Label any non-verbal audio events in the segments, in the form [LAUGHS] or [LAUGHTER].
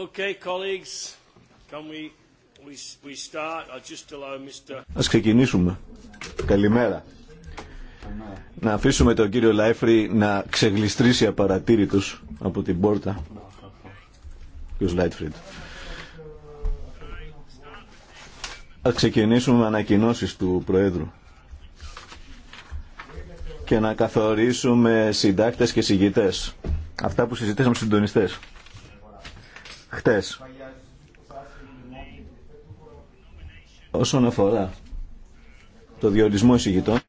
Okay, Ας ξεκινήσουμε. Καλημέρα. Να αφήσουμε τον κύριο Λάιφρυ να ξεγλιστρήσει απαρατήρητος από την πόρτα. Κύριος Λάιτφριντ. Ας ξεκινήσουμε με ανακοινώσεις του Προέδρου και να καθορίσουμε συντάκτες και συγγητές. Αυτά που συζητήσαμε στους συντονιστές χτες. Όσον αφορά το διορισμό εισηγητών,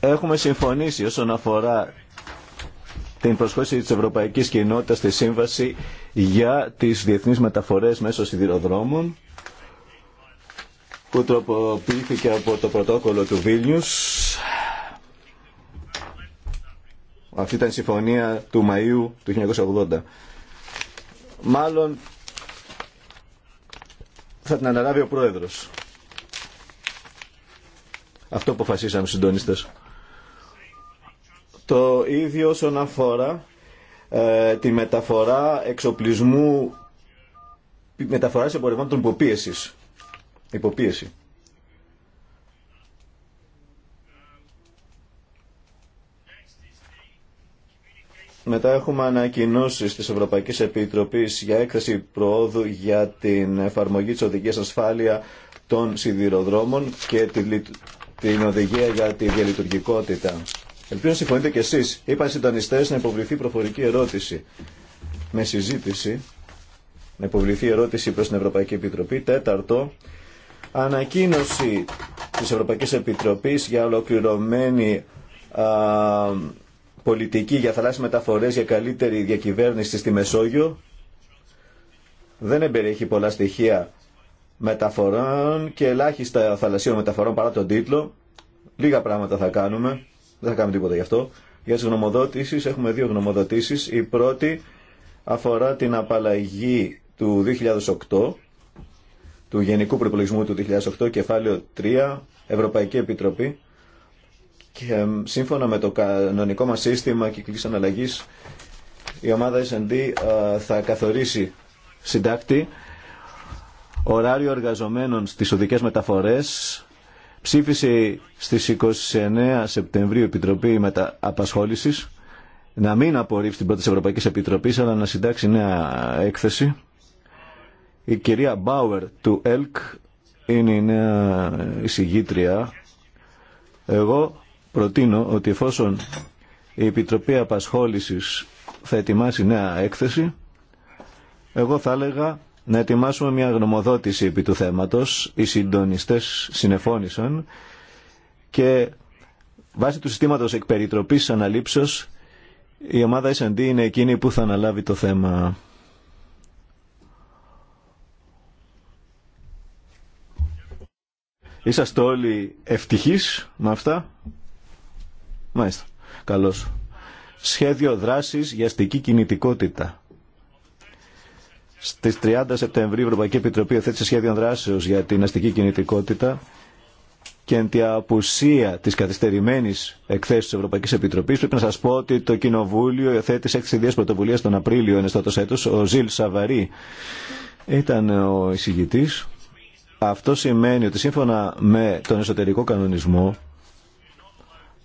έχουμε συμφωνήσει όσον αφορά την προσχώρηση της Ευρωπαϊκής Κοινότητας στη Σύμβαση για τις διεθνείς μεταφορές μέσω σιδηροδρόμων που τροποποιήθηκε από το πρωτόκολλο του Βίλνιους Αυτή ήταν η συμφωνία του Μαΐου του 1980. Μάλλον θα την αναλάβει ο Πρόεδρος. Αυτό αποφασίσαμε οι συντονίστες. Το ίδιο όσον αφορά ε, τη μεταφορά εξοπλισμού, μεταφορά εμπορευμάτων υποπίεσης. Υποπίεση. Μετά έχουμε ανακοινώσει τη Ευρωπαϊκή Επιτροπή για έκθεση προόδου για την εφαρμογή τη οδηγία ασφάλεια των σιδηροδρόμων και την οδηγία για τη διαλειτουργικότητα. Ελπίζω να συμφωνείτε κι εσεί. Είπαν οι συντονιστέ να υποβληθεί προφορική ερώτηση με συζήτηση. Να υποβληθεί ερώτηση προ την Ευρωπαϊκή Επιτροπή. Τέταρτο, ανακοίνωση τη Ευρωπαϊκή Επιτροπή για ολοκληρωμένη πολιτική για θαλάσσιες μεταφορές για καλύτερη διακυβέρνηση στη Μεσόγειο δεν εμπεριέχει πολλά στοιχεία μεταφορών και ελάχιστα θαλασσίων μεταφορών παρά τον τίτλο. Λίγα πράγματα θα κάνουμε, δεν θα κάνουμε τίποτα γι' αυτό. Για τις γνωμοδότησεις έχουμε δύο γνωμοδοτήσεις. Η πρώτη αφορά την απαλλαγή του 2008, του Γενικού Προπολογισμού του 2008, κεφάλαιο 3, Ευρωπαϊκή Επιτροπή ε, σύμφωνα με το κανονικό μας σύστημα κυκλικής αναλλαγής, η ομάδα S&D ε, θα καθορίσει συντάκτη, ωράριο εργαζομένων στις οδικές μεταφορές, ψήφισε στις 29 Σεπτεμβρίου Επιτροπή Μετα... να μην απορρίψει την πρώτη Ευρωπαϊκή Επιτροπή αλλά να συντάξει νέα έκθεση. Η κυρία Μπάουερ του ΕΛΚ είναι η νέα εισηγήτρια. Εγώ προτείνω ότι εφόσον η Επιτροπή Απασχόλησης θα ετοιμάσει νέα έκθεση, εγώ θα έλεγα να ετοιμάσουμε μια γνωμοδότηση επί του θέματος. Οι συντονιστές συνεφώνησαν και βάσει του συστήματος εκπεριτροπής αναλήψεως η ομάδα S&D είναι εκείνη που θα αναλάβει το θέμα. Είσαστε όλοι ευτυχείς με αυτά. Μάλιστα. Καλώς. Σχέδιο δράσης για αστική κινητικότητα. Στις 30 Σεπτεμβρίου η Ευρωπαϊκή Επιτροπή οθέτησε σχέδιο δράσεως για την αστική κινητικότητα και εν τη απουσία της καθυστερημένη εκθέσεως της Ευρωπαϊκής Επιτροπής πρέπει να σα πω ότι το Κοινοβούλιο υιοθέτησε έξι ιδέε πρωτοβουλία τον Απρίλιο ενεστώτος έτου. Ο Ζιλ Σαβαρή ήταν ο εισηγητής. Αυτό σημαίνει ότι σύμφωνα με τον εσωτερικό κανονισμό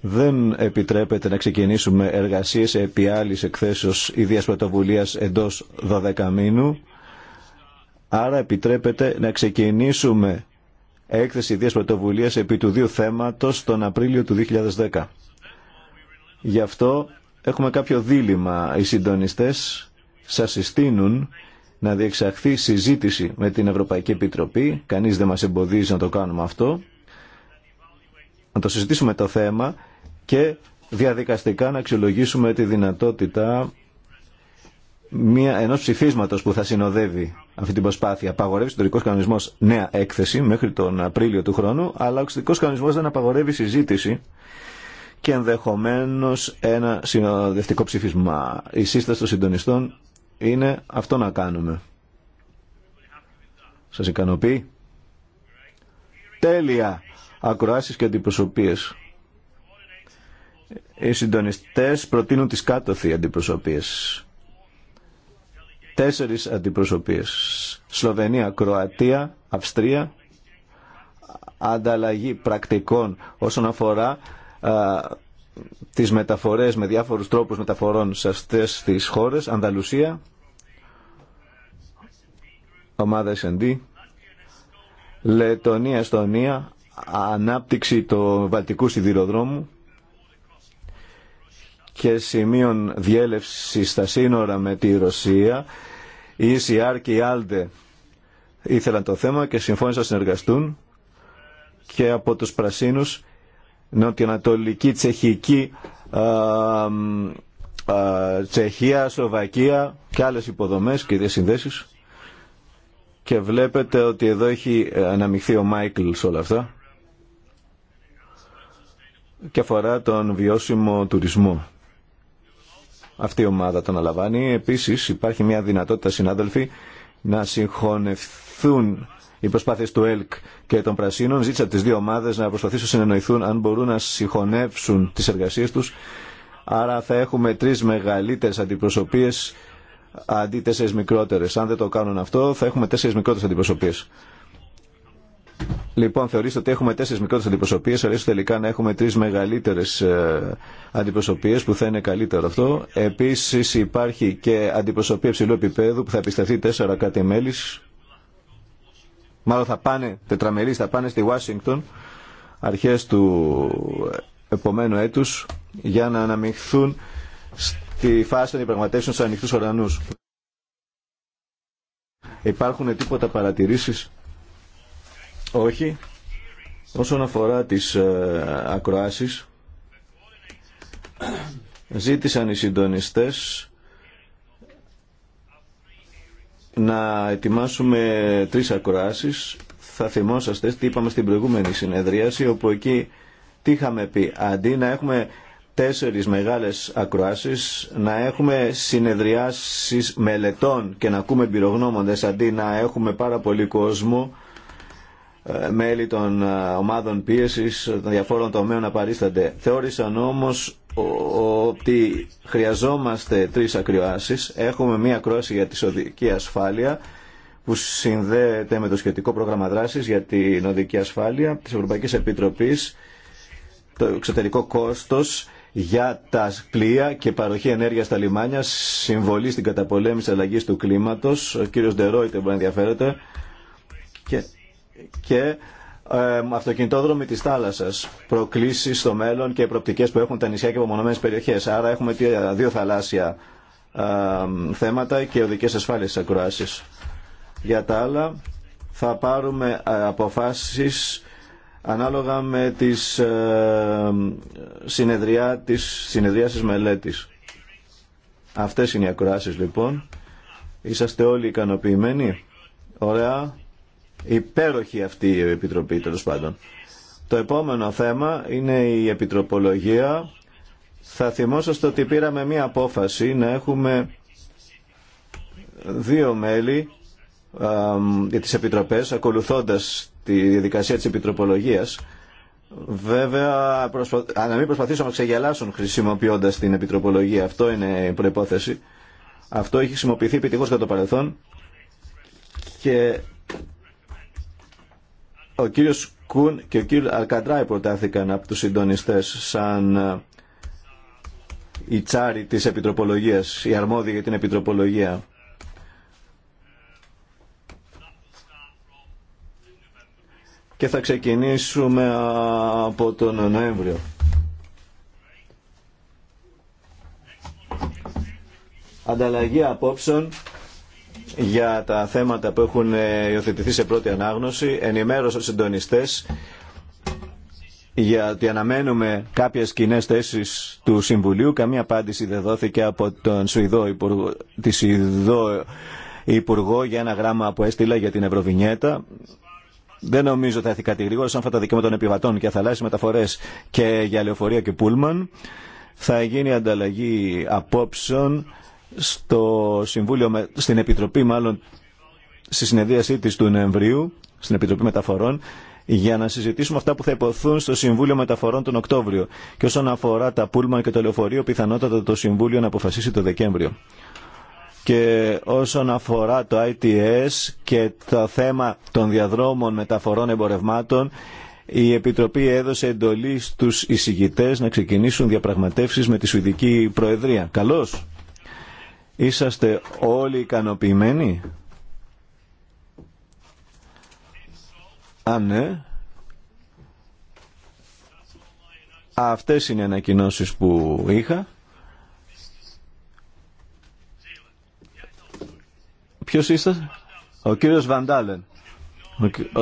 δεν επιτρέπεται να ξεκινήσουμε εργασίες επί άλλης εκθέσεως ιδίας πρωτοβουλίας εντός 12 μήνου. Άρα επιτρέπεται να ξεκινήσουμε έκθεση ιδίας πρωτοβουλίας επί του δύο θέματος τον Απρίλιο του 2010. Γι' αυτό έχουμε κάποιο δίλημα. Οι συντονιστές σας συστήνουν να διεξαχθεί συζήτηση με την Ευρωπαϊκή Επιτροπή. Κανείς δεν μας εμποδίζει να το κάνουμε αυτό. Να το συζητήσουμε το θέμα και διαδικαστικά να αξιολογήσουμε τη δυνατότητα μια, ενός ψηφίσματος που θα συνοδεύει αυτή την προσπάθεια. Απαγορεύει ο τουρκικός κανονισμός νέα έκθεση μέχρι τον Απρίλιο του χρόνου, αλλά ο εξωτερικός κανονισμός δεν απαγορεύει συζήτηση και ενδεχομένως ένα συνοδευτικό ψήφισμα. Η σύσταση των συντονιστών είναι αυτό να κάνουμε. Σας ικανοποιεί? Τέλεια! Ακροάσεις και αντιπροσωπείες. Οι συντονιστές προτείνουν τις κάτωθοι αντιπροσωπείες. Τέσσερις αντιπροσωπείες. Σλοβενία, Κροατία, Αυστρία. Ανταλλαγή πρακτικών όσον αφορά α, τις μεταφορές με διάφορους τρόπους μεταφορών σε αυτές τις χώρες. Ανταλουσία, ομάδα S&D. Λετωνία, Εστονία, ανάπτυξη του Βαλτικού Σιδηροδρόμου και σημείων διέλευση στα σύνορα με τη Ρωσία. Η ECR και η ALDE ήθελαν το θέμα και συμφώνησαν να συνεργαστούν και από τους πρασίνους νοτιοανατολική τσεχική α, α, Τσεχία, Σλοβακία και άλλες υποδομές και διασυνδέσεις και βλέπετε ότι εδώ έχει αναμειχθεί ο Μάικλ σε όλα αυτά και αφορά τον βιώσιμο τουρισμό αυτή η ομάδα τον αναλαμβάνει. Επίσης υπάρχει μια δυνατότητα συνάδελφοι να συγχωνευθούν οι προσπάθειες του ΕΛΚ και των Πρασίνων. Ζήτησα από τις δύο ομάδες να προσπαθήσουν να συνεννοηθούν αν μπορούν να συγχωνεύσουν τις εργασίες τους. Άρα θα έχουμε τρεις μεγαλύτερε αντιπροσωπείε αντί τέσσερι μικρότερε. Αν δεν το κάνουν αυτό θα έχουμε τέσσερι μικρότερε αντιπροσωπείε. Λοιπόν, θεωρήστε ότι έχουμε τέσσερι μικρότερε αντιπροσωπείε, αρέσει τελικά να έχουμε τρει μεγαλύτερε αντιπροσωπείε που θα είναι καλύτερο αυτό. Επίση υπάρχει και αντιπροσωπεία ψηλού επίπεδου που θα επισταθεί τέσσερα κάτι μέλη. Μάλλον θα πάνε τετραμερεί, θα πάνε στη Ουάσιγκτον αρχέ του επομένου έτου για να αναμειχθούν στη φάση των υπραγματεύσεων στου ανοιχτού ουρανού. Υπάρχουν τίποτα παρατηρήσεις. Όχι. Όσον αφορά τις ε, ακροάσεις, ζήτησαν οι συντονιστές να ετοιμάσουμε τρεις ακροάσεις. Θα θυμόσαστε τι είπαμε στην προηγούμενη συνεδρίαση, όπου εκεί τι είχαμε πει. Αντί να έχουμε τέσσερις μεγάλες ακροάσεις, να έχουμε συνεδριάσεις μελετών και να ακούμε πυρογνώμοντες, αντί να έχουμε πάρα πολύ κόσμο, ε, μέλη των ε, ομάδων πίεσης ε, των διαφόρων τομέων να παρίστανται. Θεώρησαν όμως ότι χρειαζόμαστε τρεις ακροάσεις. Έχουμε μία ακρόαση για τη οδική ασφάλεια που συνδέεται με το σχετικό πρόγραμμα δράσης για την οδική ασφάλεια της Ευρωπαϊκής Επιτροπής το εξωτερικό κόστος για τα πλοία και παροχή ενέργεια στα λιμάνια, συμβολή στην καταπολέμηση αλλαγή του κλίματο. Ο κύριο Ντερόιτε μπορεί ενδιαφέρεται και ε, αυτοκινητόδρομοι της θάλασσας, προκλήσεις στο μέλλον και προπτικές που έχουν τα νησιά και απομονωμένες περιοχές. Άρα έχουμε ε, δύο θαλάσσια ε, θέματα και οδικές ασφάλειες ακροάσεις. Για τα άλλα θα πάρουμε ε, αποφάσεις ανάλογα με τις συνεδριά, της, συνεδριάσεις μελέτης. Αυτές είναι οι ακροάσεις λοιπόν. Είσαστε όλοι ικανοποιημένοι. Ωραία υπέροχη αυτή η Επιτροπή τέλο πάντων. Το επόμενο θέμα είναι η Επιτροπολογία. Θα θυμόσαστε ότι πήραμε μία απόφαση να έχουμε δύο μέλη α, για τις Επιτροπές ακολουθώντας τη διαδικασία της Επιτροπολογίας. Βέβαια, προσπα... να μην προσπαθήσω να ξεγελάσουν χρησιμοποιώντα την Επιτροπολογία. Αυτό είναι η προϋπόθεση. Αυτό έχει χρησιμοποιηθεί επιτυχώς κατά το παρελθόν και ο κύριος Κουν και ο κύριος Αλκαντράη προτάθηκαν από τους συντονιστές σαν η ε, τσάρη της επιτροπολογίας, η αρμόδια για την επιτροπολογία. Και θα ξεκινήσουμε ε, από τον Νοέμβριο. Ανταλλαγή απόψεων για τα θέματα που έχουν ε, υιοθετηθεί σε πρώτη ανάγνωση, ενημέρωσε τους συντονιστές γιατί αναμένουμε κάποιες κοινέ θέσει του Συμβουλίου. Καμία απάντηση δεν δόθηκε από τον Σουηδό Υπουργό, τη Σουηδό Υπουργό για ένα γράμμα που έστειλα για την Ευρωβινιέτα. Δεν νομίζω θα έρθει κάτι γρήγορα σαν αυτά τα δικαιώματα των επιβατών και θαλάσσιες μεταφορέ και για λεωφορεία και πούλμαν. Θα γίνει ανταλλαγή απόψεων στο Συμβούλιο, στην Επιτροπή μάλλον στη συνεδρίασή της του Νοεμβρίου, στην Επιτροπή Μεταφορών, για να συζητήσουμε αυτά που θα υποθούν στο Συμβούλιο Μεταφορών τον Οκτώβριο. Και όσον αφορά τα πούλμαν και το λεωφορείο, πιθανότατα το Συμβούλιο να αποφασίσει το Δεκέμβριο. Και όσον αφορά το ITS και το θέμα των διαδρόμων μεταφορών εμπορευμάτων, η Επιτροπή έδωσε εντολή στους εισηγητές να ξεκινήσουν διαπραγματεύσεις με τη Σουηδική Προεδρία. Καλώς! Είσαστε όλοι ικανοποιημένοι. Αν ναι, αυτές είναι οι ανακοινώσεις που είχα. Ποιος είστε? Ο κύριος Βαντάλεν. Ο,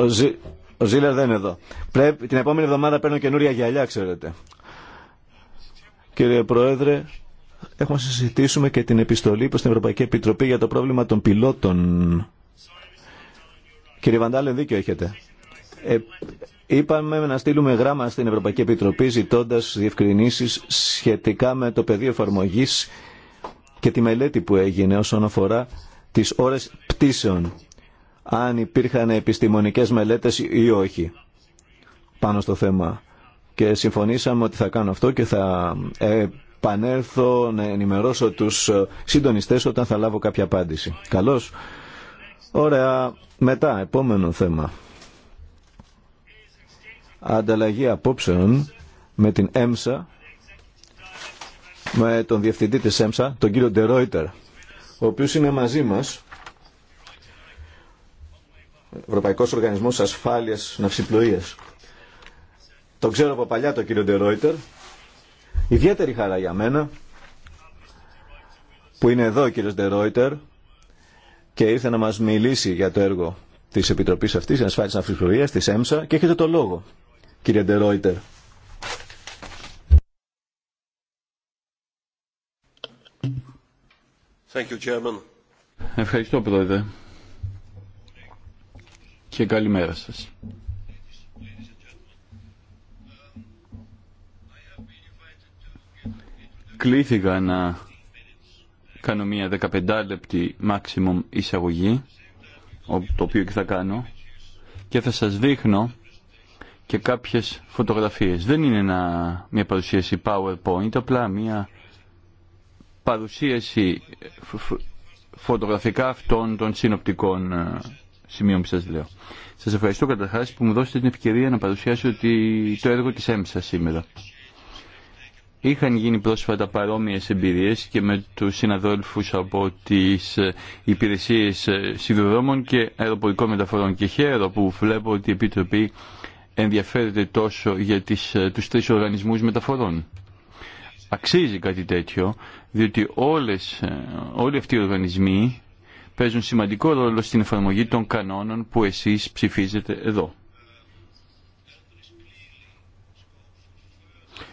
ο, Ζήλερ δεν είναι εδώ. Πρέπει... Την επόμενη εβδομάδα παίρνω καινούρια γυαλιά, ξέρετε. Κύριε Πρόεδρε, έχουμε συζητήσουμε και την επιστολή προς την Ευρωπαϊκή Επιτροπή για το πρόβλημα των πιλότων. Κύριε Βαντάλε, δίκιο έχετε. Ε, είπαμε να στείλουμε γράμμα στην Ευρωπαϊκή Επιτροπή ζητώντας διευκρινήσεις σχετικά με το πεδίο εφαρμογή και τη μελέτη που έγινε όσον αφορά τις ώρες πτήσεων. Αν υπήρχαν επιστημονικές μελέτες ή όχι πάνω στο θέμα. Και συμφωνήσαμε ότι θα κάνω αυτό και θα ε, επανέλθω να ενημερώσω τους ε, συντονιστές όταν θα λάβω κάποια απάντηση. Καλώς. Ωραία. Μετά, επόμενο θέμα. Ανταλλαγή απόψεων με την ΕΜΣΑ, με τον διευθυντή της ΕΜΣΑ, τον κύριο Ντερόιτερ, ο οποίος είναι μαζί μας, Ευρωπαϊκός Οργανισμός Ασφάλειας Ναυσιπλοείας. Τον ξέρω από παλιά τον κύριο Ντερόιτερ, Ιδιαίτερη χαρά για μένα που είναι εδώ ο κύριος Ντερόιτερ και ήρθε να μας μιλήσει για το έργο της Επιτροπής αυτής Ασφάλισης Αφρικορίας, της ΕΜΣΑ και έχετε το λόγο κύριε Ντερόιτερ. Ευχαριστώ πρόεδρε και καλημέρα σας. κλήθηκα να κάνω μία 15 λεπτή maximum εισαγωγή, το οποίο και θα κάνω, και θα σας δείχνω και κάποιες φωτογραφίες. Δεν είναι ένα, μια παρουσίαση PowerPoint, απλά μια παρουσίαση φωτογραφικά αυτών των συνοπτικών ε, σημείων που σας λέω. Σας ευχαριστώ καταρχάς που μου δώσετε την ευκαιρία να παρουσιάσω το έργο της ΕΜΣΑ σήμερα. Είχαν γίνει πρόσφατα παρόμοιες εμπειρίες και με τους συναδόλφους από τις ε, υπηρεσίες ε, σιδηροδρόμων και αεροπορικών μεταφορών. Και χαίρο που βλέπω ότι η Επιτροπή ενδιαφέρεται τόσο για τις, ε, τους τρεις οργανισμούς μεταφορών. Αξίζει κάτι τέτοιο, διότι όλες, όλοι αυτοί οι οργανισμοί παίζουν σημαντικό ρόλο στην εφαρμογή των κανόνων που εσείς ψηφίζετε εδώ.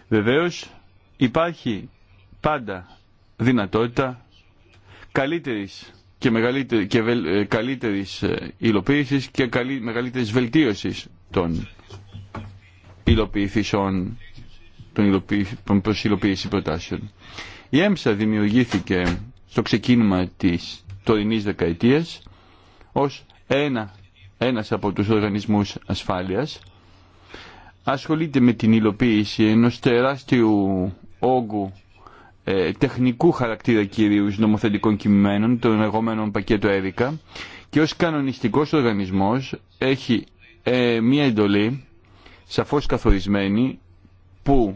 Βεβαίως, υπάρχει πάντα δυνατότητα καλύτερης και, μεγαλύτερη, και ε, καλύτερης ε, υλοποίησης και μεγαλύτερης βελτίωσης των υλοποιηθήσεων των, των προτάσεων. Η ΕΜΣΑ δημιουργήθηκε στο ξεκίνημα της τωρινής δεκαετίας ως ένα, ένας από τους οργανισμούς ασφάλειας ασχολείται με την υλοποίηση ενός τεράστιου όγκου ε, τεχνικού χαρακτήρα κυρίως νομοθετικών κειμένων, των εργόμενων πακέτο έδικα και ως κανονιστικός οργανισμός έχει ε, μία εντολή σαφώς καθορισμένη που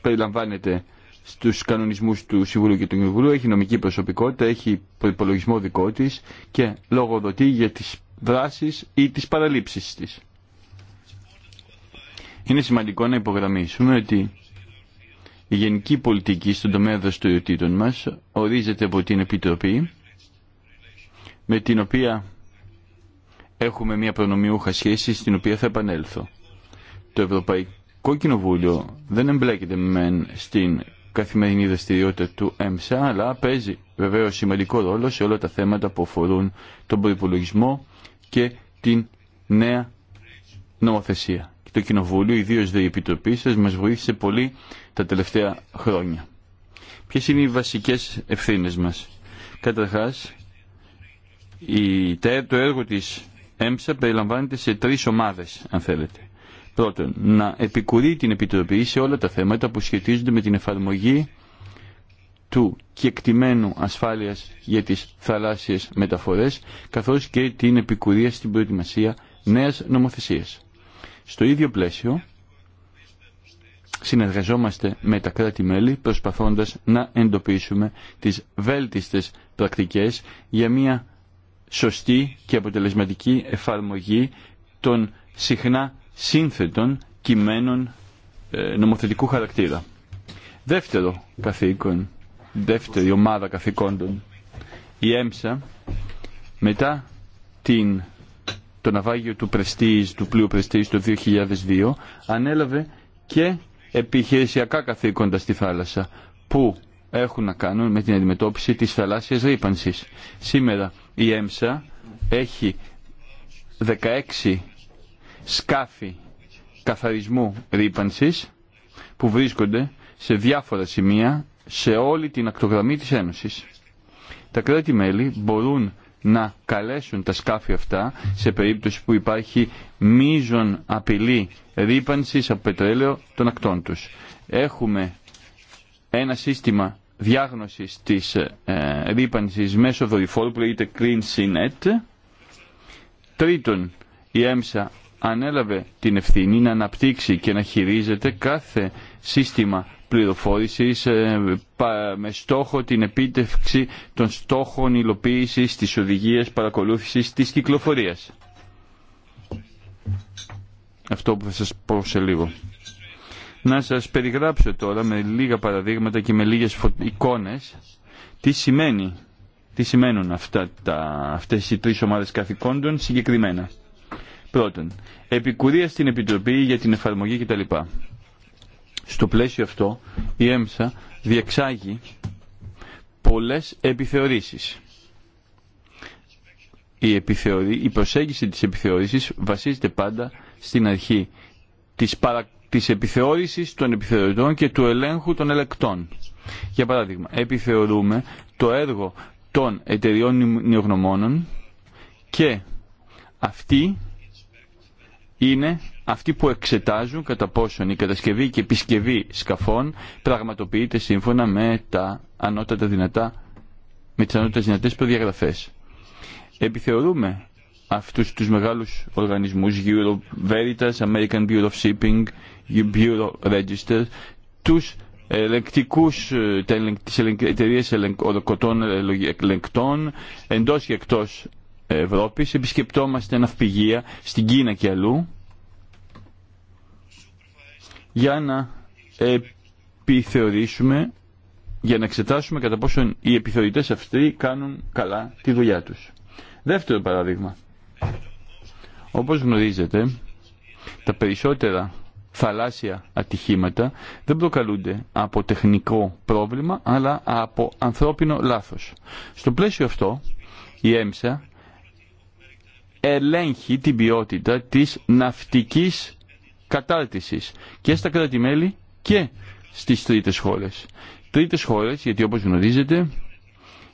περιλαμβάνεται στους κανονισμούς του Συμβουλίου και του Κοινοβουλίου, έχει νομική προσωπικότητα, έχει προπολογισμό δικό της και λογοδοτεί για τις δράσεις ή τις παραλήψεις της. Είναι σημαντικό να υπογραμμίσουμε ότι η γενική πολιτική στον τομέα δραστηριοτήτων μας ορίζεται από την Επιτροπή με την οποία έχουμε μια προνομιούχα σχέση στην οποία θα επανέλθω. Το Ευρωπαϊκό Κοινοβούλιο δεν εμπλέκεται μεν στην καθημερινή δραστηριότητα του ΕΜΣΑ, αλλά παίζει βεβαίω σημαντικό ρόλο σε όλα τα θέματα που αφορούν τον προπολογισμό και την νέα νομοθεσία το Κοινοβούλιο, ιδίω η Επιτροπή σα, μα βοήθησε πολύ τα τελευταία χρόνια. Ποιε είναι οι βασικέ ευθύνε μα. Καταρχά, το έργο τη ΕΜΣΑ περιλαμβάνεται σε τρει ομάδε, αν θέλετε. Πρώτον, να επικουρεί την Επιτροπή σε όλα τα θέματα που σχετίζονται με την εφαρμογή του κεκτημένου ασφάλειας για τις θαλάσσιες μεταφορές, καθώς και την επικουρία στην προετοιμασία νέας νομοθεσίας. Στο ίδιο πλαίσιο συνεργαζόμαστε με τα κράτη-μέλη προσπαθώντας να εντοπίσουμε τις βέλτιστες πρακτικές για μια σωστή και αποτελεσματική εφαρμογή των συχνά σύνθετων κειμένων ε, νομοθετικού χαρακτήρα. Δεύτερο καθήκον, δεύτερη ομάδα καθηκόντων, η ΕΜΣΑ μετά την το ναυάγιο του του πλοίου Πρεστής το 2002, ανέλαβε και επιχειρησιακά καθήκοντα στη θάλασσα, που έχουν να κάνουν με την αντιμετώπιση της θαλάσσιας ρήπανσης. Σήμερα η ΕΜΣΑ έχει 16 σκάφη καθαρισμού ρήπανσης που βρίσκονται σε διάφορα σημεία σε όλη την ακτογραμμή της Ένωσης. Τα κράτη-μέλη μπορούν να καλέσουν τα σκάφη αυτά σε περίπτωση που υπάρχει μείζον απειλή ρήπανσης από πετρέλαιο των ακτών τους. Έχουμε ένα σύστημα διάγνωσης της ε, μέσω δορυφόρου που λέγεται Clean CNET. Τρίτον, η ΕΜΣΑ ανέλαβε την ευθύνη να αναπτύξει και να χειρίζεται κάθε σύστημα πληροφόρησης ε, με στόχο την επίτευξη των στόχων υλοποίησης της οδηγίας παρακολούθησης της κυκλοφορίας. Αυτό που θα πω σε λίγο. Να σας περιγράψω τώρα με λίγα παραδείγματα και με λίγες εικόνες τι σημαίνει, τι σημαίνουν αυτά, τα, αυτές οι τρεις ομάδες καθηκόντων συγκεκριμένα. Πρώτον, επικουρία στην Επιτροπή για την εφαρμογή κτλ. Στο πλαίσιο αυτό η ΕΜΣΑ διεξάγει πολλές επιθεωρήσεις. Η, επιθεωρή, η προσέγγιση της επιθεώρησης βασίζεται πάντα στην αρχή της, παρα, της επιθεώρησης των επιθεωρητών και του ελέγχου των ελεκτών. Για παράδειγμα, επιθεωρούμε το έργο των εταιριών νεογνωμόνων και αυτή είναι αυτοί που εξετάζουν κατά πόσον η κατασκευή και επισκευή σκαφών πραγματοποιείται σύμφωνα με τα ανώτατα δυνατά με τις ανώτατες δυνατές προδιαγραφές. Επιθεωρούμε αυτούς τους μεγάλους οργανισμούς Euro Veritas, American Bureau of Shipping, Bureau Register, τους ελεγκτικούς, τις εταιρείες οροκοτών ελεγκτών εντός και εκτός Ευρώπης. Επισκεπτόμαστε ναυπηγεία στην Κίνα και αλλού για να επιθεωρήσουμε, για να εξετάσουμε κατά πόσον οι επιθεωρητές αυτοί κάνουν καλά τη δουλειά τους. Δεύτερο παράδειγμα. Όπως γνωρίζετε, τα περισσότερα θαλάσσια ατυχήματα δεν προκαλούνται από τεχνικό πρόβλημα αλλά από ανθρώπινο λάθος. Στο πλαίσιο αυτό η ΕΜΣΑ ελέγχει την ποιότητα της ναυτικής κατάρτισης και στα κράτη-μέλη και στις τρίτες χώρες. Τρίτες χώρες, γιατί όπως γνωρίζετε,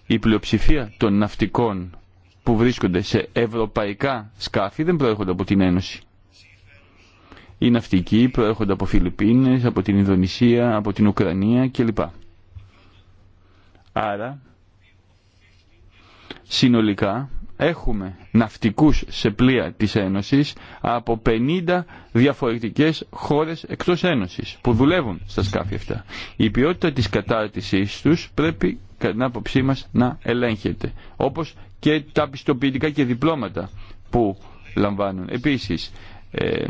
η πλειοψηφία των ναυτικών που βρίσκονται σε ευρωπαϊκά σκάφη δεν προέρχονται από την Ένωση. Οι ναυτικοί προέρχονται από Φιλιππίνες, από την Ινδονησία, από την Ουκρανία κλπ. Άρα, συνολικά, έχουμε ναυτικούς σε πλοία της Ένωσης από 50 διαφορετικές χώρες εκτός Ένωσης που δουλεύουν στα σκάφη αυτά. Η ποιότητα της κατάρτισής τους πρέπει κατά την άποψή μας να ελέγχεται. Όπως και τα πιστοποιητικά και διπλώματα που λαμβάνουν. Επίσης, ε,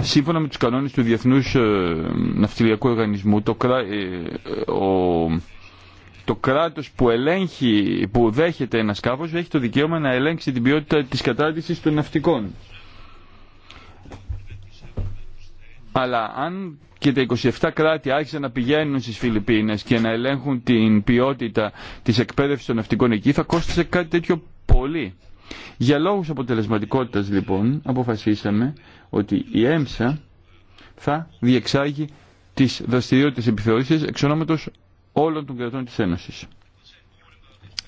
σύμφωνα με τους κανόνες του Διεθνούς ε, Ναυτιλιακού Οργανισμού, το, ε, ο, το κράτος που, ελέγχει, που δέχεται ένα σκάφο, έχει το δικαίωμα να ελέγξει την ποιότητα της κατάρτισης των ναυτικών. Αλλά αν και τα 27 κράτη άρχισαν να πηγαίνουν στις Φιλιππίνες και να ελέγχουν την ποιότητα της εκπαίδευσης των ναυτικών εκεί, θα κόστισε κάτι τέτοιο πολύ. Για λόγους αποτελεσματικότητας λοιπόν αποφασίσαμε ότι η ΕΜΣΑ θα διεξάγει τις δραστηριότητες επιθεωρήσεις εξ ονόματος όλων των κρατών της Ένωσης.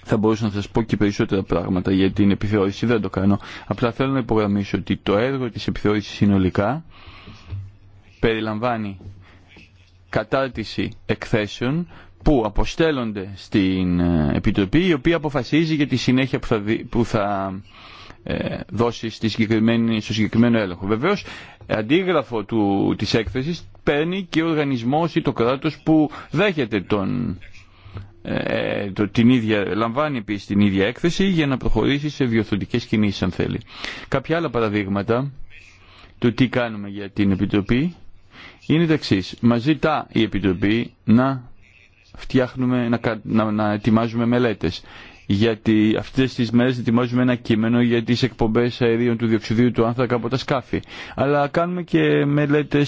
Θα μπορούσα να σας πω και περισσότερα πράγματα για την επιθεώρηση, δεν το κάνω. Απλά θέλω να υπογραμμίσω ότι το έργο της επιθεώρησης συνολικά περιλαμβάνει κατάρτιση εκθέσεων που αποστέλλονται στην ε, Επιτροπή η οποία αποφασίζει για τη συνέχεια που θα, που θα ε, δώσει στη συγκεκριμένη, στο συγκεκριμένο έλεγχο. Βεβαίω, αντίγραφο του, της έκθεσης παίρνει και ο οργανισμός ή το κράτος που δέχεται τον, ε, την ίδια, λαμβάνει επίση την ίδια έκθεση για να προχωρήσει σε βιοθωτικές κινήσεις αν θέλει. Κάποια άλλα παραδείγματα του τι κάνουμε για την Επιτροπή είναι τα εξή. ζητά η Επιτροπή να να, να, να ετοιμάζουμε μελέτες γιατί αυτέ τι μέρε ετοιμάζουμε ένα κείμενο για τι εκπομπέ αερίων του διοξιδίου του άνθρακα από τα σκάφη. Αλλά κάνουμε και μελέτε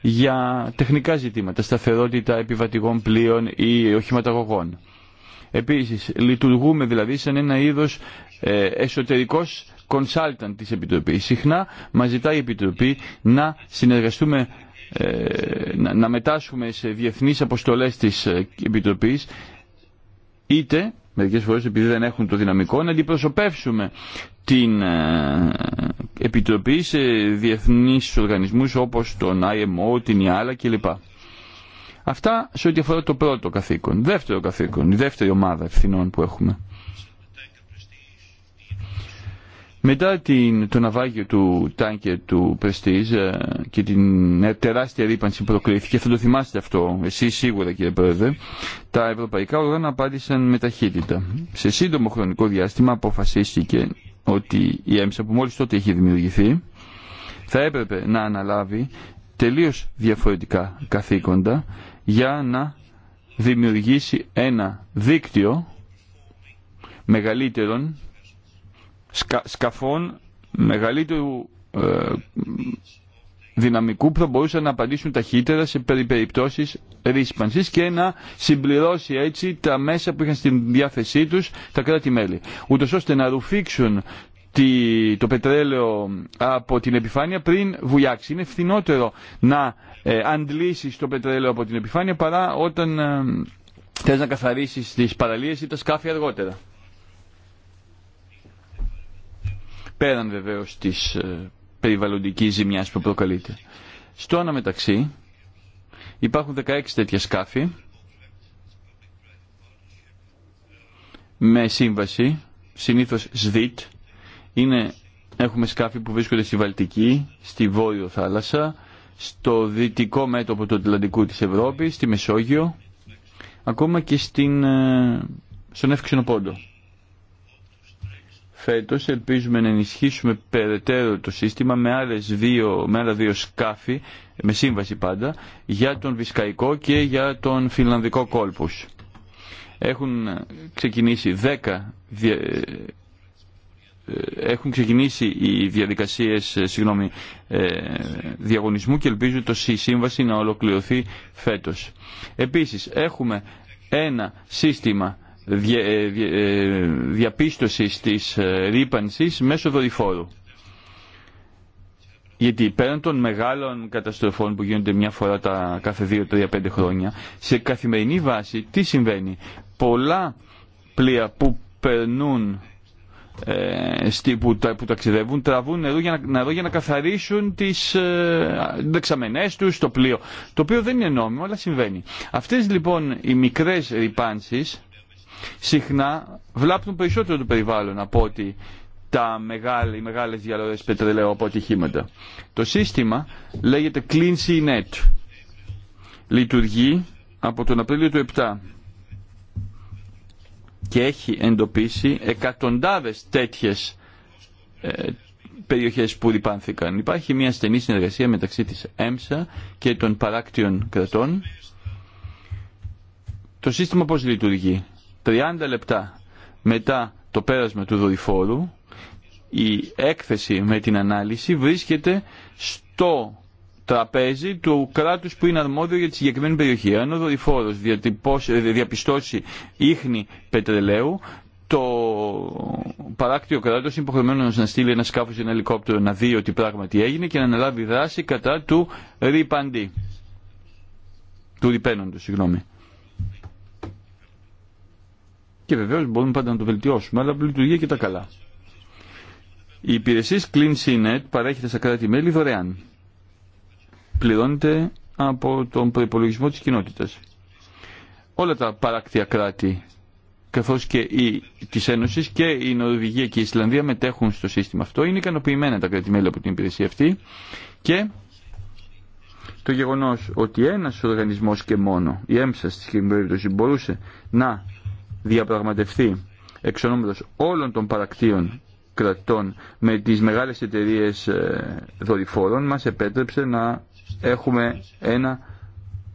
για τεχνικά ζητήματα, σταθερότητα επιβατηγών πλοίων ή οχηματαγωγών. επιση λειτουργούμε δηλαδή σαν ένα είδος διεθνέ ε, consultant της Επιτροπής. Συχνά μας ζητάει η Επιτροπή να συνεργαστούμε ε, να μετάσχουμε σε διεθνείς αποστολές της ε, Επιτροπής είτε μερικές φορέ επειδή δεν έχουν το δυναμικό να αντιπροσωπεύσουμε την ε, Επιτροπή σε διεθνεί οργανισμού, όπως τον IMO, την ΙΑΛΑ κλπ. Αυτά σε ό,τι αφορά το πρώτο καθήκον. Δεύτερο καθήκον, η δεύτερη ομάδα ευθυνών που έχουμε. Μετά την, το ναυάγιο του τάγκερ του Πρεστής και την ε, τεράστια ρήπανση που προκλήθηκε, θα το θυμάστε αυτό εσείς σίγουρα κύριε Πρόεδρε, τα ευρωπαϊκά όργανα απάντησαν με ταχύτητα. Σε σύντομο χρονικό διάστημα αποφασίστηκε ότι η έμψα που μόλις τότε είχε δημιουργηθεί θα έπρεπε να αναλάβει τελείως διαφορετικά καθήκοντα για να δημιουργήσει ένα δίκτυο μεγαλύτερων σκαφών μεγαλύτερου ε, δυναμικού που θα μπορούσαν να απαντήσουν ταχύτερα σε περιπτώσεις ρίσπανσης και να συμπληρώσει έτσι τα μέσα που είχαν στην διάθεσή τους τα κράτη-μέλη. Ούτως ώστε να ρουφήξουν το πετρέλαιο από την επιφάνεια πριν βουλιάξει. Είναι φθηνότερο να ε, αντλήσεις το πετρέλαιο από την επιφάνεια παρά όταν ε, θες να καθαρίσεις τις παραλίες ή τα σκάφη αργότερα. πέραν βεβαίως της ε, περιβαλλοντική ζημιά που προκαλείται. Στο αναμεταξύ υπάρχουν 16 τέτοια σκάφη με σύμβαση, συνήθως ΣΔΙΤ, είναι, έχουμε σκάφη που βρίσκονται στη Βαλτική, στη Βόρειο θάλασσα, στο δυτικό μέτωπο του Ατλαντικού της Ευρώπης, στη Μεσόγειο, ακόμα και στην, ε, στον Εύξηνο Πόντο. Φέτος ελπίζουμε να ενισχύσουμε περαιτέρω το σύστημα με, άλλες δύο, με άλλα δύο σκάφη, με σύμβαση πάντα, για τον Βυσκαϊκό και για τον Φιλανδικό κόλπους. Έχουν ξεκινήσει 10 ε, έχουν ξεκινήσει οι διαδικασίες ε, συγγνώμη, ε, διαγωνισμού και ελπίζω το σύμβαση να ολοκληρωθεί φέτος. Επίσης έχουμε ένα σύστημα ε, ε, διαπίστωσης της ε, ρήπανσης μέσω δορυφόρου. Γιατί πέραν των μεγάλων καταστροφών που γίνονται μια φορά τα κάθε 2-3-5 χρόνια, σε καθημερινή βάση τι συμβαίνει. Πολλά πλοία που περνούν ε, που, που ταξιδεύουν τραβούν νερό για, να, νερό να καθαρίσουν τις ε, δεξαμενές τους στο πλοίο το οποίο δεν είναι νόμιμο αλλά συμβαίνει αυτές λοιπόν οι μικρές ρηπάνσεις συχνά βλάπτουν περισσότερο το περιβάλλον από ότι τα οι μεγάλες διαλογές πετρελαίου από ατυχήματα. Το σύστημα λέγεται Clean Sea Net. Λειτουργεί από τον Απρίλιο του 7 και έχει εντοπίσει εκατοντάδες τέτοιες ε, περιοχές που ρηπάνθηκαν. Υπάρχει μια στενή συνεργασία μεταξύ της ΕΜΣΑ και των παράκτιων κρατών. Το σύστημα πώς λειτουργεί. 30 λεπτά μετά το πέρασμα του δορυφόρου η έκθεση με την ανάλυση βρίσκεται στο τραπέζι του κράτους που είναι αρμόδιο για τη συγκεκριμένη περιοχή. Αν ο δορυφόρος διαπιστώσει ίχνη πετρελαίου, το παράκτιο κράτο είναι υποχρεωμένο να στείλει ένα σκάφο ή ένα ελικόπτερο να δει ότι πράγματι έγινε και να αναλάβει δράση κατά του ρηπαντή. Του ρηπαίνοντο, συγγνώμη και βεβαίως μπορούμε πάντα να το βελτιώσουμε, αλλά λειτουργεί και τα καλά. Η υπηρεσία Clean CNET παρέχεται στα κράτη-μέλη δωρεάν. Πληρώνεται από τον προπολογισμό της κοινότητας. Όλα τα παράκτια κράτη, καθώς και η, της Ένωσης και η Νορβηγία και η Ισλανδία μετέχουν στο σύστημα αυτό. Είναι ικανοποιημένα τα κράτη-μέλη από την υπηρεσία αυτή και το γεγονός ότι ένας οργανισμός και μόνο, η έμψα συγκεκριμένη περίπτωση, μπορούσε να διαπραγματευτεί εξ όλων των παρακτήων κρατών με τις μεγάλες εταιρείες ε, δορυφόρων μας επέτρεψε να έχουμε ένα,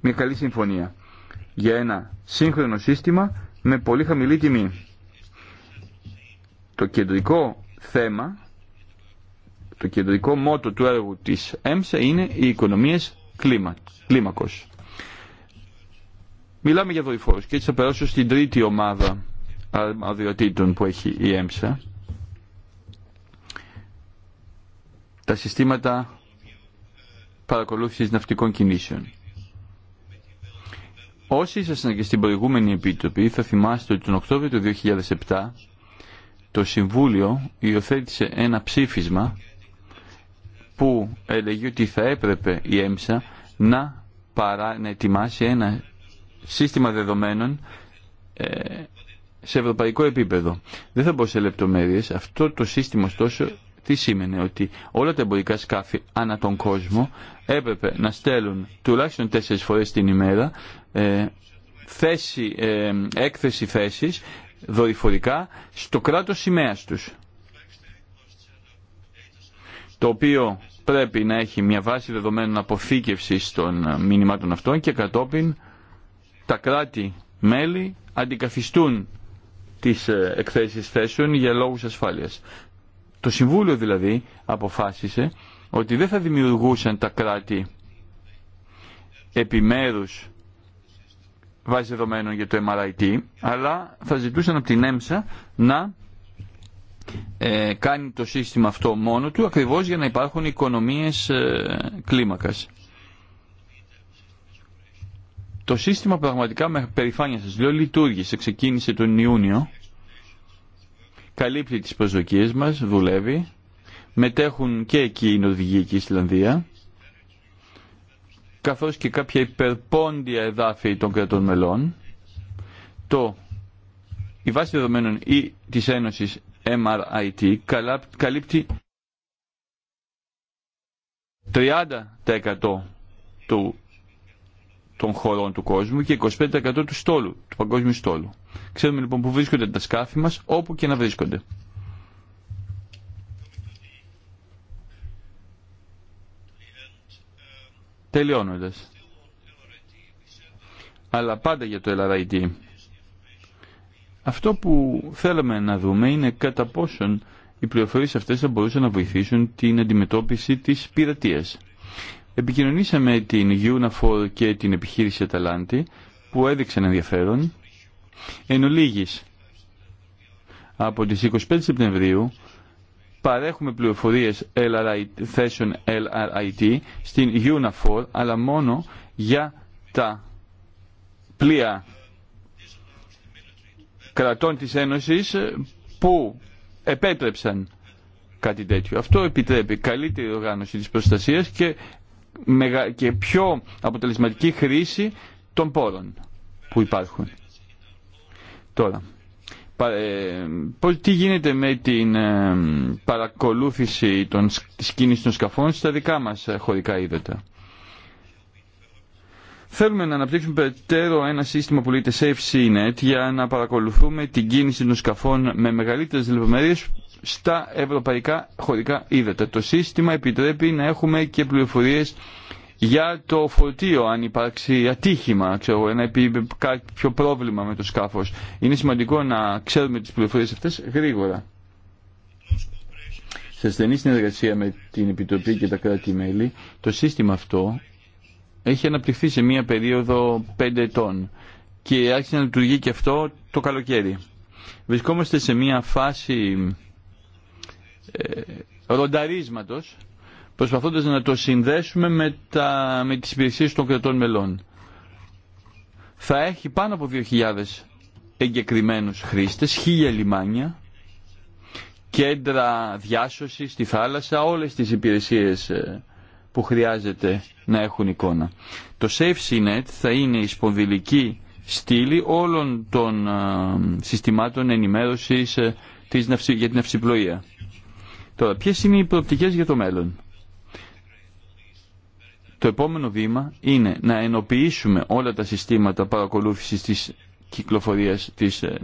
μια καλή συμφωνία για ένα σύγχρονο σύστημα με πολύ χαμηλή τιμή. Το κεντρικό θέμα, το κεντρικό μότο του έργου της ΕΜΣΑ είναι οι οικονομίες κλίμα, κλίμακος. Μιλάμε για δορυφόρους και έτσι θα περάσω στην τρίτη ομάδα αδειοτήτων που έχει η ΕΜΣΑ. Τα συστήματα παρακολούθησης ναυτικών κινήσεων. Όσοι ήσασταν και στην προηγούμενη επίτροπη θα θυμάστε ότι τον Οκτώβριο του 2007 το Συμβούλιο υιοθέτησε ένα ψήφισμα που έλεγε ότι θα έπρεπε η ΕΜΣΑ να, παρά, να ετοιμάσει ένα σύστημα δεδομένων ε, σε ευρωπαϊκό επίπεδο. Δεν θα μπω σε λεπτομέρειε. Αυτό το σύστημα ωστόσο τι σήμαινε ότι όλα τα εμπορικά σκάφη ανά τον κόσμο έπρεπε να στέλνουν τουλάχιστον τέσσερις φορές την ημέρα ε, θέση, ε, έκθεση θέσης δορυφορικά στο κράτος σημαία τους. Το οποίο πρέπει να έχει μια βάση δεδομένων αποθήκευση των μηνυμάτων αυτών και κατόπιν τα κράτη-μέλη αντικαθιστούν τις ε, εκθέσεις θέσεων για λόγους ασφάλειας. Το Συμβούλιο δηλαδή αποφάσισε ότι δεν θα δημιουργούσαν τα κράτη επιμέρους βάσει δεδομένων για το MRIT, αλλά θα ζητούσαν από την ΕΜΣΑ να ε, κάνει το σύστημα αυτό μόνο του, ακριβώς για να υπάρχουν οικονομίες ε, κλίμακας. Το σύστημα πραγματικά με περηφάνεια σας λέω λειτουργήσε, ξεκίνησε τον Ιούνιο, καλύπτει τις προσδοκίες μας, δουλεύει, μετέχουν και εκεί η Νορβηγοί και η Ισλανδία, καθώς και κάποια υπερπόντια εδάφη των κρατών μελών. Το, η βάση δεδομένων ή της Ένωσης MRIT καλύπτει 30% του των χωρών του κόσμου και 25% του στόλου, του παγκόσμιου στόλου. Ξέρουμε λοιπόν που βρίσκονται τα σκάφη μας, όπου και να βρίσκονται. Τελειώνοντας. Αλλά πάντα για το LRIT. Αυτό που θέλαμε να δούμε είναι κατά πόσον οι πληροφορίες αυτές θα μπορούσαν να βοηθήσουν την αντιμετώπιση της πειρατείας. Επικοινωνήσαμε την UNAFOR και την επιχείρηση Αταλάντη που έδειξαν ενδιαφέρον. Εν ολίγης, από τις 25 Σεπτεμβρίου παρέχουμε πληροφορίες LRI, θέσεων LRIT στην UNAFOR αλλά μόνο για τα πλοία κρατών της Ένωσης που επέτρεψαν κάτι τέτοιο. Αυτό επιτρέπει καλύτερη οργάνωση της προστασίας και και πιο αποτελεσματική χρήση των πόρων που υπάρχουν. Τώρα, ε, πώς, τι γίνεται με την ε, παρακολούθηση των, της κίνησης των σκαφών στα δικά μας ε, χωρικά είδωτα. Θέλουμε να αναπτύξουμε περαιτέρω ένα σύστημα που λέγεται Safe για να παρακολουθούμε την κίνηση των σκαφών με μεγαλύτερες λεπτομέρειες στα ευρωπαϊκά χωρικά ύδατα. Το σύστημα επιτρέπει να έχουμε και πληροφορίες για το φορτίο αν υπάρξει ατύχημα, ξέρω, ένα κάποιο πρόβλημα με το σκάφος. Είναι σημαντικό να ξέρουμε τις πληροφορίες αυτές γρήγορα. Σε στενή συνεργασία με την Επιτροπή και τα κράτη-μέλη, το σύστημα αυτό έχει αναπτυχθεί σε μία περίοδο 5 ετών και άρχισε να λειτουργεί και αυτό το καλοκαίρι. Βρισκόμαστε σε μία φάση ε, ρονταρίσματος προσπαθώντας να το συνδέσουμε με, τα, με τις υπηρεσίες των κρατών μελών. Θα έχει πάνω από 2.000 εγκεκριμένους χρήστες, 1.000 λιμάνια, κέντρα διάσωσης στη θάλασσα, όλες τις υπηρεσίες ε, που χρειάζεται να έχουν εικόνα. Το SafeCNet θα είναι η σπονδυλική στήλη όλων των ε, συστημάτων ενημέρωσης για την αυσιπλοεία. Τώρα, ποιε είναι οι προοπτικές για το μέλλον. Το επόμενο βήμα είναι να ενοποιήσουμε όλα τα συστήματα παρακολούθησης της κυκλοφορίας της, ε,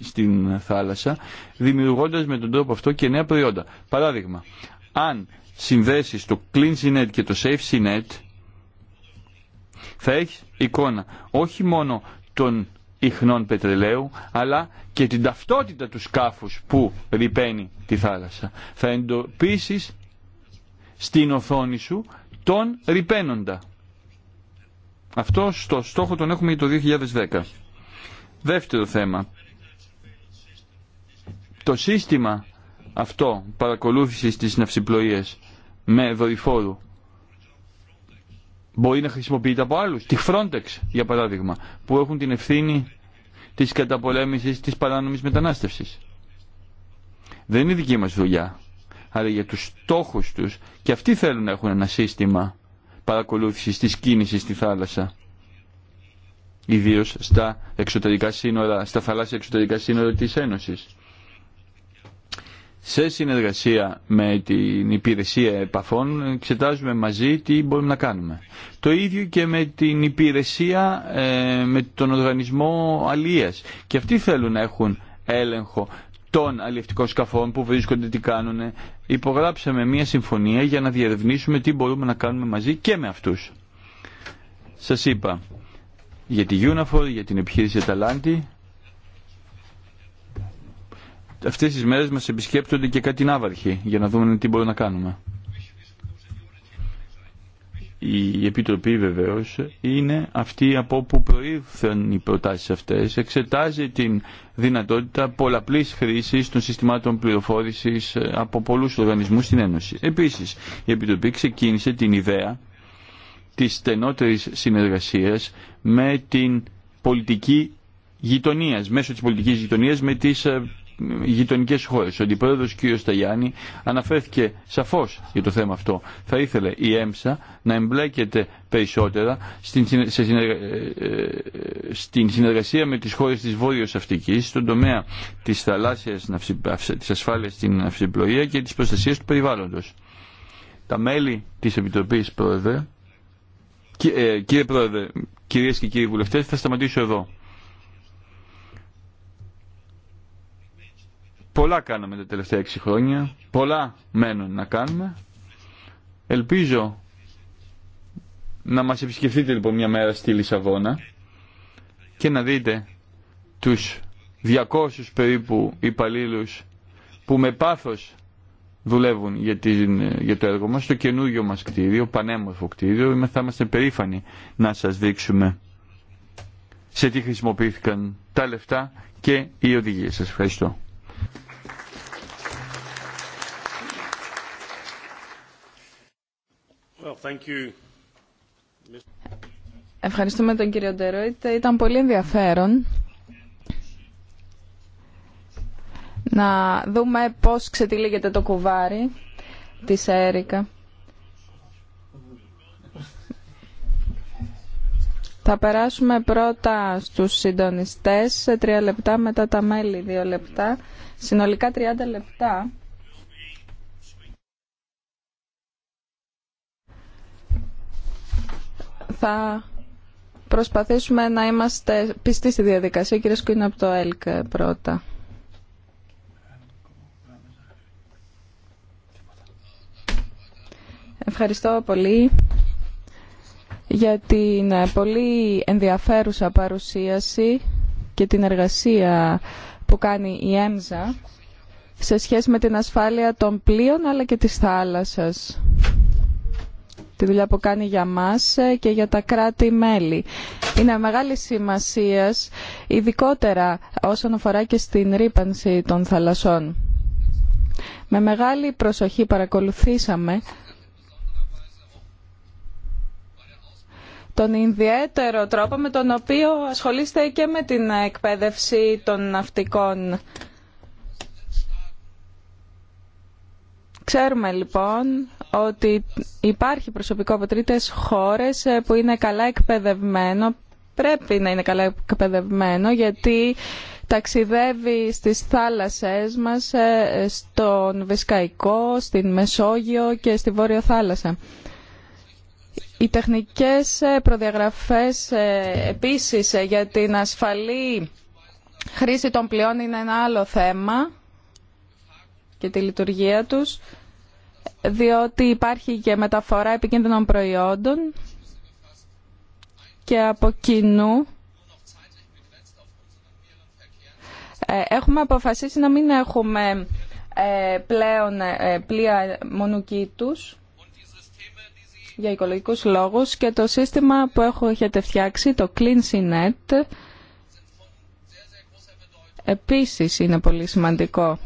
στην θάλασσα, δημιουργώντας με τον τρόπο αυτό και νέα προϊόντα. Παράδειγμα, αν συνδέσεις το CleanSynet και το SafeSynet, θα έχεις εικόνα όχι μόνο των ιχνών πετρελαίου, αλλά και την ταυτότητα του σκάφους που ρηπαίνει τη θάλασσα. Θα εντοπίσεις στην οθόνη σου τον ρηπαίνοντα. Αυτό στο στόχο τον έχουμε για το 2010. Δεύτερο θέμα. Το σύστημα αυτό παρακολούθησης της ναυσιπλοείας με δορυφόρου μπορεί να χρησιμοποιείται από άλλους, τη Frontex για παράδειγμα, που έχουν την ευθύνη της καταπολέμησης της παράνομης μετανάστευσης. Δεν είναι δική μας δουλειά, αλλά για τους στόχους τους και αυτοί θέλουν να έχουν ένα σύστημα παρακολούθησης της κίνησης στη θάλασσα. Ιδίως στα εξωτερικά σύνορα, στα θαλάσσια εξωτερικά σύνορα της Ένωσης. Σε συνεργασία με την υπηρεσία επαφών εξετάζουμε μαζί τι μπορούμε να κάνουμε. Το ίδιο και με την υπηρεσία, ε, με τον οργανισμό αλίας. Και αυτοί θέλουν να έχουν έλεγχο των αλληλευτικών σκαφών που βρίσκονται, τι κάνουν. Υπογράψαμε μια συμφωνία για να διερευνήσουμε τι μπορούμε να κάνουμε μαζί και με αυτούς. Σας είπα για τη UNAFOR, για την επιχείρηση ταλάντη αυτές τις μέρες μας επισκέπτονται και κάτι ναύαρχοι για να δούμε τι μπορούμε να κάνουμε. Η Επιτροπή βεβαίως είναι αυτή από όπου προήλθαν οι προτάσεις αυτές. Εξετάζει την δυνατότητα πολλαπλής χρήσης των συστημάτων πληροφόρησης ε, από πολλούς οργανισμούς στην Ένωση. Επίσης, η Επιτροπή ξεκίνησε την ιδέα της στενότερης συνεργασίας με την πολιτική γειτονία, μέσω της πολιτικής γειτονίας με τις ε, Γειτονικέ χώρε. Ο αντιπρόεδρο κ. Σταγιάννη αναφέρθηκε σαφώς για το θέμα αυτό. Θα ήθελε η ΕΜΣΑ να εμπλέκεται περισσότερα στην ε, ε, συνεργασία με τις χώρες της βορειο αυτική, στον τομέα της θαλάσσιας της ασφάλειας στην αυσιπλοεία και της προστασίας του περιβάλλοντος. Τα μέλη της Επιτροπής, Πρόεδρε, ε, κύριε Πρόεδρε, κυρίες και κύριοι βουλευτές, θα σταματήσω εδώ. Πολλά κάναμε τα τελευταία έξι χρόνια, πολλά μένουν να κάνουμε. Ελπίζω να μας επισκεφτείτε λοιπόν μια μέρα στη Λισαβόνα και να δείτε τους 200 περίπου υπαλλήλους που με πάθος δουλεύουν για, την, για το έργο μας το καινούριο μας κτίριο, πανέμορφο κτίριο. Είμαι, θα είμαστε περήφανοι να σας δείξουμε σε τι χρησιμοποιήθηκαν τα λεφτά και οι οδηγίες. Σας ευχαριστώ. Ευχαριστούμε τον κύριο Ντερόιτ. Ήταν πολύ ενδιαφέρον να δούμε πώς ξετυλίγεται το κουβάρι της Έρικα. Θα περάσουμε πρώτα στους συντονιστές, τρία λεπτά, μετά τα μέλη δύο λεπτά, συνολικά 30 λεπτά. Θα προσπαθήσουμε να είμαστε πιστοί στη διαδικασία. Κύριε Σκουίνα από το ΕΛΚ πρώτα. Ευχαριστώ πολύ για την πολύ ενδιαφέρουσα παρουσίαση και την εργασία που κάνει η ΕΜΖΑ σε σχέση με την ασφάλεια των πλοίων αλλά και της θάλασσας τη δουλειά που κάνει για μας ε, και για τα κράτη-μέλη. Είναι μεγάλη σημασία, ειδικότερα όσον αφορά και στην ρήπανση των θαλασσών. Με μεγάλη προσοχή παρακολουθήσαμε τον ιδιαίτερο τρόπο με τον οποίο ασχολείστε και με την εκπαίδευση των ναυτικών. Ξέρουμε λοιπόν ότι υπάρχει προσωπικό από τρίτε χώρες ε, που είναι καλά εκπαιδευμένο, πρέπει να είναι καλά εκπαιδευμένο γιατί ταξιδεύει στις θάλασσές μας, ε, στον Βυσκαϊκό, στην Μεσόγειο και στη Βόρειο Θάλασσα. Οι τεχνικές ε, προδιαγραφές επίσης για την ασφαλή χρήση των πλοίων είναι ένα άλλο θέμα και τη λειτουργία τους διότι υπάρχει και μεταφορά επικίνδυνων προϊόντων και από κοινού ε, έχουμε αποφασίσει να μην έχουμε ε, πλέον ε, πλοία μονοκίτους για οικολογικούς λόγους και το σύστημα που έχω έχετε φτιάξει, το Clean Net, επίσης είναι πολύ σημαντικό.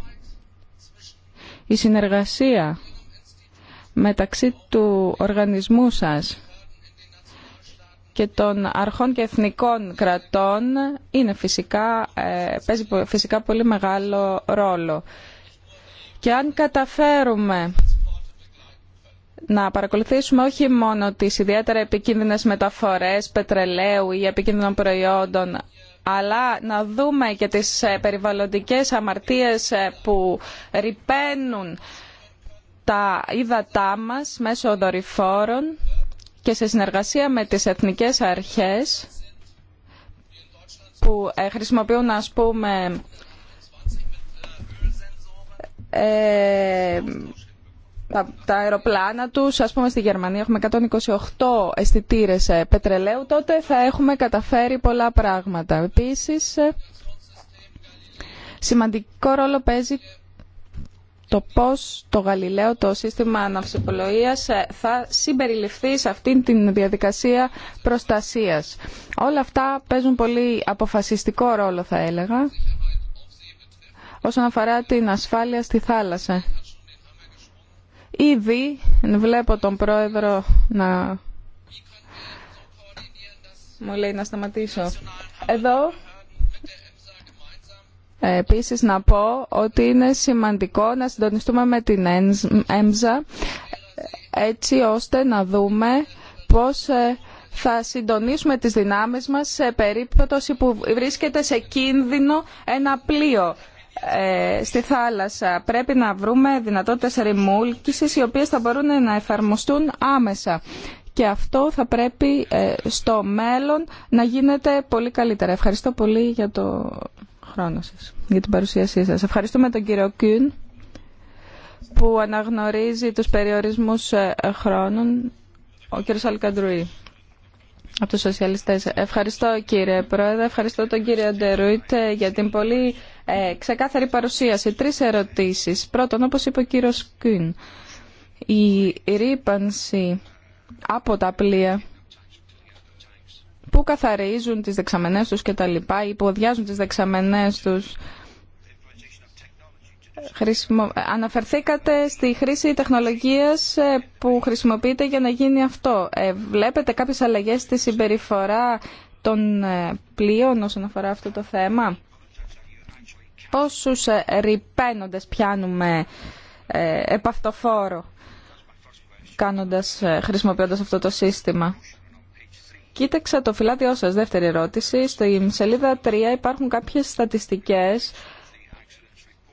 Η συνεργασία μεταξύ του οργανισμού σας και των αρχών και εθνικών κρατών είναι φυσικά, ε, παίζει φυσικά πολύ μεγάλο ρόλο. Και αν καταφέρουμε να παρακολουθήσουμε όχι μόνο τις ιδιαίτερα επικίνδυνες μεταφορές πετρελαίου ή επικίνδυνων προϊόντων, αλλά να δούμε και τις ε, περιβαλλοντικές αμαρτίες ε, που ρηπαίνουν τα ύδατά μας μέσω δορυφόρων και σε συνεργασία με τις εθνικές αρχές που ε, χρησιμοποιούν ας πούμε ε, τα, αεροπλάνα τους, ας πούμε στη Γερμανία έχουμε 128 αισθητήρε ε, πετρελαίου, τότε θα έχουμε καταφέρει πολλά πράγματα. Επίσης, ε, σημαντικό ρόλο παίζει το πώς το Γαλιλαίο, το σύστημα αναυσιπολογίας ε, θα συμπεριληφθεί σε αυτήν την διαδικασία προστασίας. Όλα αυτά παίζουν πολύ αποφασιστικό ρόλο θα έλεγα όσον αφορά την ασφάλεια στη θάλασσα. Ήδη βλέπω τον πρόεδρο να μου λέει να σταματήσω. Εδώ Επίσης να πω ότι είναι σημαντικό να συντονιστούμε με την ΕΜΖΑ έτσι ώστε να δούμε πώς ε, θα συντονίσουμε τις δυνάμεις μας σε περίπτωση που βρίσκεται σε κίνδυνο ένα πλοίο ε, στη θάλασσα. Πρέπει να βρούμε δυνατότητες ρημούλκησης οι οποίες θα μπορούν να εφαρμοστούν άμεσα. Και αυτό θα πρέπει ε, στο μέλλον να γίνεται πολύ καλύτερα. Ευχαριστώ πολύ για το χρόνο σας, για την παρουσίασή σας. Ευχαριστούμε τον κύριο Κιούν που αναγνωρίζει τους περιορισμούς ε, χρόνων, ο κύριος Αλκαντρουή από τους σοσιαλιστές. Ευχαριστώ κύριε Πρόεδρε, ευχαριστώ τον κύριο Ντερούιτ ε, για την πολύ ε, ξεκάθαρη παρουσίαση. Τρεις ερωτήσεις. Πρώτον, όπως είπε ο κύριος Κιούν, η ρήπανση από τα πλοία που καθαρίζουν τις δεξαμενές τους και τα λοιπά, υποδιάζουν τις δεξαμενές τους. Χρησιμο... Αναφερθήκατε στη χρήση τεχνολογίας ε, που χρησιμοποιείται για να γίνει αυτό. Ε, βλέπετε κάποιες αλλαγές στη συμπεριφορά των ε, πλοίων όσον αφορά αυτό το θέμα. Πόσους ρηπαίνοντες πιάνουμε επαυτοφόρο κάνοντας, χρησιμοποιώντας αυτό το σύστημα. Κοίταξα το φυλάδιό σας, δεύτερη ερώτηση. Στη σελίδα 3 υπάρχουν κάποιες στατιστικές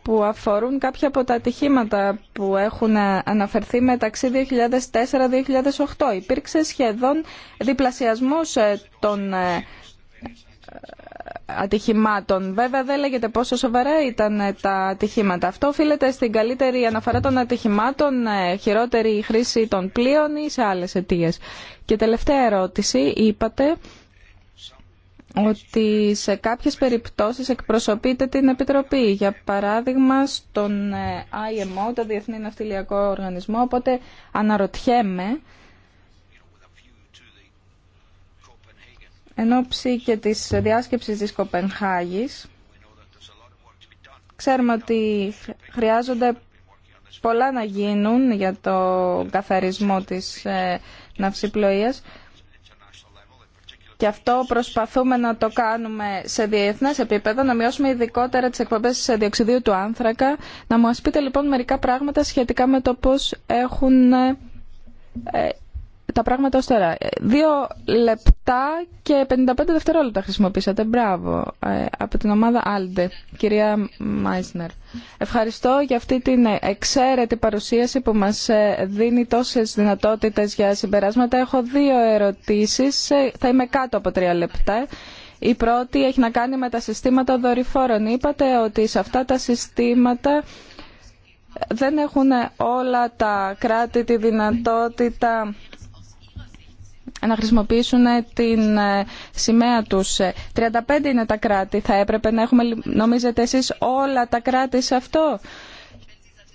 που αφορούν κάποια από τα ατυχήματα που έχουν αναφερθεί μεταξύ 2004-2008. Υπήρξε σχεδόν διπλασιασμός ε, των ε, ατυχημάτων. Βέβαια δεν λέγεται πόσο σοβαρά ήταν τα ατυχήματα. Αυτό οφείλεται στην καλύτερη αναφορά των ατυχημάτων, ε, χειρότερη χρήση των πλοίων ή σε άλλες αιτίες. Και τελευταία ερώτηση, είπατε ότι σε κάποιες περιπτώσεις εκπροσωπείται την Επιτροπή. Για παράδειγμα στον ε, IMO, το Διεθνή Ναυτιλιακό Οργανισμό, οπότε αναρωτιέμαι εν ώψη και της διάσκεψης της Κοπενχάγης. Ξέρουμε ότι χρειάζονται πολλά να γίνουν για το καθαρισμό της ε, ναυσιπλοείας και αυτό προσπαθούμε να το κάνουμε σε διεθνές επίπεδο, να μειώσουμε ειδικότερα τις εκπομπές διοξιδίου του άνθρακα. Να μας πείτε λοιπόν μερικά πράγματα σχετικά με το πώς έχουν ε, τα πράγματα ως τώρα. Δύο λεπτά και 55 δευτερόλεπτα χρησιμοποίησατε. Μπράβο. Ε, από την ομάδα ALDE, κυρία Μάισνερ. Ευχαριστώ για αυτή την εξαίρετη παρουσίαση που μας ε, δίνει τόσες δυνατότητες για συμπεράσματα. Έχω δύο ερωτήσεις. Ε, θα είμαι κάτω από τρία λεπτά. Η πρώτη έχει να κάνει με τα συστήματα δορυφόρων. Είπατε ότι σε αυτά τα συστήματα δεν έχουν όλα τα κράτη τη δυνατότητα να χρησιμοποιήσουν την ε, σημαία τους. 35 ε, είναι τα κράτη. Θα έπρεπε να έχουμε, νομίζετε εσείς, όλα τα κράτη σε αυτό.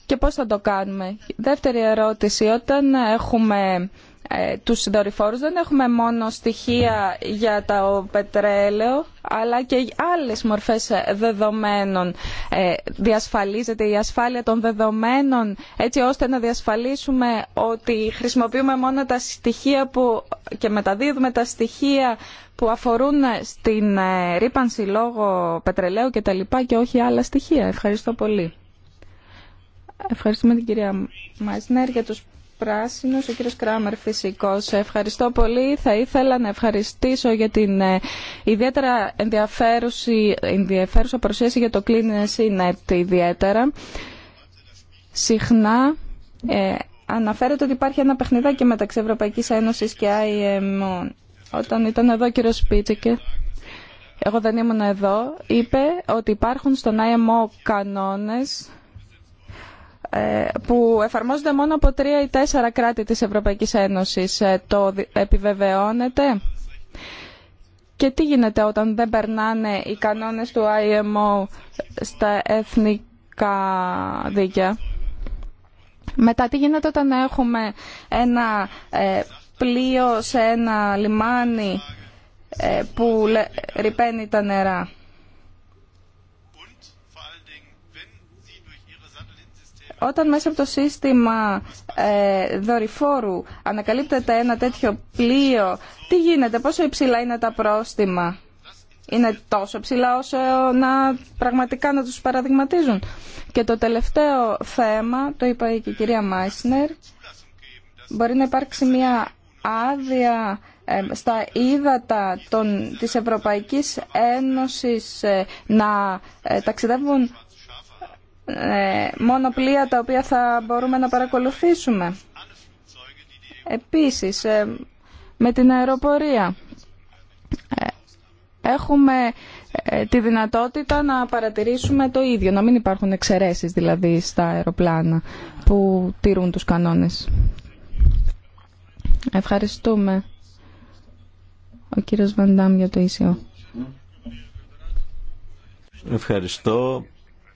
Και πώς θα το κάνουμε. Δεύτερη ερώτηση. Όταν έχουμε ε, τους δορυφόρους δεν έχουμε μόνο στοιχεία για το πετρέλαιο αλλά και άλλες μορφές δεδομένων. Ε, διασφαλίζεται η ασφάλεια των δεδομένων έτσι ώστε να διασφαλίσουμε ότι χρησιμοποιούμε μόνο τα στοιχεία που και μεταδίδουμε τα στοιχεία που αφορούν στην ε, ρήπανση λόγω πετρελαίου και τα και όχι άλλα στοιχεία. Ευχαριστώ πολύ. Ευχαριστούμε την κυρία Μάισνερ για τους πράσινος, ο κύριος Κράμερ φυσικός. Ευχαριστώ πολύ. Θα ήθελα να ευχαριστήσω για την ε, ιδιαίτερα ενδιαφέρουσα παρουσίαση για το Clean Sinet ιδιαίτερα. Συχνά ε, αναφέρεται ότι υπάρχει ένα παιχνιδάκι μεταξύ Ευρωπαϊκής Ένωσης και IMO. Όταν ήταν εδώ ο κύριος Πίτσικε, εγώ δεν ήμουν εδώ, είπε ότι υπάρχουν στον IMO κανόνες ε, που εφαρμόζονται μόνο από τρία ή τέσσερα κράτη της Ευρωπαϊκής Ένωσης. Ε, το επιβεβαιώνεται. Και τι γίνεται όταν δεν περνάνε οι κανόνες του IMO στα εθνικά δίκαια. Μετά τι γίνεται όταν έχουμε ένα ε, πλοίο σε ένα λιμάνι που ρηπαίνει τα νερά. Όταν μέσα από το σύστημα ε, δορυφόρου ανακαλύπτεται ένα τέτοιο πλοίο, τι γίνεται, πόσο υψηλά είναι τα πρόστιμα. Είναι τόσο ψηλά όσο να πραγματικά να τους παραδειγματίζουν. Και το τελευταίο θέμα, το είπα και η κυρία Μάισνερ, μπορεί να υπάρξει μια άδεια ε, στα ύδατα των, της Ευρωπαϊκής Ένωσης ε, να ταξιδεύουν ε, μόνο πλοία τα οποία θα μπορούμε να παρακολουθήσουμε. Επίσης, ε, με την αεροπορία ε, έχουμε τη δυνατότητα να παρατηρήσουμε το ίδιο, να μην υπάρχουν εξαιρέσεις δηλαδή στα αεροπλάνα που τηρούν τους κανόνες. Ευχαριστούμε. Ο κύριος Βαντάμ για το ίσιο. Ευχαριστώ.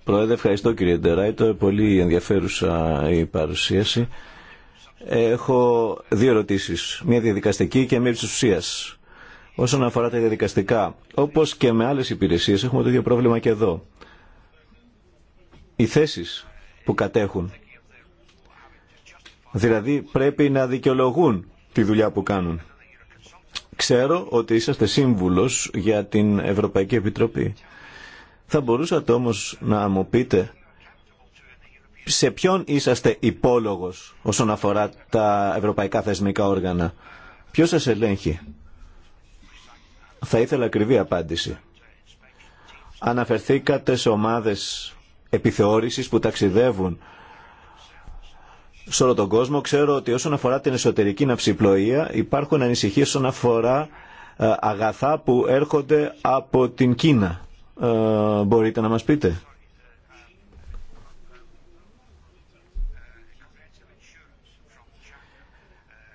Πρόεδρε, ευχαριστώ κύριε Ντεράιτο. Πολύ ενδιαφέρουσα η παρουσίαση. Έχω δύο ερωτήσεις. Μία διαδικαστική και μία της ουσίας. Όσον αφορά τα διαδικαστικά, όπως και με άλλες υπηρεσίες έχουμε το ίδιο πρόβλημα και εδώ. Οι θέσεις που κατέχουν, δηλαδή πρέπει να δικαιολογούν τη δουλειά που κάνουν. Ξέρω ότι είσαστε σύμβουλος για την Ευρωπαϊκή Επιτροπή. Θα μπορούσατε όμως να μου πείτε σε ποιον είσαστε υπόλογος όσον αφορά τα ευρωπαϊκά θεσμικά όργανα. Ποιος σας ελέγχει. Θα ήθελα ακριβή απάντηση. Αναφερθήκατε σε ομάδες επιθεώρησης που ταξιδεύουν σε όλο τον κόσμο. Ξέρω ότι όσον αφορά την εσωτερική ναυσιπλοεία υπάρχουν ανησυχίες όσον αφορά ε, αγαθά που έρχονται από την Κίνα. Ε, μπορείτε να μας πείτε.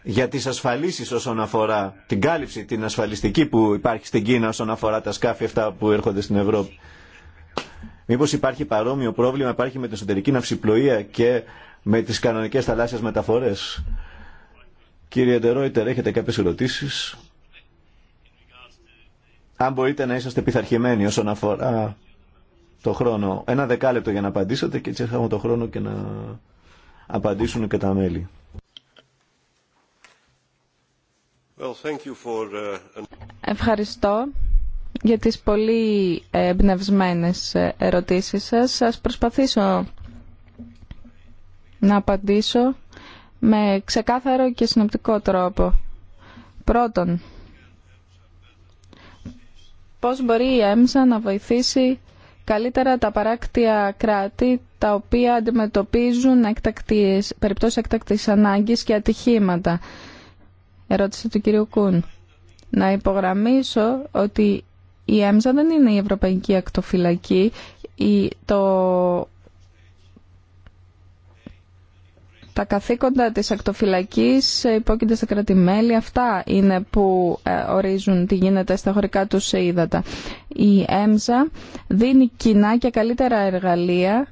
για τις ασφαλίσεις όσον αφορά την κάλυψη, την ασφαλιστική που υπάρχει στην Κίνα όσον αφορά τα σκάφη αυτά που έρχονται στην Ευρώπη. Μήπως υπάρχει παρόμοιο πρόβλημα, υπάρχει με την εσωτερική ναυσιπλοεία και με τις κανονικές θαλάσσιες μεταφορές. Κύριε Ντερόιτερ, έχετε κάποιες ερωτήσεις αν μπορείτε να είσαστε πειθαρχημένοι όσον αφορά το χρόνο. Ένα δεκάλεπτο για να απαντήσετε και έτσι έχουμε το χρόνο και να απαντήσουν και τα μέλη. Well, thank you for... Uh, Ευχαριστώ για τις πολύ εμπνευσμένε ε, ερωτήσεις σας. Σας προσπαθήσω να απαντήσω με ξεκάθαρο και συνοπτικό τρόπο. Πρώτον, πώς μπορεί η ΕΜΣΑ να βοηθήσει καλύτερα τα παράκτια κράτη τα οποία αντιμετωπίζουν εκτακτής, περιπτώσεις εκτακτής ανάγκης και ατυχήματα. Ερώτηση του κυρίου Κούν. Να υπογραμμίσω ότι η ΕΜΣΑ δεν είναι η Ευρωπαϊκή Ακτοφυλακή. Η, το Τα καθήκοντα της ακτοφυλακής ε, υπόκεινται στα κρατημέλη. Αυτά είναι που ε, ορίζουν τι γίνεται στα χωρικά του ύδατα. Η ΕΜΖΑ δίνει κοινά και καλύτερα εργαλεία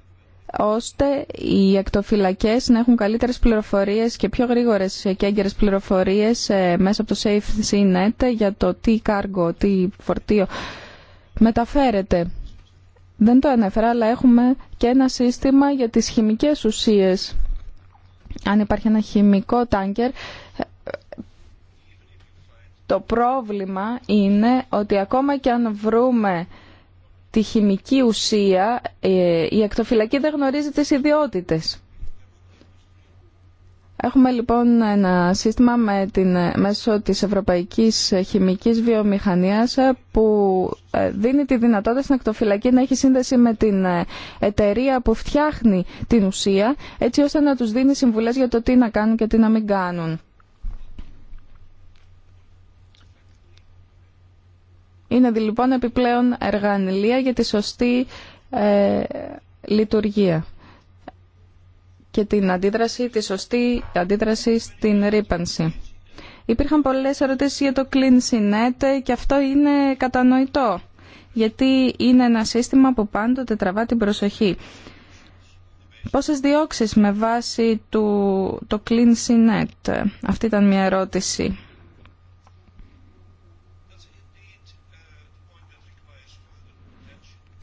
ώστε οι ακτοφυλακές να έχουν καλύτερες πληροφορίες και πιο γρήγορες και έγκαιρες πληροφορίες ε, μέσα από το Safe για το τι κάργο, τι φορτίο μεταφέρεται. Δεν το ανέφερα, αλλά έχουμε και ένα σύστημα για τις χημικές ουσίες αν υπάρχει ένα χημικό τάνκερ, το πρόβλημα είναι ότι ακόμα και αν βρούμε τη χημική ουσία, ε, η εκτοφυλακή δεν γνωρίζει τις ιδιότητες. Έχουμε λοιπόν ένα σύστημα με την, μέσω της Ευρωπαϊκής Χημικής Βιομηχανίας που ε, δίνει τη δυνατότητα στην ακτοφυλακή να έχει σύνδεση με την ε, εταιρεία που φτιάχνει την ουσία έτσι ώστε να τους δίνει συμβουλές για το τι να κάνουν και τι να μην κάνουν. Είναι λοιπόν επιπλέον εργανηλία για τη σωστή ε, λειτουργία και την αντίδραση, τη σωστή αντίδραση στην ρήπανση. Υπήρχαν πολλές ερωτήσεις για το Clean Sinet και αυτό είναι κατανοητό, γιατί είναι ένα σύστημα που πάντοτε τραβά την προσοχή. Πόσες διώξεις με βάση του, το Clean Sinet, αυτή ήταν μια ερώτηση.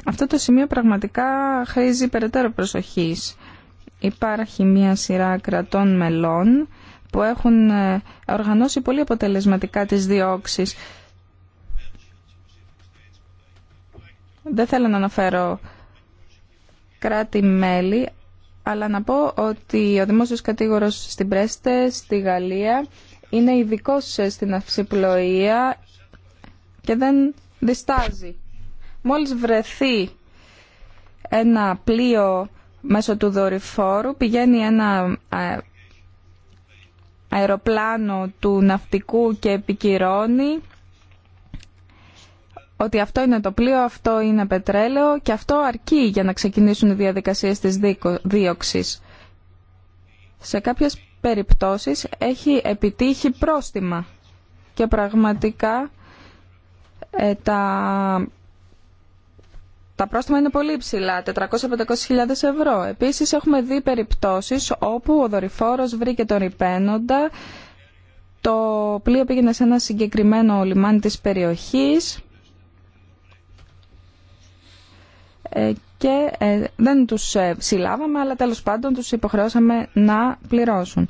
Αυτό το σημείο πραγματικά χρήζει περαιτέρω προσοχής υπάρχει μια σειρά κρατών μελών που έχουν ε, οργανώσει πολύ αποτελεσματικά τις διώξεις. Δεν θέλω να αναφέρω κράτη-μέλη, αλλά να πω ότι ο δημόσιος κατήγορος στην Πρέστε, στη Γαλλία, είναι ειδικό στην αυσιπλοεία και δεν διστάζει. Μόλις βρεθεί ένα πλοίο μέσω του δορυφόρου πηγαίνει ένα αεροπλάνο του ναυτικού και επικυρώνει ότι αυτό είναι το πλοίο, αυτό είναι πετρέλαιο και αυτό αρκεί για να ξεκινήσουν οι διαδικασίες της δίωξης. Σε κάποιες περιπτώσεις έχει επιτύχει πρόστιμα και πραγματικά ε, τα τα πρόστιμα είναι πολύ ψηλά, 400-500 ευρώ. Επίσης έχουμε δει περιπτώσεις όπου ο δορυφόρος βρήκε τον ρηπαίνοντα, το πλοίο πήγαινε σε ένα συγκεκριμένο λιμάνι της περιοχής ε, και ε, δεν τους ε, συλλάβαμε, αλλά τέλος πάντων τους υποχρεώσαμε να πληρώσουν.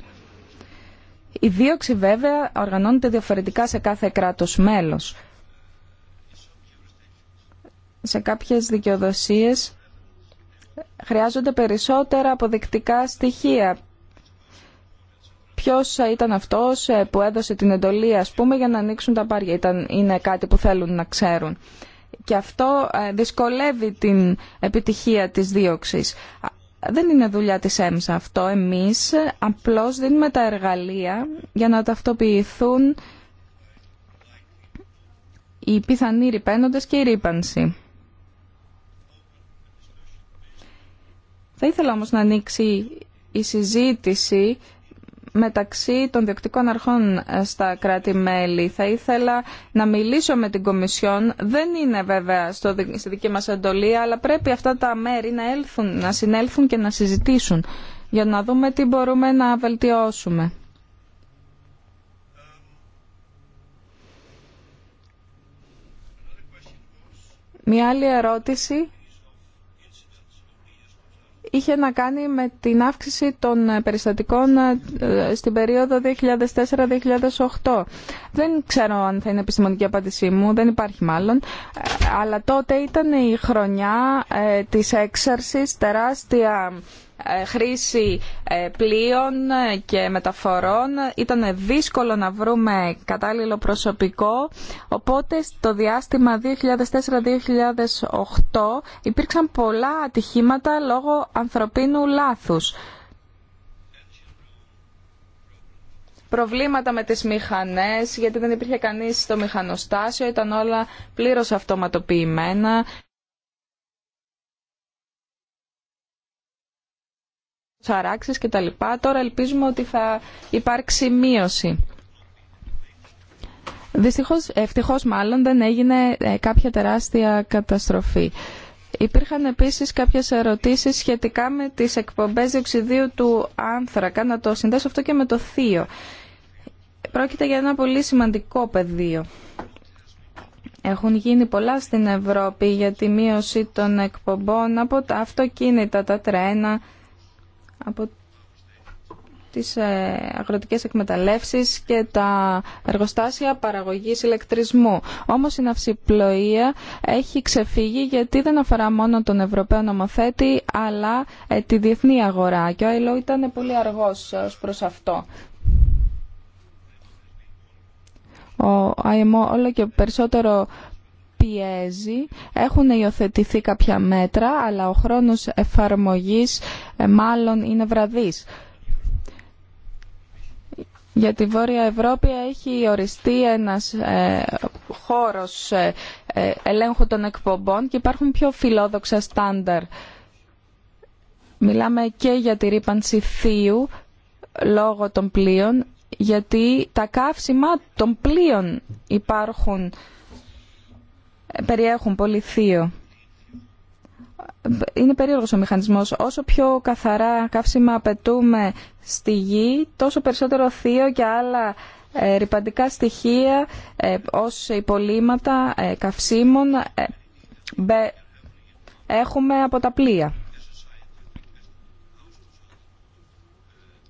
Η δίωξη βέβαια οργανώνεται διαφορετικά σε κάθε κράτος μέλος σε κάποιες δικαιοδοσίες χρειάζονται περισσότερα αποδεικτικά στοιχεία. Ποιος ήταν αυτός ε, που έδωσε την εντολή, ας πούμε, για να ανοίξουν τα πάρια είναι κάτι που θέλουν να ξέρουν. Και αυτό ε, δυσκολεύει την επιτυχία της δίωξης. Δεν είναι δουλειά της ΕΜΣΑ αυτό. Εμείς ε, απλώς δίνουμε τα εργαλεία για να ταυτοποιηθούν οι πιθανοί ρηπαίνοντες και η ρήπανση. Θα ήθελα όμως να ανοίξει η συζήτηση μεταξύ των διοκτικών αρχών ε, στα κράτη-μέλη. Θα ήθελα να μιλήσω με την Κομισιόν. Δεν είναι βέβαια στο, στη δική μας εντολή, αλλά πρέπει αυτά τα μέρη να, έλθουν, να συνέλθουν και να συζητήσουν για να δούμε τι μπορούμε να βελτιώσουμε. Μια άλλη ερώτηση είχε να κάνει με την αύξηση των ε, περιστατικών ε, ε, στην περίοδο 2004-2008. Δεν ξέρω αν θα είναι επιστημονική απάντησή μου, δεν υπάρχει μάλλον, αλλά τότε ήταν η χρονιά της έξαρσης τεράστια ε, χρήση ε, πλοίων και μεταφορών. Ήταν δύσκολο να βρούμε κατάλληλο προσωπικό, οπότε στο διάστημα 2004-2008 υπήρξαν πολλά ατυχήματα λόγω ανθρωπίνου λάθους. προβλήματα με τις μηχανές, γιατί δεν υπήρχε κανείς στο μηχανοστάσιο, ήταν όλα πλήρως αυτοματοποιημένα. σαράξεις κτλ. Τώρα ελπίζουμε ότι θα υπάρξει μείωση. Δυστυχώς, ευτυχώς μάλλον δεν έγινε ε, κάποια τεράστια καταστροφή. Υπήρχαν επίσης κάποιες ερωτήσεις σχετικά με τις εκπομπές διοξιδίου του άνθρακα, να το συνδέσω αυτό και με το θείο. Πρόκειται για ένα πολύ σημαντικό πεδίο. Έχουν γίνει πολλά στην Ευρώπη για τη μείωση των εκπομπών από τα αυτοκίνητα, τα τρένα, από τις ε, αγροτικές εκμεταλλεύσεις και τα εργοστάσια παραγωγής ηλεκτρισμού. Όμως η ναυσιπλοεία έχει ξεφύγει γιατί δεν αφορά μόνο τον Ευρωπαίο νομοθέτη αλλά ε, τη διεθνή αγορά και ο ΑΕΛΟ ήταν πολύ αργός ως προς αυτό. Ο ΑΕΜΟ όλο και περισσότερο πιέζει, έχουν υιοθετηθεί κάποια μέτρα, αλλά ο χρόνος εφαρμογής ε, μάλλον είναι βραδύς. Για τη Βόρεια Ευρώπη έχει οριστεί ένας ε, χώρος ε, ε, ελέγχου των εκπομπών και υπάρχουν πιο φιλόδοξα στάνταρ. Μιλάμε και για τη ρήπανση θείου λόγω των πλοίων, γιατί τα καύσιμα των πλοίων υπάρχουν περιέχουν πολύ θείο. Είναι περίεργος ο μηχανισμός. Όσο πιο καθαρά καύσιμα απαιτούμε στη γη, τόσο περισσότερο θείο και άλλα ε, ρηπαντικά στοιχεία ε, ως υπολείμματα ε, καυσίμων έχουμε από τα πλοία.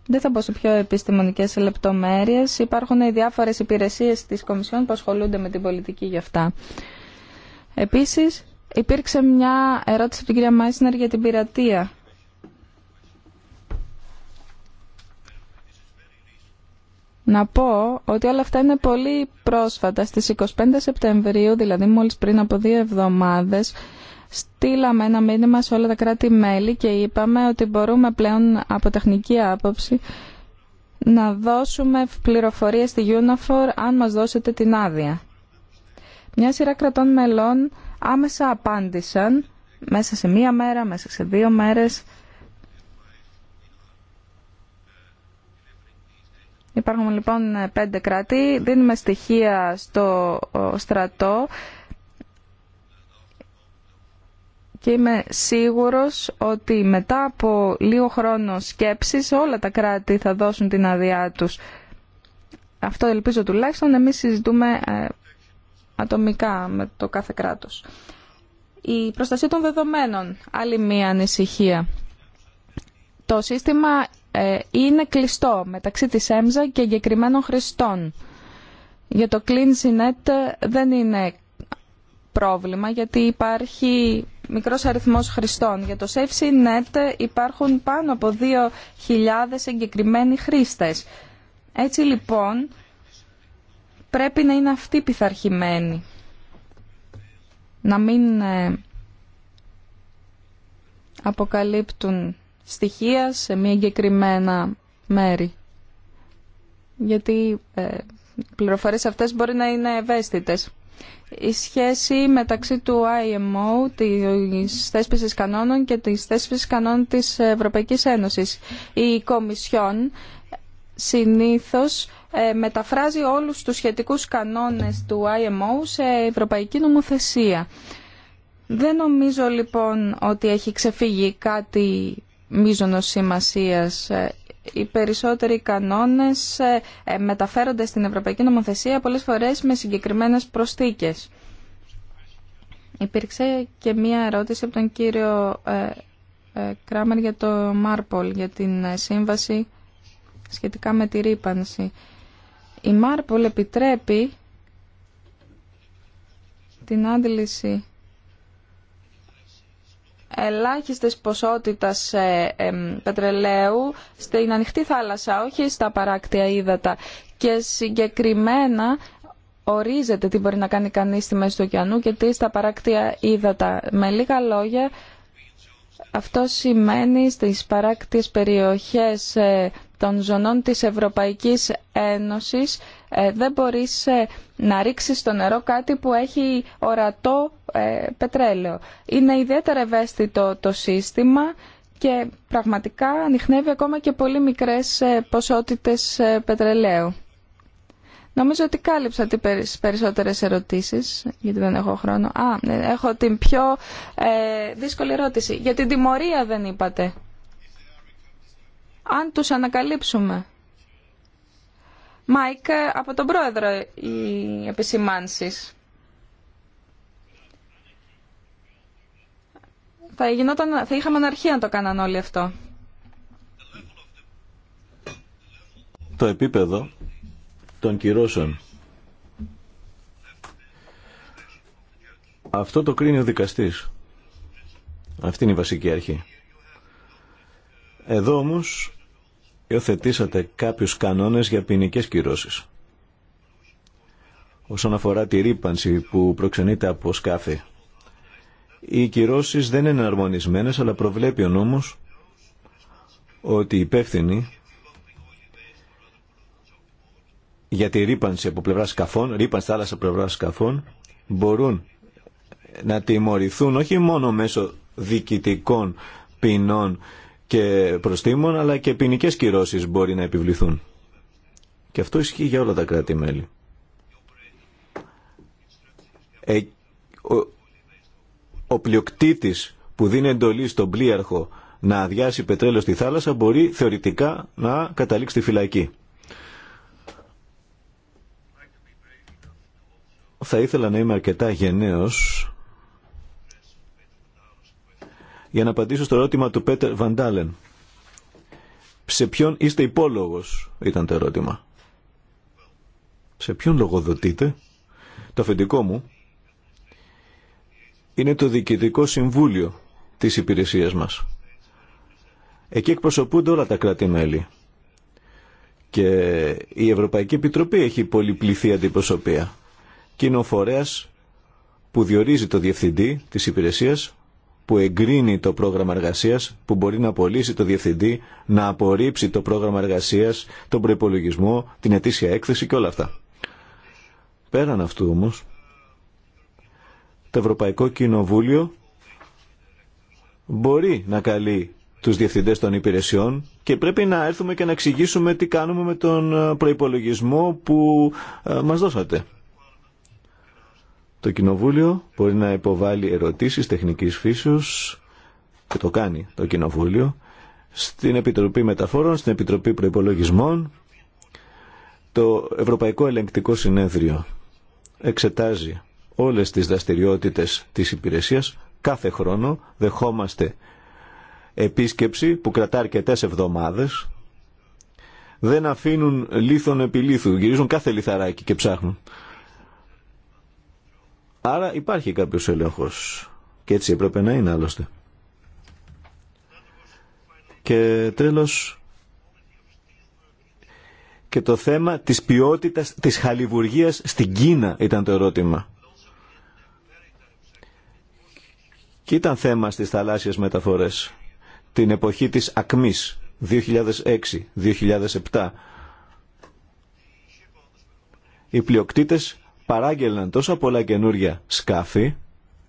Δεν θα μπω σε πιο επιστημονικές λεπτομέρειες. Υπάρχουν οι διάφορες υπηρεσίες της Κομισιόν που ασχολούνται με την πολιτική γι' αυτά. Επίσης, υπήρξε μια ερώτηση από την κυρία Μάισνερ για την πειρατεία. Να πω ότι όλα αυτά είναι πολύ πρόσφατα. Στις 25 Σεπτεμβρίου, δηλαδή μόλις πριν από δύο εβδομάδες, στείλαμε ένα μήνυμα σε όλα τα κράτη-μέλη και είπαμε ότι μπορούμε πλέον από τεχνική άποψη να δώσουμε πληροφορίες στη UNAFOR αν μας δώσετε την άδεια. Μια σειρά κρατών μελών άμεσα απάντησαν μέσα σε μία μέρα, μέσα σε δύο μέρες. Υπάρχουν λοιπόν πέντε κράτη, δίνουμε στοιχεία στο στρατό και είμαι σίγουρος ότι μετά από λίγο χρόνο σκέψης όλα τα κράτη θα δώσουν την αδειά τους. Αυτό ελπίζω τουλάχιστον. Εμείς συζητούμε ε, ατομικά με το κάθε κράτος. Η προστασία των δεδομένων, άλλη μία ανησυχία. Το σύστημα ε, είναι κλειστό μεταξύ της ΕΜΖΑ και εγκεκριμένων χρηστών. Για το CleanSynet δεν είναι πρόβλημα γιατί υπάρχει μικρός αριθμός χρηστών. Για το SafeSynet υπάρχουν πάνω από 2.000 εγκεκριμένοι χρήστες. Έτσι λοιπόν πρέπει να είναι αυτοί πειθαρχημένοι. Να μην ε, αποκαλύπτουν στοιχεία σε μία εγκεκριμένα μέρη. Γιατί ε, πληροφορίες αυτές μπορεί να είναι ευαίσθητες. Η σχέση μεταξύ του IMO, της θέσπισης κανόνων και της θέσπισης κανόνων της Ευρωπαϊκής Ένωσης. Η Κομισιόν συνήθως ε, μεταφράζει όλους τους σχετικούς κανόνες του IMO σε ευρωπαϊκή νομοθεσία. Δεν νομίζω λοιπόν ότι έχει ξεφύγει κάτι μίζωνος σημασίας. Ε, οι περισσότεροι κανόνες ε, μεταφέρονται στην Ευρωπαϊκή Νομοθεσία πολλές φορές με συγκεκριμένες προσθήκες. Υπήρξε και μία ερώτηση από τον κύριο Κράμερ για το Μάρπολ, για την σύμβαση σχετικά με τη ρήπανση. Η Μάρπολ επιτρέπει την άντληση ελάχιστες ποσότητας ε, πετρελαίου στην ανοιχτή θάλασσα, όχι στα παράκτια ύδατα. Και συγκεκριμένα ορίζεται τι μπορεί να κάνει κανείς στη μέση του ωκεανού και τι στα παράκτια ύδατα. Με λίγα λόγια, αυτό σημαίνει στις παράκτιες περιοχές ε, των ζωνών της Ευρωπαϊκής Ένωσης ε, δεν μπορείς ε, να ρίξεις στο νερό κάτι που έχει ορατό ε, πετρέλαιο. Είναι ιδιαίτερα ευαίσθητο το σύστημα και πραγματικά ανοιχνεύει ακόμα και πολύ μικρές ποσότητες πετρελαίου. Νομίζω ότι κάλυψα τις περισσότερες ερωτήσεις, γιατί δεν έχω χρόνο. Α, ναι, έχω την πιο ε, δύσκολη ερώτηση. Για την τιμωρία δεν είπατε αν τους ανακαλύψουμε. Μάικ, από τον πρόεδρο οι επισημάνσεις. Θα, γινόταν, θα είχαμε αναρχία να το κάναν όλοι αυτό. Το επίπεδο των κυρώσεων. Αυτό το κρίνει ο δικαστής. Αυτή είναι η βασική αρχή. Εδώ όμως υιοθετήσατε κάποιους κανόνες για ποινικέ κυρώσεις όσον αφορά τη ρήπανση που προξενείται από σκάφη. Οι κυρώσει δεν είναι εναρμονισμένες, αλλά προβλέπει ο νόμος ότι οι υπεύθυνοι για τη ρήπανση από πλευρά σκαφών, ρήπανση θάλασσα από πλευρά σκαφών, μπορούν να τιμωρηθούν όχι μόνο μέσω διοικητικών ποινών και προστήμων, αλλά και ποινικέ κυρώσεις μπορεί να επιβληθούν. Και αυτό ισχύει για όλα τα κράτη-μέλη. Ε, ο, ο που δίνει εντολή στον πλοίαρχο να αδειάσει πετρέλαιο στη θάλασσα μπορεί θεωρητικά να καταλήξει στη φυλακή. Θα ήθελα να είμαι αρκετά γενναίος για να απαντήσω στο ερώτημα του Πέτερ Βαντάλεν. Σε ποιον είστε υπόλογος, ήταν το ερώτημα. Σε ποιον λογοδοτείτε. Το αφεντικό μου είναι το Διοικητικό Συμβούλιο της υπηρεσίας μας. Εκεί εκπροσωπούνται όλα τα κράτη-μέλη. Και η Ευρωπαϊκή Επιτροπή έχει πολυπληθή αντιπροσωπεία. Και είναι ο που διορίζει το διευθυντή της υπηρεσίας που εγκρίνει το πρόγραμμα εργασίας, που μπορεί να απολύσει το διευθυντή, να απορρίψει το πρόγραμμα εργασίας, τον προπολογισμό, την ετήσια έκθεση και όλα αυτά. Πέραν αυτού όμως, το Ευρωπαϊκό Κοινοβούλιο μπορεί να καλεί τους διευθυντές των υπηρεσιών και πρέπει να έρθουμε και να εξηγήσουμε τι κάνουμε με τον προϋπολογισμό που ε, μας δώσατε. Το Κοινοβούλιο μπορεί να υποβάλει ερωτήσεις τεχνικής φύσεως και το κάνει το Κοινοβούλιο στην Επιτροπή Μεταφόρων, στην Επιτροπή Προϋπολογισμών το Ευρωπαϊκό Ελεγκτικό Συνέδριο εξετάζει όλες τις δραστηριότητες της υπηρεσίας κάθε χρόνο δεχόμαστε επίσκεψη που κρατά αρκετέ εβδομάδες δεν αφήνουν λίθον επί Γυρίζουν κάθε λιθαράκι και ψάχνουν. Άρα υπάρχει κάποιος έλεγχος. Και έτσι έπρεπε να είναι άλλωστε. Και τέλος και το θέμα της ποιότητας της χαλιβουργίας στην Κίνα ήταν το ερώτημα. Και ήταν θέμα στις θαλάσσιες μεταφορές την εποχή της ακμής 2006-2007. Οι πλειοκτήτες παράγγελναν τόσα πολλά καινούργια σκάφη,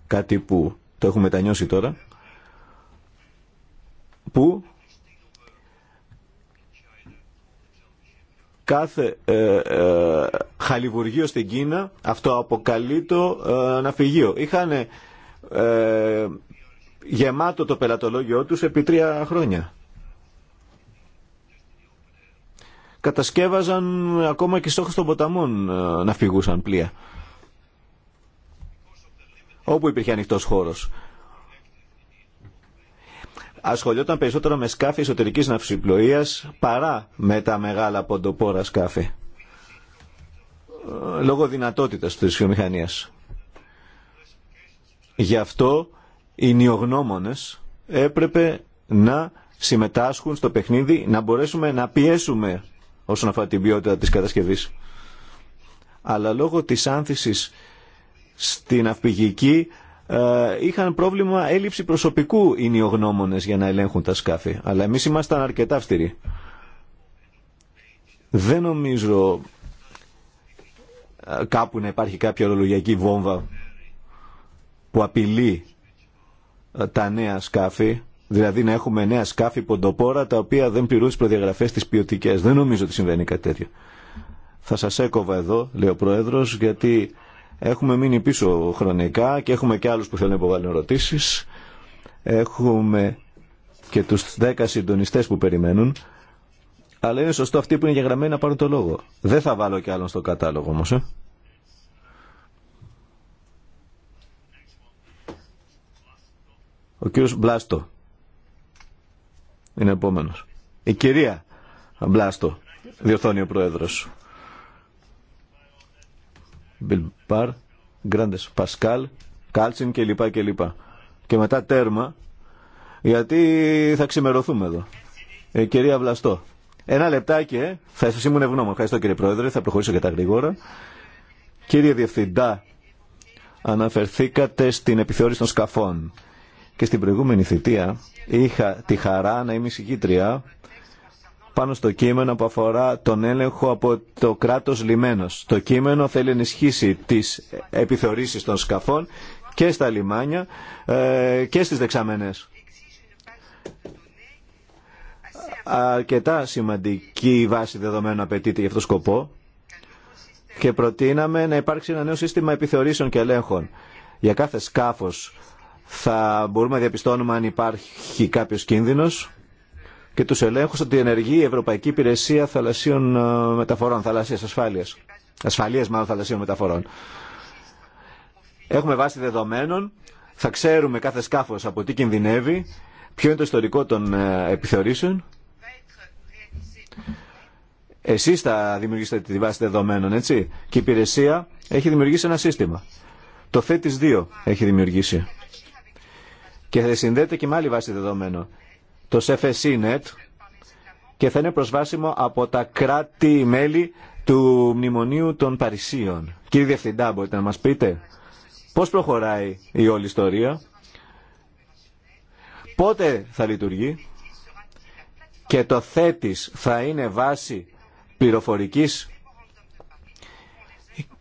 κάτι που το έχουμε μετανιώσει τώρα, που κάθε ε, ε χαλιβουργείο στην Κίνα αυτό το ε, ναυπηγείο. Είχαν ε, γεμάτο το πελατολόγιο τους επί τρία χρόνια. κατασκεύαζαν ακόμα και στόχους των ποταμών ε, να φυγούσαν πλοία. Όπου υπήρχε ανοιχτός χώρος. Ασχολιόταν περισσότερο με σκάφη εσωτερική ναυσιπλοεία παρά με τα μεγάλα ποντοπόρα σκάφη. Ε, λόγω δυνατότητας της βιομηχανία. Γι' αυτό οι νιογνώμονε έπρεπε να συμμετάσχουν στο παιχνίδι, να μπορέσουμε να πιέσουμε όσον αφορά την ποιότητα της κατασκευής. Αλλά λόγω της άνθησης στην αυπηγική ε, είχαν πρόβλημα έλλειψη προσωπικού οι νιογνώμονες για να ελέγχουν τα σκάφη. Αλλά εμείς ήμασταν αρκετά αυστηροί. Δεν νομίζω ε, κάπου να υπάρχει κάποια ορολογιακή βόμβα που απειλεί ε, τα νέα σκάφη Δηλαδή να έχουμε νέα σκάφη ποντοπόρα τα οποία δεν πληρούν τι προδιαγραφέ τι ποιοτικέ. Δεν νομίζω ότι συμβαίνει κάτι τέτοιο. Θα σα έκοβα εδώ, λέει ο Πρόεδρο, γιατί έχουμε μείνει πίσω χρονικά και έχουμε και άλλου που θέλουν να υποβάλουν ερωτήσει. Έχουμε και του 10 συντονιστέ που περιμένουν. Αλλά είναι σωστό αυτοί που είναι γεγραμμένοι να πάρουν το λόγο. Δεν θα βάλω κι άλλον στο κατάλογο όμω. Ε. Ο κύριος Μπλάστο είναι επόμενο. Η κυρία Μπλάστο, διορθώνει ο Πρόεδρο. Μπιλμπάρ, Γκράντες Πασκάλ, Κάλτσιν κλπ. Και μετά τέρμα, γιατί θα ξημερωθούμε εδώ. Η ε, κυρία Βλαστό, ένα λεπτάκι, ε. θα σα ήμουν ευγνώμων. Ευχαριστώ κύριε Πρόεδρε, θα προχωρήσω και τα γρήγορα. Κύριε Διευθυντά, αναφερθήκατε στην επιθεώρηση των σκαφών και στην προηγούμενη θητεία είχα τη χαρά να είμαι συγκήτρια πάνω στο κείμενο που αφορά τον έλεγχο από το κράτος λιμένος. Το κείμενο θέλει ενισχύσει τις επιθεωρήσεις των σκαφών και στα λιμάνια ε, και στις δεξαμενές. Αρκετά σημαντική βάση δεδομένων απαιτείται για αυτόν τον σκοπό και προτείναμε να υπάρξει ένα νέο σύστημα επιθεωρήσεων και ελέγχων για κάθε σκάφος θα μπορούμε να διαπιστώνουμε αν υπάρχει κάποιος κίνδυνος και τους ελέγχους ότι ενεργεί η Ευρωπαϊκή Υπηρεσία Θαλασσίων ε, Μεταφορών, Θαλασσίας Ασφάλειας, Ασφαλείας μάλλον Θαλασσίων Μεταφορών. Έχουμε βάση δεδομένων, θα ξέρουμε κάθε σκάφος από τι κινδυνεύει, ποιο είναι το ιστορικό των ε, επιθεωρήσεων. Εσεί θα δημιουργήσετε τη βάση δεδομένων, έτσι. Και η υπηρεσία έχει δημιουργήσει ένα σύστημα. Το ΦΕΤΙΣ 2 e έχει δημιουργήσει και θα συνδέεται και με άλλη βάση δεδομένων. Το CFSINET και θα είναι προσβάσιμο από τα κράτη-μέλη του Μνημονίου των Παρισίων. Κύριε Διευθυντά, μπορείτε να μας πείτε πώς προχωράει η όλη ιστορία, πότε θα λειτουργεί και το θέτης θα είναι βάση πληροφορικής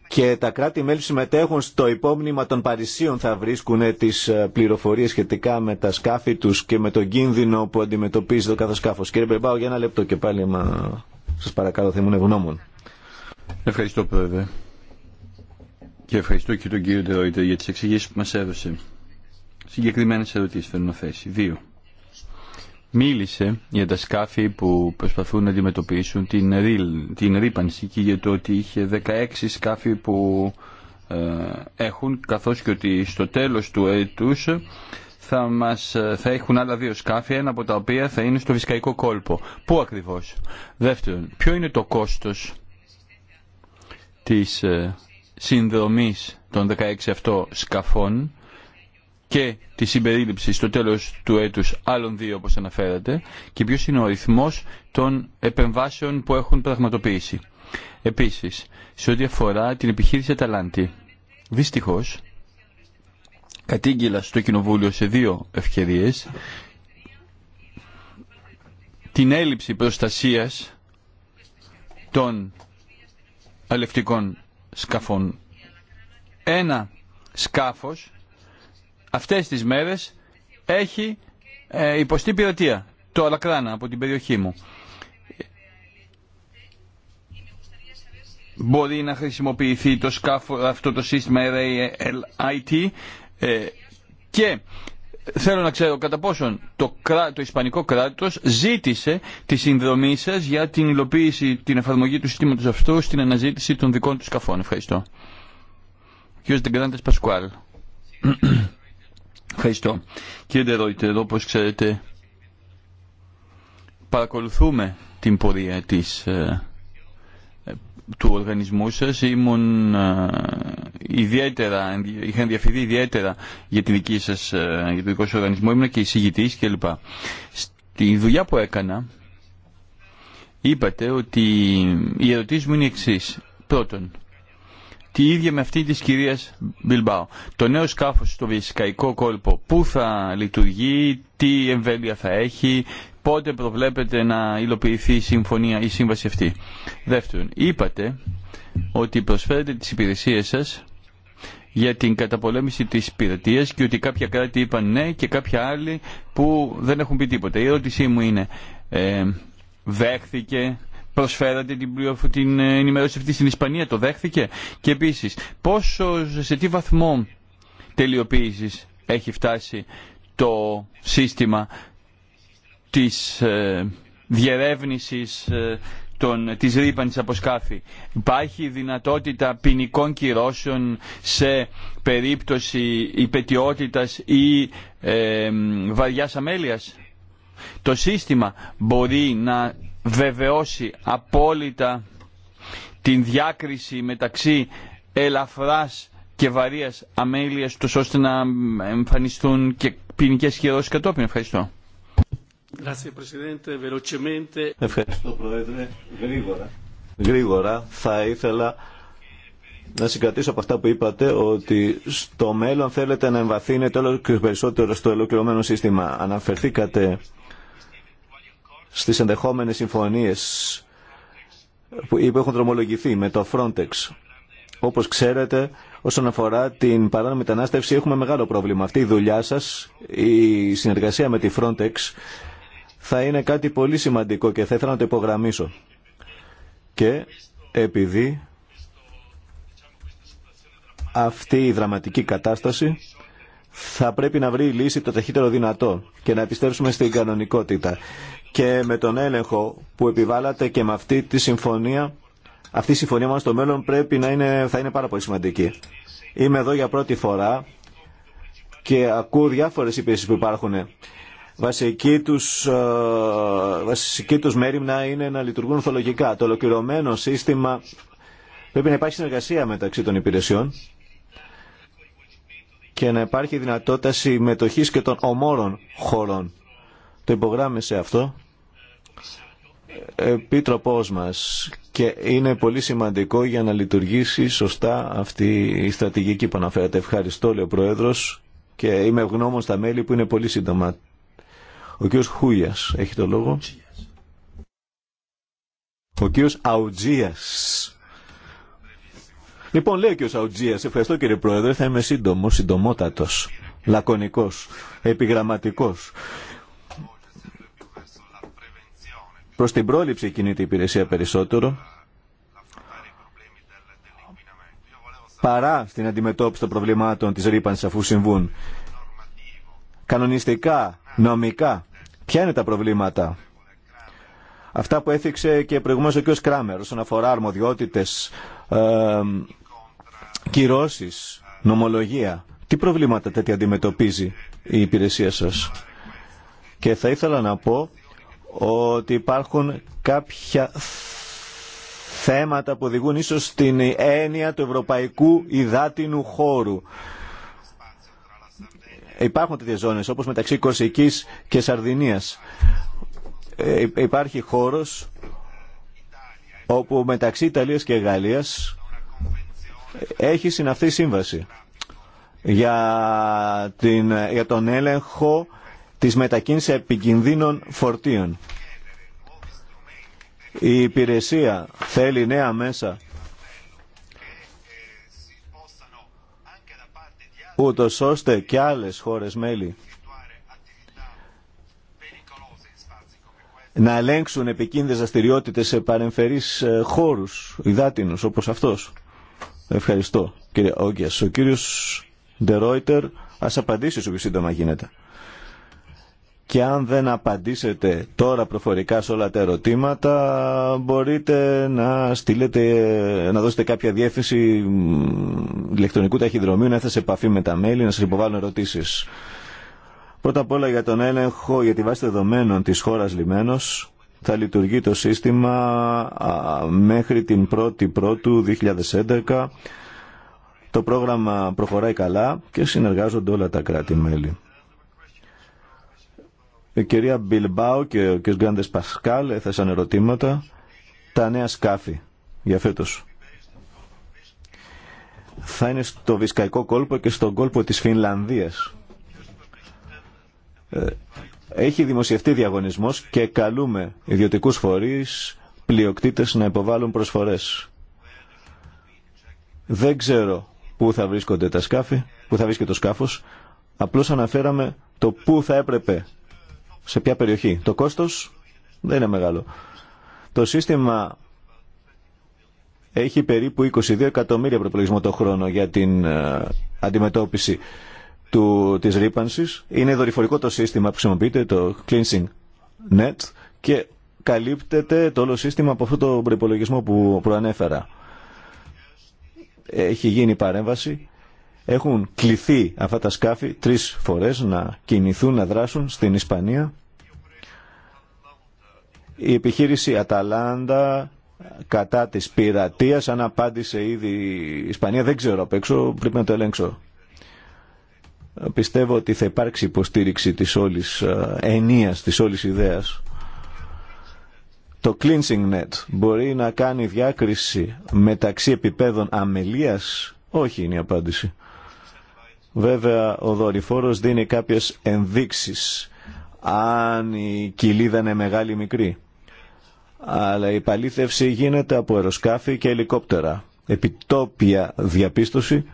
και τα κράτη-μέλη συμμετέχουν στο υπόμνημα των Παρισίων θα βρίσκουν τις ε, πληροφορίες σχετικά με τα σκάφη τους και με τον κίνδυνο που αντιμετωπίζει το κάθε σκάφο. Κύριε Μπεμπάου, για ένα λεπτό και πάλι, μα σας παρακαλώ, θα ήμουν ευγνώμων. Ευχαριστώ, Πρόεδρε. Και ευχαριστώ και τον κύριο Ντερόιτερ για τι εξηγήσεις που μας έδωσε. Συγκεκριμένε ερωτήσει θέλω να θέσει. Δύο μίλησε για τα σκάφη που προσπαθούν να αντιμετωπίσουν την, την ρήπανση και για το ότι είχε 16 σκάφη που ε, έχουν καθώς και ότι στο τέλος του έτους θα, μας, θα έχουν άλλα δύο σκάφη, ένα από τα οποία θα είναι στο Βυσκαϊκό κόλπο. Πού ακριβώς. Δεύτερον, ποιο είναι το κόστος της ε, συνδρομής των 16 αυτών σκαφών και τη συμπερίληψη στο τέλος του έτους άλλων δύο όπως αναφέρατε και ποιο είναι ο αριθμός των επεμβάσεων που έχουν πραγματοποιήσει. Επίσης, σε ό,τι αφορά την επιχείρηση Αταλάντη, Δυστυχώ, κατήγγειλα στο Κοινοβούλιο σε δύο ευκαιρίε, την έλλειψη προστασίας των αλευτικών σκαφών. Ένα σκάφος αυτές τις μέρες έχει ε, υποστεί πειρατεία το Αλακράνα από την περιοχή μου. Μπορεί να χρησιμοποιηθεί το σκάφο, αυτό το σύστημα RALIT ε, και θέλω να ξέρω κατά πόσον το, το Ισπανικό κράτος ζήτησε τη συνδρομή σας για την υλοποίηση, την εφαρμογή του συστήματος αυτού στην αναζήτηση των δικών του σκαφών. Ευχαριστώ. Κύριος Πασκουάλ. Ευχαριστώ. Κύριε Ντερόιτερ, εδώ όπως ξέρετε παρακολουθούμε την πορεία της, ε, του οργανισμού σας. Ήμουν ε, ιδιαίτερα, είχα ενδιαφερθεί ιδιαίτερα για, τη δική σας, ε, για το δικό σας οργανισμό. Ήμουν και εισηγητής κλπ. Στη δουλειά που έκανα είπατε ότι οι ερωτήσει μου είναι εξή. Πρώτον, τη ίδια με αυτή της κυρίας Μπιλμπάου. Το νέο σκάφος στο βυσκαϊκό κόλπο, πού θα λειτουργεί, τι εμβέλεια θα έχει, πότε προβλέπεται να υλοποιηθεί η συμφωνία, η σύμβαση αυτή. Δεύτερον, είπατε ότι προσφέρετε τις υπηρεσίες σας για την καταπολέμηση της πειρατείας και ότι κάποια κράτη είπαν ναι και κάποια άλλοι που δεν έχουν πει τίποτα. Η ερώτησή μου είναι, ε, δέχθηκε προσφέρατε την, την ε, ενημέρωση αυτή στην Ισπανία, το δέχθηκε. Και επίση πόσο, σε τι βαθμό τελειοποίησης έχει φτάσει το σύστημα της ε, διερεύνησης ε, των, της ρήπανης από σκάφη. Υπάρχει δυνατότητα ποινικών κυρώσεων σε περίπτωση υπετιότητας ή ε, βαριάς αμέλειας. Το σύστημα μπορεί να βεβαιώσει απόλυτα την διάκριση μεταξύ ελαφράς και βαρίας αμέλειας τους ώστε να εμφανιστούν και ποινικές χειρώσεις κατόπιν. Ευχαριστώ. Ευχαριστώ Πρόεδρε. Γρήγορα. Γρήγορα θα ήθελα να συγκρατήσω από αυτά που είπατε ότι στο μέλλον θέλετε να εμβαθύνετε όλο και περισσότερο στο ελοκληρωμένο σύστημα. Αναφερθήκατε στις ενδεχόμενες συμφωνίες που έχουν δρομολογηθεί με το Frontex. Όπως ξέρετε, όσον αφορά την παράνομη μετανάστευση έχουμε μεγάλο πρόβλημα. Αυτή η δουλειά σας, η συνεργασία με τη Frontex, θα είναι κάτι πολύ σημαντικό και θα ήθελα να το υπογραμμίσω. Και επειδή αυτή η δραματική κατάσταση θα πρέπει να βρει λύση το ταχύτερο δυνατό και να επιστρέψουμε στην κανονικότητα και με τον έλεγχο που επιβάλλατε και με αυτή τη συμφωνία αυτή η συμφωνία μας στο μέλλον πρέπει να είναι, θα είναι πάρα πολύ σημαντική. Είμαι εδώ για πρώτη φορά και ακούω διάφορες υπηρεσίες που υπάρχουν. Βασική τους, ε, βασική τους μέρημνα είναι να λειτουργούν ορθολογικά. Το ολοκληρωμένο σύστημα πρέπει να υπάρχει συνεργασία μεταξύ των υπηρεσιών και να υπάρχει δυνατότητα συμμετοχής και των ομόρων χωρών. Το υπογράμμισε αυτό επίτροπός μας και είναι πολύ σημαντικό για να λειτουργήσει σωστά αυτή η στρατηγική που αναφέρατε. Ευχαριστώ, λέει ο Πρόεδρος, και είμαι ευγνώμων στα μέλη που είναι πολύ σύντομα. Ο κ. Χούιας έχει το λόγο. Ο κ. Αουτζίας. Λοιπόν, λέει ο κ. Αουτζίας, ευχαριστώ κύριε Πρόεδρε, θα είμαι σύντομο, συντομότατος, λακωνικός, επιγραμματικός προς την πρόληψη κινείται η υπηρεσία περισσότερο παρά στην αντιμετώπιση των προβλημάτων της ρήπανσης αφού συμβούν. Κανονιστικά, νομικά, ποια είναι τα προβλήματα. Αυτά που έθιξε και προηγουμένως ο κ. Κράμερ όσον αφορά αρμοδιότητες, ε, κυρώσεις, νομολογία. Τι προβλήματα τέτοια αντιμετωπίζει η υπηρεσία σας. Και θα ήθελα να πω ότι υπάρχουν κάποια θέματα που οδηγούν ίσως στην έννοια του ευρωπαϊκού υδάτινου χώρου. Υπάρχουν τέτοιες ζώνες όπως μεταξύ Κορσικής και Σαρδινίας. Ε, υπάρχει χώρος όπου μεταξύ Ιταλίας και Γαλλίας έχει συναυθεί σύμβαση για, την, για τον έλεγχο της μετακίνησης επικινδύνων φορτίων. Η υπηρεσία θέλει νέα μέσα ούτως ώστε και άλλες χώρες μέλη να ελέγξουν επικίνδυνες δραστηριότητε σε παρεμφερείς ε, χώρους υδάτινους όπως αυτός. Ευχαριστώ κύριε Όγκιας. Ο κύριος Ντερόιτερ ας απαντήσει σου σύντομα γίνεται και αν δεν απαντήσετε τώρα προφορικά σε όλα τα ερωτήματα μπορείτε να στείλετε, να δώσετε κάποια διεύθυνση ηλεκτρονικού ταχυδρομείου να έρθετε σε επαφή με τα μέλη να σας υποβάλουν ερωτήσεις. Πρώτα απ' όλα για τον έλεγχο για τη βάση δεδομένων της χώρας λιμένος θα λειτουργεί το σύστημα μέχρι την 1η Πρώτου 2011. Το πρόγραμμα προχωράει καλά και συνεργάζονται όλα τα κράτη-μέλη. Η κυρία Μπιλμπάου και ο κ. Γκάντε Πασκάλ έθεσαν ερωτήματα. Τα νέα σκάφη για φέτο. Θα είναι στο Βυσκαϊκό κόλπο και στον κόλπο της Φινλανδίας. Ε, έχει δημοσιευτεί διαγωνισμός και καλούμε ιδιωτικούς φορείς, πλειοκτήτες να υποβάλουν προσφορές. Δεν ξέρω πού θα βρίσκονται τα σκάφη, πού θα βρίσκεται το σκάφος. Απλώς αναφέραμε το πού θα έπρεπε σε ποια περιοχή. Το κόστος δεν είναι μεγάλο. Το σύστημα έχει περίπου 22 εκατομμύρια προπολογισμό το χρόνο για την ε, αντιμετώπιση του, της ρήπανση. Είναι δορυφορικό το σύστημα που χρησιμοποιείται, το Cleansing Net και καλύπτεται το όλο σύστημα από αυτό το προπολογισμό που προανέφερα. Έχει γίνει παρέμβαση έχουν κληθεί αυτά τα σκάφη τρεις φορές να κινηθούν, να δράσουν στην Ισπανία. Η επιχείρηση Αταλάντα κατά της πειρατείας, αν απάντησε ήδη η Ισπανία, δεν ξέρω απ' έξω, πρέπει να το ελέγξω. Πιστεύω ότι θα υπάρξει υποστήριξη της όλης ε, ενίας, της όλης ιδέας. Το cleansing net μπορεί να κάνει διάκριση μεταξύ επιπέδων αμελίας. Όχι είναι η απάντηση. Βέβαια ο δορυφόρος δίνει κάποιες ενδείξεις αν η κοιλίδα είναι μεγάλη ή μικρή. Αλλά η παλήθευση γίνεται από αεροσκάφη και ελικόπτερα. Επιτόπια διαπίστωση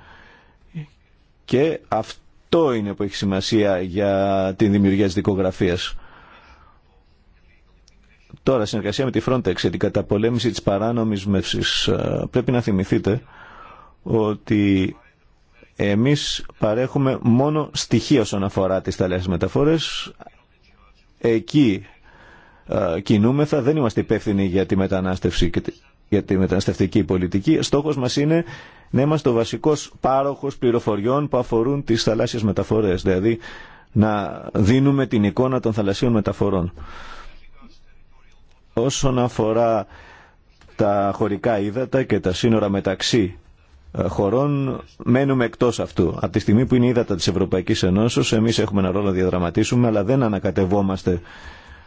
και αυτό είναι που έχει σημασία για την δημιουργία της δικογραφίας. Τώρα, συνεργασία με τη Frontex για την καταπολέμηση της παράνομης μεύσης. Ε, πρέπει να θυμηθείτε ότι εμείς παρέχουμε μόνο στοιχεία όσον αφορά τις θαλάσσιες μεταφορές. Εκεί ε, κινούμεθα, δεν είμαστε υπεύθυνοι για τη μετανάστευση και για τη μεταναστευτική πολιτική. Στόχος μας είναι να είμαστε ο βασικός πάροχος πληροφοριών που αφορούν τις θαλάσσιες μεταφορές, δηλαδή να δίνουμε την εικόνα των θαλασσίων μεταφορών. Όσον αφορά τα χωρικά ύδατα και τα σύνορα μεταξύ χωρών μένουμε εκτός αυτού. Από τη στιγμή που είναι ύδατα της Ευρωπαϊκής Ενώσεως, εμείς έχουμε ένα ρόλο να διαδραματίσουμε, αλλά δεν ανακατευόμαστε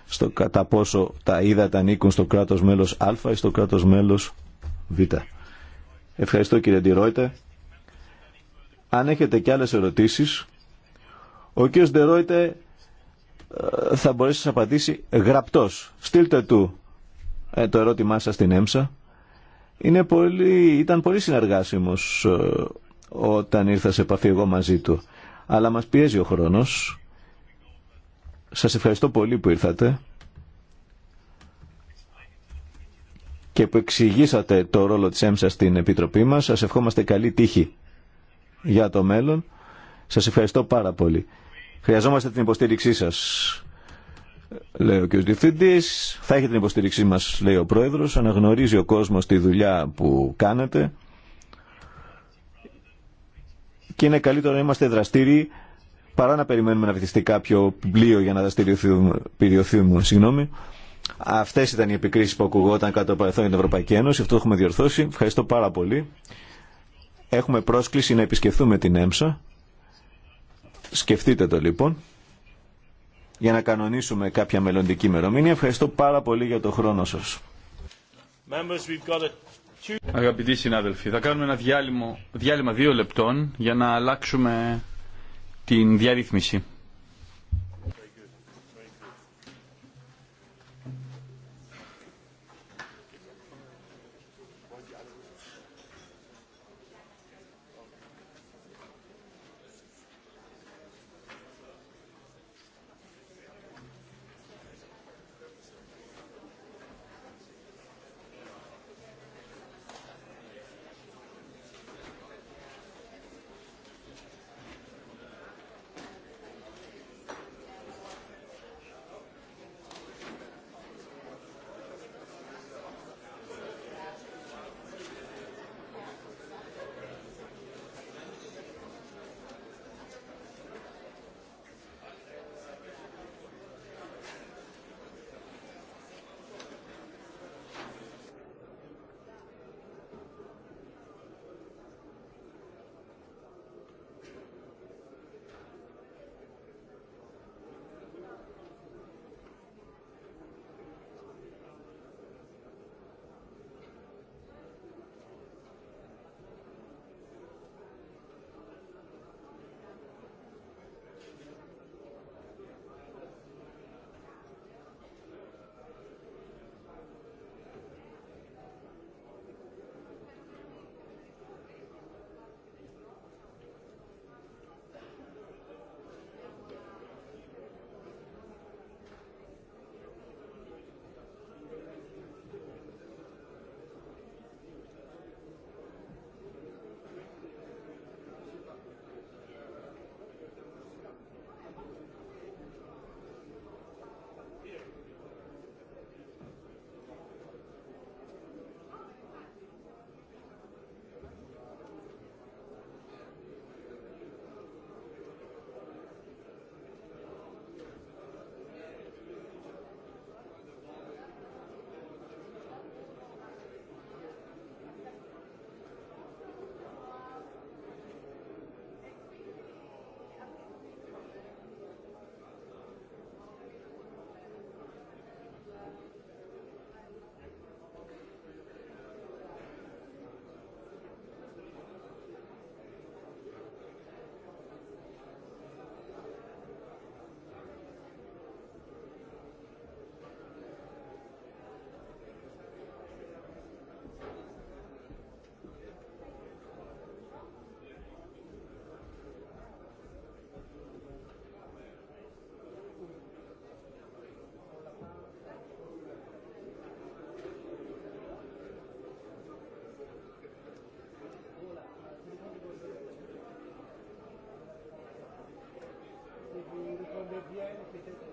στο κατά πόσο τα ύδατα ανήκουν στο κράτος μέλος Α ή στο κράτος μέλος Β. Ευχαριστώ κύριε Ντιρόιτε. Αν έχετε και άλλες ερωτήσεις, ο κύριος Ντερόιτε ε, θα μπορέσει να σας απαντήσει γραπτός. Στείλτε του ε, το ερώτημά σας στην ΕΜΣΑ είναι πολύ, ήταν πολύ συνεργάσιμος ε, όταν ήρθα σε επαφή εγώ μαζί του. Αλλά μας πιέζει ο χρόνος. Σας ευχαριστώ πολύ που ήρθατε και που εξηγήσατε το ρόλο της ΕΜΣΑ στην Επιτροπή μας. Σας ευχόμαστε καλή τύχη για το μέλλον. Σας ευχαριστώ πάρα πολύ. Χρειαζόμαστε την υποστήριξή σας λέει ο κ. Διευθυντή. Θα έχει την υποστήριξή μα, λέει ο Πρόεδρο. Αναγνωρίζει ο κόσμο τη δουλειά που κάνετε. Και είναι καλύτερο να είμαστε δραστήριοι παρά να περιμένουμε να βυθιστεί κάποιο πλοίο για να δραστηριοποιηθούμε. Συγγνώμη. Αυτέ ήταν οι επικρίσει που ακουγόταν κατά το παρελθόν για την Ευρωπαϊκή Ένωση. Αυτό έχουμε διορθώσει. Ευχαριστώ πάρα πολύ. Έχουμε πρόσκληση να επισκεφθούμε την ΕΜΣΑ. Σκεφτείτε το λοιπόν για να κανονίσουμε κάποια μελλοντική ημερομηνία. Ευχαριστώ πάρα πολύ για το χρόνο σα. Αγαπητοί συνάδελφοι, θα κάνουμε ένα διάλειμμα, διάλειμμα δύο λεπτών για να αλλάξουμε την διαρρύθμιση. qu'on devienne peut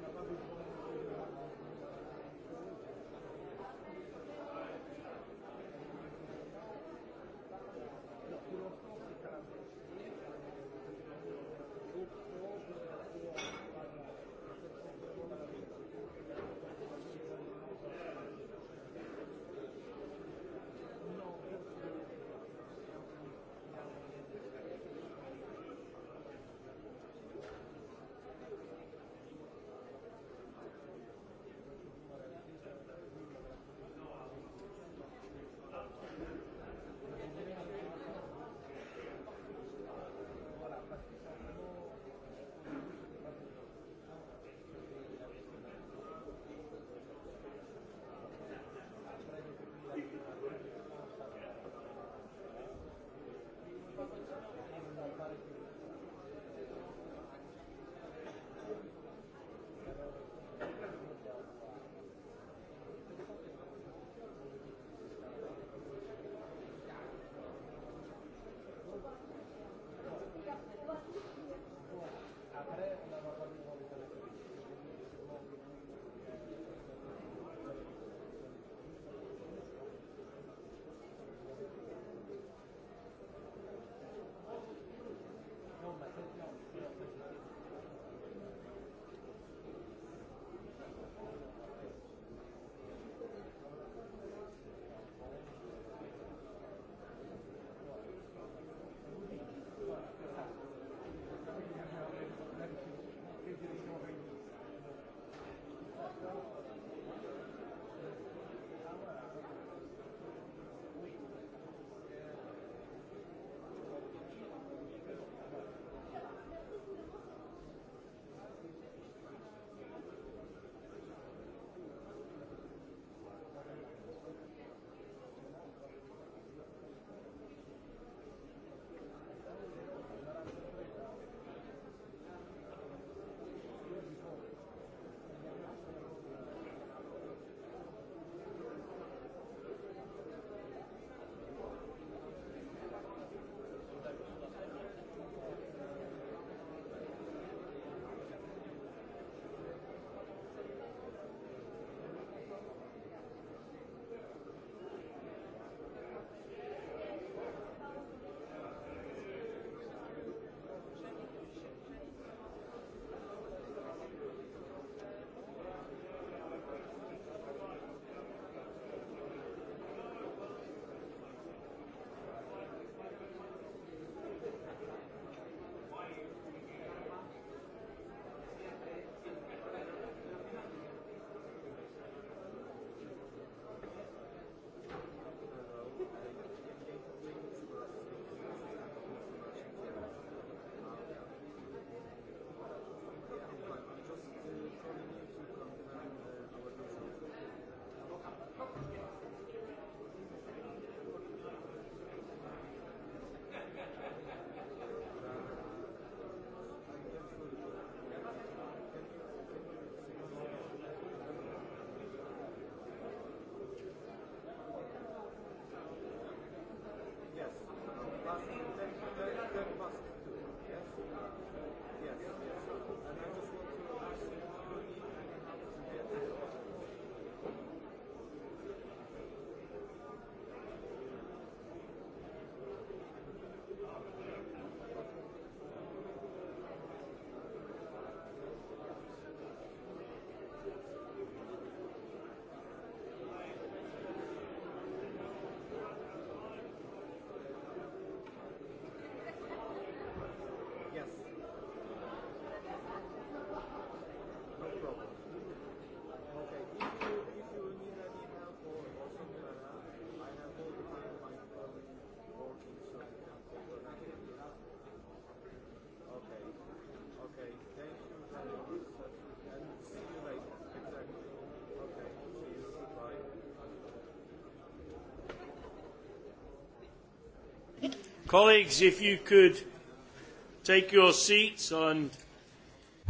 Thank you.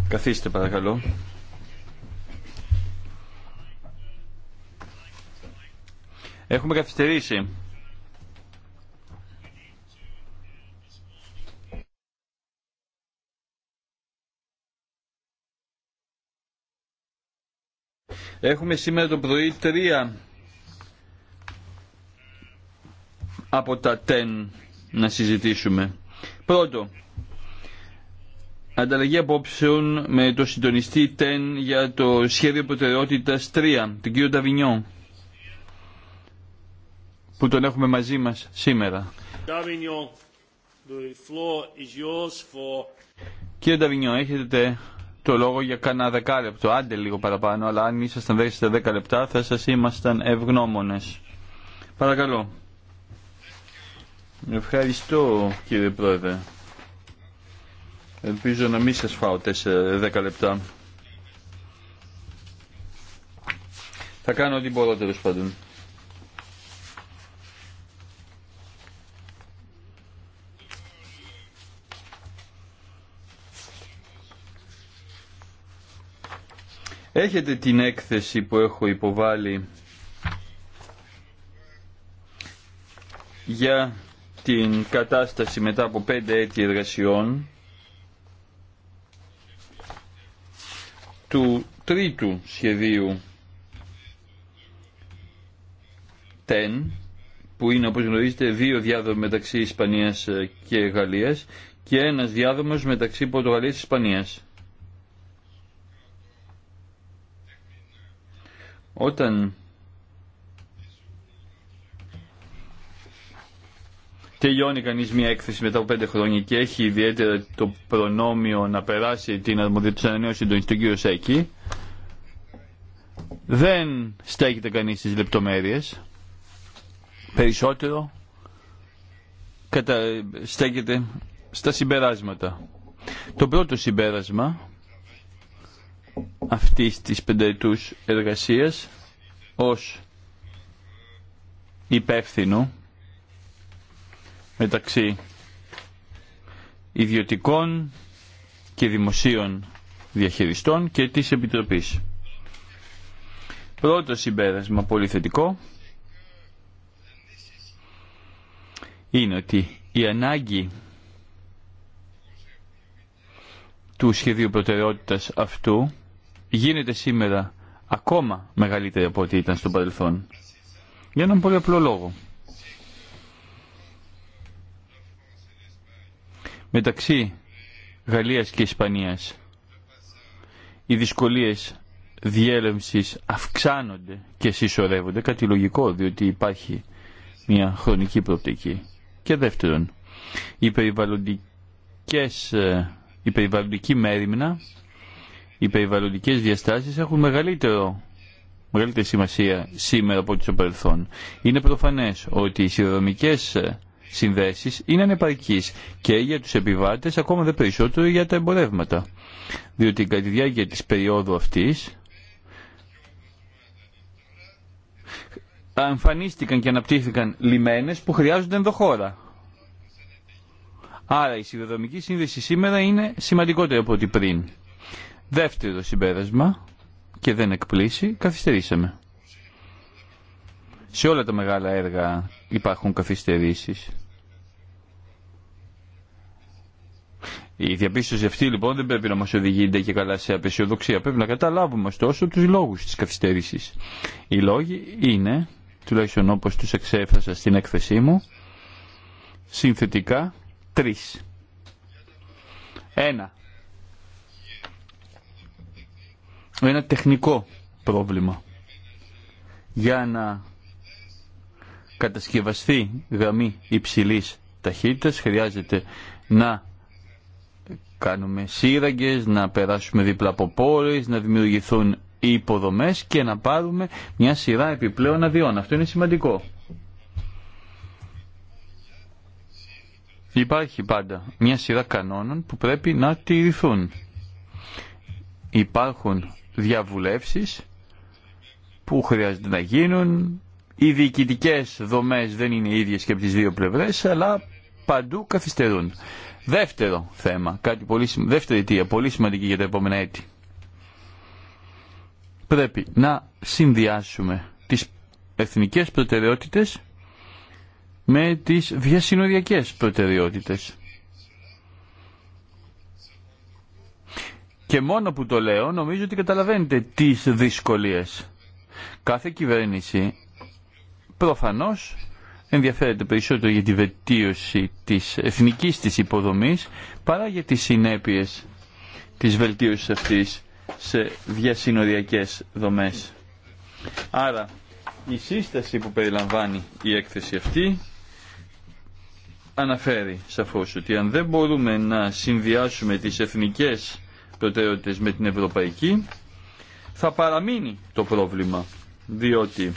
Καθίστε παρακαλώ. Έχουμε καθυστερήσει. Έχουμε σήμερα το πρωί τρία από τα τεν να συζητήσουμε. Πρώτο, ανταλλαγή απόψεων με το συντονιστή ΤΕΝ για το σχέδιο προτεραιότητας 3, τον κύριο Ταβινιό, που τον έχουμε μαζί μας σήμερα. The floor Κύριε Ταβινιό, έχετε το λόγο για κανένα δεκάλεπτο, άντε λίγο παραπάνω, αλλά αν ήσασταν δέκα λεπτά θα σας ήμασταν ευγνώμονες. Παρακαλώ. Ευχαριστώ κύριε Πρόεδρε. Ελπίζω να μην σας φάω 4-10 λεπτά. Θα κάνω ό,τι μπορώ τέλος πάντων. Έχετε την έκθεση που έχω υποβάλει για την κατάσταση μετά από πέντε έτη εργασιών του τρίτου σχεδίου TEN που είναι όπως γνωρίζετε δύο διάδρομοι μεταξύ Ισπανίας και Γαλλίας και ένας διάδομος μεταξύ Πορτογαλίας και Ισπανίας. Όταν τελειώνει κανείς μια έκθεση μετά από πέντε χρόνια και έχει ιδιαίτερα το προνόμιο να περάσει την αρμοδιότητα ανανέωση του κύριο Σέκη, δεν στέκεται κανείς στις λεπτομέρειες. Περισσότερο κατα... στέκεται στα συμπεράσματα. Το πρώτο συμπέρασμα αυτής της πενταετούς εργασίας ως υπεύθυνο μεταξύ ιδιωτικών και δημοσίων διαχειριστών και της Επιτροπής. Πρώτο συμπέρασμα πολύ θετικό είναι ότι η ανάγκη του σχεδίου προτεραιότητας αυτού γίνεται σήμερα ακόμα μεγαλύτερη από ό,τι ήταν στο παρελθόν. Για έναν πολύ απλό λόγο. μεταξύ Γαλλίας και Ισπανίας οι δυσκολίες διέλευσης αυξάνονται και συσσωρεύονται, κάτι λογικό διότι υπάρχει μια χρονική προοπτική. Και δεύτερον, οι περιβαλλοντικές, ε, η περιβαλλοντική μέρημνα, οι περιβαλλοντικές διαστάσεις έχουν μεγαλύτερο μεγαλύτερη σημασία σήμερα από ό,τι στο παρελθόν. Είναι προφανές ότι οι συνδέσεις είναι ανεπαρκή και για τους επιβάτες ακόμα δεν περισσότερο για τα εμπορεύματα. Διότι κατά τη διάρκεια τη περίοδου αυτής εμφανίστηκαν και αναπτύχθηκαν λιμένες που χρειάζονται ενδοχώρα. Άρα η σιδηροδρομική σύνδεση σήμερα είναι σημαντικότερη από ό,τι πριν. Δεύτερο συμπέρασμα, και δεν εκπλήσει, καθυστερήσαμε. Σε όλα τα μεγάλα έργα υπάρχουν καθυστερήσεις. Η διαπίστωση αυτή λοιπόν δεν πρέπει να μα οδηγείται και καλά σε απεσιοδοξία. Πρέπει να καταλάβουμε ωστόσο τους λόγους της καθυστέρησης. Οι λόγοι είναι, τουλάχιστον όπως τους εξέφρασα στην έκθεσή μου, συνθετικά τρει. Ένα. Ένα τεχνικό πρόβλημα. Για να κατασκευαστεί γραμμή υψηλής ταχύτητας χρειάζεται να κάνουμε σύραγγες, να περάσουμε δίπλα από πόλεις, να δημιουργηθούν υποδομές και να πάρουμε μια σειρά επιπλέον αδειών. Αυτό είναι σημαντικό. Υπάρχει πάντα μια σειρά κανόνων που πρέπει να τηρηθούν. Υπάρχουν διαβουλεύσεις που χρειάζεται να γίνουν. Οι διοικητικέ δομές δεν είναι ίδιες και από τις δύο πλευρές, αλλά παντού καθυστερούν. Δεύτερο θέμα, κάτι πολύ, δεύτερη αιτία, πολύ σημαντική για τα επόμενα έτη. Πρέπει να συνδυάσουμε τις εθνικές προτεραιότητες με τις διασυνοριακές προτεραιότητες. Και μόνο που το λέω νομίζω ότι καταλαβαίνετε τις δυσκολίες. Κάθε κυβέρνηση προφανώς ενδιαφέρεται περισσότερο για τη βελτίωση της εθνικής της υποδομής παρά για τις συνέπειες της βελτίωσης αυτής σε διασυνοριακές δομές. Άρα η σύσταση που περιλαμβάνει η έκθεση αυτή αναφέρει σαφώς ότι αν δεν μπορούμε να συνδυάσουμε τις εθνικές προτεραιότητες με την ευρωπαϊκή θα παραμείνει το πρόβλημα διότι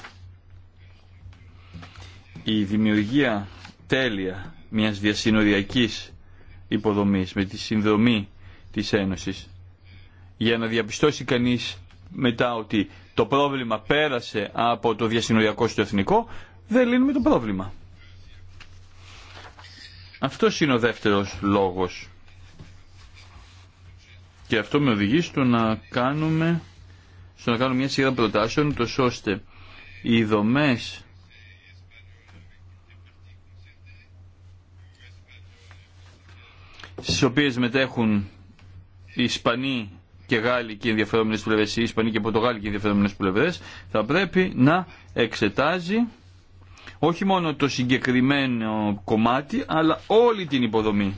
η δημιουργία τέλεια μιας διασυνοριακής υποδομής με τη συνδρομή της Ένωσης για να διαπιστώσει κανείς μετά ότι το πρόβλημα πέρασε από το διασυνοριακό στο εθνικό δεν λύνουμε το πρόβλημα. Αυτό είναι ο δεύτερος λόγος. Και αυτό με οδηγεί στο να κάνουμε, στο να κάνουμε μια σειρά προτάσεων, ώστε οι δομές στις οποίες μετέχουν οι Ισπανοί και Γάλλοι και ενδιαφερόμενες πλευρές, οι Ισπανοί και Πορτογάλοι και ενδιαφερόμενες πλευρές, θα πρέπει να εξετάζει όχι μόνο το συγκεκριμένο κομμάτι, αλλά όλη την υποδομή.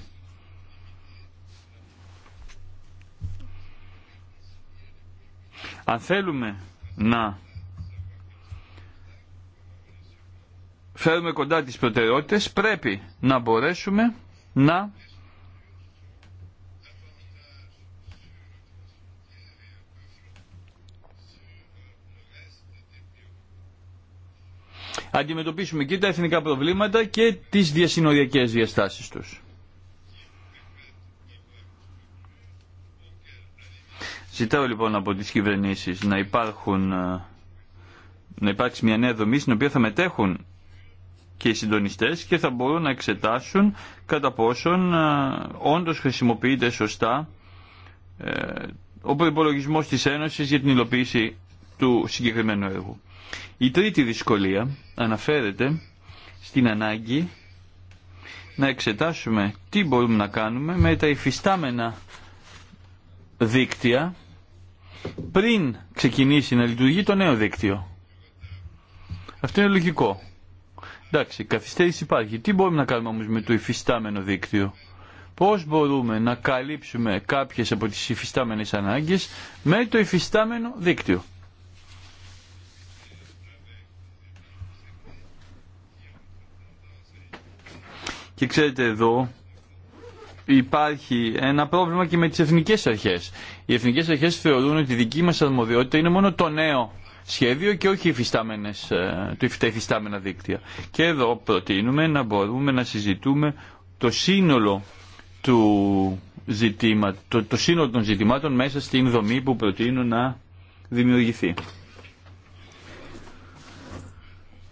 Αν θέλουμε να φέρουμε κοντά τις προτεραιότητες, πρέπει να μπορέσουμε να αντιμετωπίσουμε και τα εθνικά προβλήματα και τις διασυνοριακές διαστάσεις τους. Ζητάω λοιπόν από τις κυβερνήσεις να υπάρχουν ε, να υπάρξει μια νέα δομή στην οποία θα μετέχουν και οι συντονιστές και θα μπορούν να εξετάσουν κατά πόσον ε, όντως χρησιμοποιείται σωστά ε, ο προπολογισμό της Ένωσης για την υλοποίηση του συγκεκριμένου έργου. Η τρίτη δυσκολία αναφέρεται στην ανάγκη να εξετάσουμε τι μπορούμε να κάνουμε με τα υφιστάμενα δίκτυα πριν ξεκινήσει να λειτουργεί το νέο δίκτυο. Αυτό είναι λογικό. Εντάξει, καθυστέρηση υπάρχει. Τι μπορούμε να κάνουμε όμως με το υφιστάμενο δίκτυο. Πώς μπορούμε να καλύψουμε κάποιες από τις υφιστάμενες ανάγκες με το υφιστάμενο δίκτυο. Και ξέρετε εδώ υπάρχει ένα πρόβλημα και με τις εθνικές αρχές. Οι εθνικές αρχές θεωρούν ότι η δική μας αρμοδιότητα είναι μόνο το νέο σχέδιο και όχι ε, τα υφιστάμενα δίκτυα. Και εδώ προτείνουμε να μπορούμε να συζητούμε το σύνολο του ζητήμα, το, σύνολο των ζητημάτων μέσα στην δομή που προτείνω να δημιουργηθεί.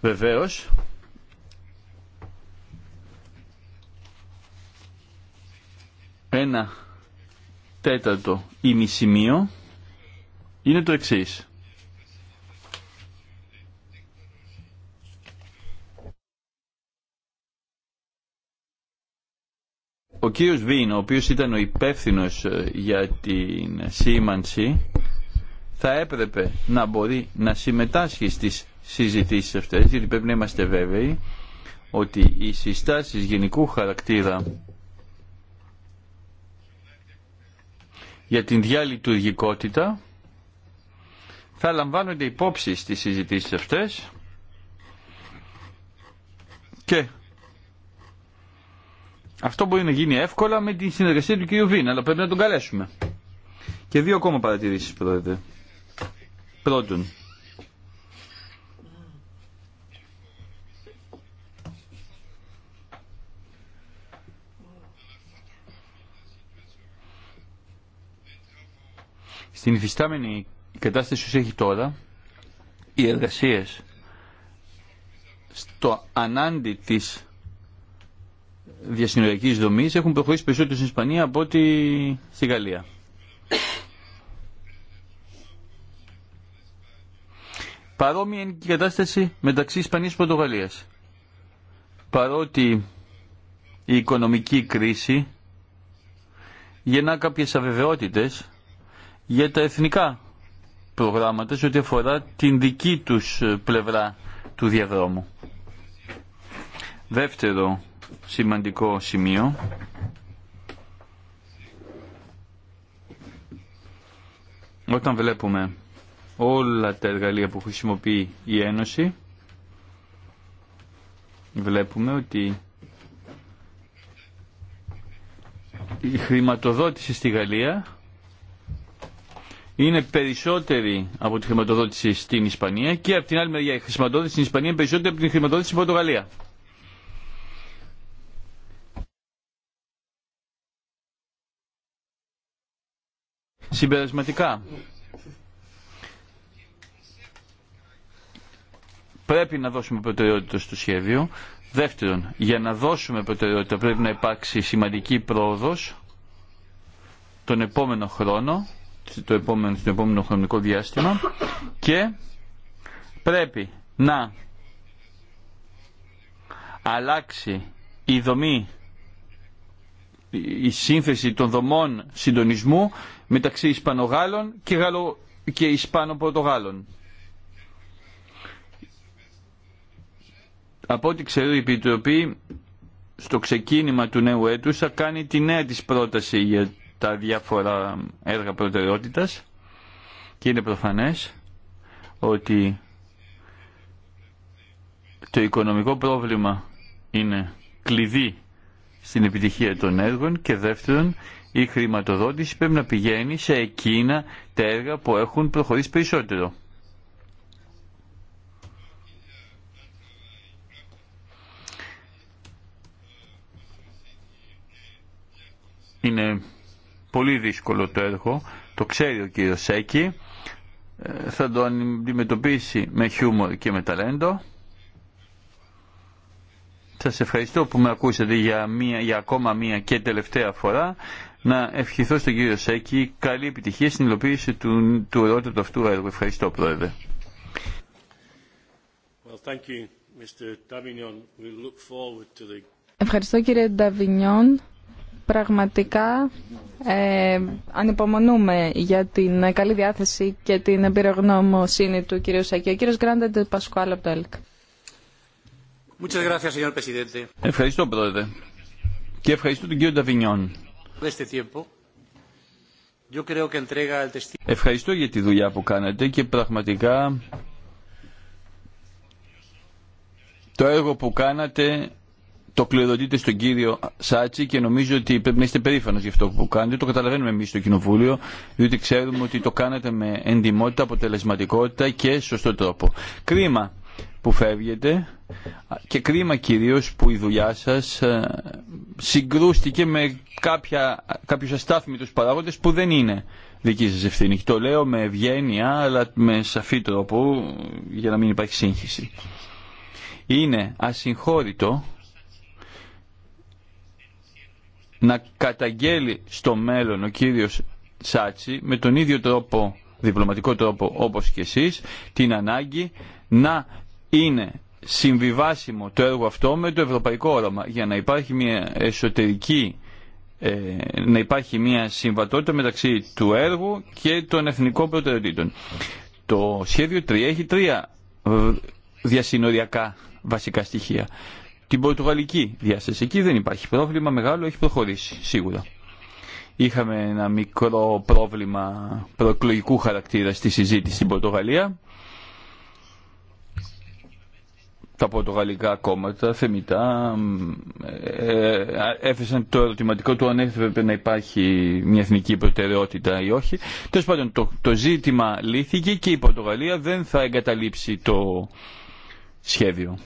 Βεβαίως, ένα τέταρτο ημισημείο είναι το εξής. Ο κύριος Βίν, ο οποίος ήταν ο υπεύθυνος ε, για την σήμανση, θα έπρεπε να μπορεί να συμμετάσχει στις συζητήσεις αυτές, γιατί πρέπει να είμαστε βέβαιοι ότι οι συστάσεις γενικού χαρακτήρα για την διαλειτουργικότητα θα λαμβάνονται υπόψη στις συζητήσεις αυτές και αυτό μπορεί να γίνει εύκολα με τη συνεργασία του κ. Βίν, αλλά πρέπει να τον καλέσουμε. Και δύο ακόμα παρατηρήσεις, Πρόεδρε. Πρώτον, Στην υφιστάμενη κατάσταση που έχει τώρα, οι εργασίε στο ανάντι της διασυνοριακής δομής έχουν προχωρήσει περισσότερο στην Ισπανία από ό,τι στη Γαλλία. Παρόμοια είναι και η κατάσταση μεταξύ Ισπανίας και Πορτογαλίας. Παρότι η οικονομική κρίση γεννά κάποιες αβεβαιότητες για τα εθνικά προγράμματα σε ό,τι αφορά την δική τους ε, πλευρά του διαδρόμου. Δεύτερο σημαντικό σημείο όταν βλέπουμε όλα τα εργαλεία που χρησιμοποιεί η Ένωση βλέπουμε ότι η χρηματοδότηση στη Γαλλία είναι περισσότερη από τη χρηματοδότηση στην Ισπανία και από την άλλη μεριά η χρηματοδότηση στην Ισπανία είναι περισσότερη από την χρηματοδότηση στην Πορτογαλία. Συμπερασματικά, πρέπει να δώσουμε προτεραιότητα στο σχέδιο. Δεύτερον, για να δώσουμε προτεραιότητα πρέπει να υπάρξει σημαντική πρόοδος τον επόμενο χρόνο το επόμενο, στο επόμενο χρονικό διάστημα και πρέπει να αλλάξει η δομή η σύνθεση των δομών συντονισμού μεταξύ Ισπανογάλων και, Γαλλο... και Ισπανοπορτογάλων. Από ό,τι ξέρω η Επιτροπή στο ξεκίνημα του νέου έτους θα κάνει τη νέα της πρόταση για τα διάφορα έργα προτεραιότητας και είναι προφανές ότι το οικονομικό πρόβλημα είναι κλειδί στην επιτυχία των έργων και δεύτερον η χρηματοδότηση πρέπει να πηγαίνει σε εκείνα τα έργα που έχουν προχωρήσει περισσότερο. Είναι πολύ δύσκολο το έργο, το ξέρει ο κύριος Σέκη, ε, θα το αντιμετωπίσει με χιούμορ και με ταλέντο. Σας ευχαριστώ που με ακούσατε για, μία, για ακόμα μία και τελευταία φορά. Να ευχηθώ στον κύριο Σέκη καλή επιτυχία στην υλοποίηση του, του ερώτητου αυτού έργου. Ευχαριστώ Πρόεδρε. thank you, Mr. Ευχαριστώ κύριε Νταβινιόν. Πραγματικά ε, ανυπομονούμε για την καλή διάθεση και την εμπειρογνωμοσύνη του κυρίου Σακή. Ο κ. Γκράντε Πασκουάλ από το ΕΛΚ. Ευχαριστώ πρόεδρε και ευχαριστώ τον κύριο Νταβινιόν. Ευχαριστώ για τη δουλειά που κάνετε και πραγματικά το έργο που κάνατε το κληροδοτείτε στον κύριο Σάτσι και νομίζω ότι πρέπει να είστε περήφανοι γι' αυτό που κάνετε. Το καταλαβαίνουμε εμεί στο Κοινοβούλιο, διότι ξέρουμε ότι το κάνατε με εντιμότητα, αποτελεσματικότητα και σωστό τρόπο. Κρίμα που φεύγετε και κρίμα κυρίω που η δουλειά σα ε, συγκρούστηκε με κάποιου κάποιους αστάθμιτους παράγοντες που δεν είναι δική σας ευθύνη. Το λέω με ευγένεια αλλά με σαφή τρόπο για να μην υπάρχει σύγχυση. Είναι ασυγχώρητο να καταγγέλει στο μέλλον ο κύριος Σάτσι με τον ίδιο τρόπο, διπλωματικό τρόπο όπως και εσείς, την ανάγκη να είναι συμβιβάσιμο το έργο αυτό με το ευρωπαϊκό όραμα για να υπάρχει μια εσωτερική ε, να υπάρχει μια συμβατότητα μεταξύ του έργου και των εθνικών προτεραιοτήτων. Το σχέδιο 3 έχει τρία ε, διασυνοριακά βασικά στοιχεία την πορτογαλική διάσταση. Εκεί δεν υπάρχει πρόβλημα, μεγάλο έχει προχωρήσει, σίγουρα. Είχαμε ένα μικρό πρόβλημα προεκλογικού χαρακτήρα στη συζήτηση στην Πορτογαλία. Τα πορτογαλικά κόμματα θεμητά ε, ε, έφεσαν το ερωτηματικό του αν έπρεπε να υπάρχει μια εθνική προτεραιότητα ή όχι. Τέλο πάντων το, το ζήτημα λύθηκε και η Πορτογαλία δεν θα εγκαταλείψει το σχέδιο.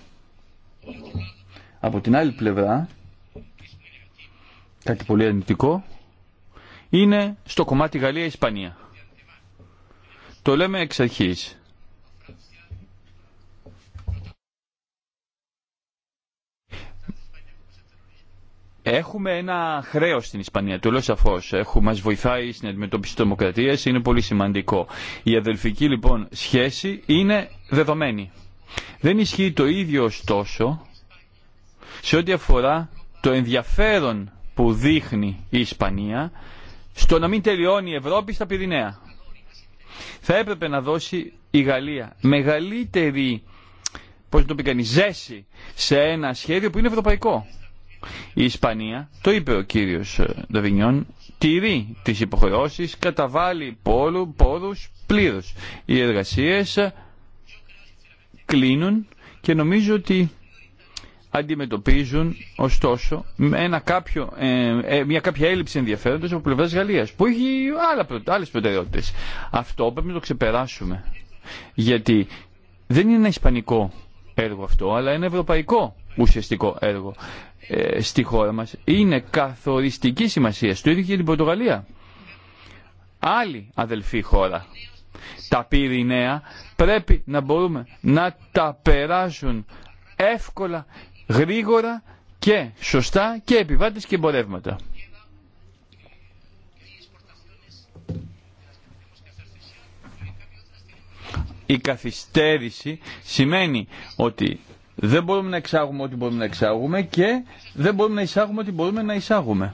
Από την άλλη πλευρά, κάτι πολύ αρνητικό, είναι στο κομμάτι Γαλλία-Ισπανία. Το λέμε εξ αρχής. Έχουμε ένα χρέο στην Ισπανία, το λέω σαφώ. Μα βοηθάει στην αντιμετώπιση τη τρομοκρατία, είναι πολύ σημαντικό. Η αδελφική λοιπόν σχέση είναι δεδομένη. Δεν ισχύει το ίδιο ωστόσο σε ό,τι αφορά το ενδιαφέρον που δείχνει η Ισπανία στο να μην τελειώνει η Ευρώπη στα Πυρηναία. Θα έπρεπε να δώσει η Γαλλία μεγαλύτερη πώς το πει ζέση σε ένα σχέδιο που είναι ευρωπαϊκό. Η Ισπανία, το είπε ο κύριος ε, Νταβινιόν, τηρεί τις υποχρεώσεις, καταβάλει πόρου, πόρους πλήρως. Οι εργασίες ε, κλείνουν και νομίζω ότι αντιμετωπίζουν ωστόσο ένα κάποιο, ε, ε, μια κάποια έλλειψη ενδιαφέροντος από πλευράς Γαλλίας που έχει άλλε άλλες προτεραιότητες. Αυτό πρέπει να το ξεπεράσουμε. Γιατί δεν είναι ένα ισπανικό έργο αυτό, αλλά ένα ευρωπαϊκό ουσιαστικό έργο ε, στη χώρα μας. Είναι καθοριστική σημασία. στο ίδιο και την Πορτογαλία. Άλλη αδελφή χώρα. Τα πυρηναία πρέπει να μπορούμε να τα περάσουν εύκολα γρήγορα και σωστά και επιβάτες και εμπορεύματα. Η καθυστέρηση σημαίνει ότι δεν μπορούμε να εξάγουμε ό,τι μπορούμε να εξάγουμε και δεν μπορούμε να εισάγουμε ό,τι μπορούμε να εισάγουμε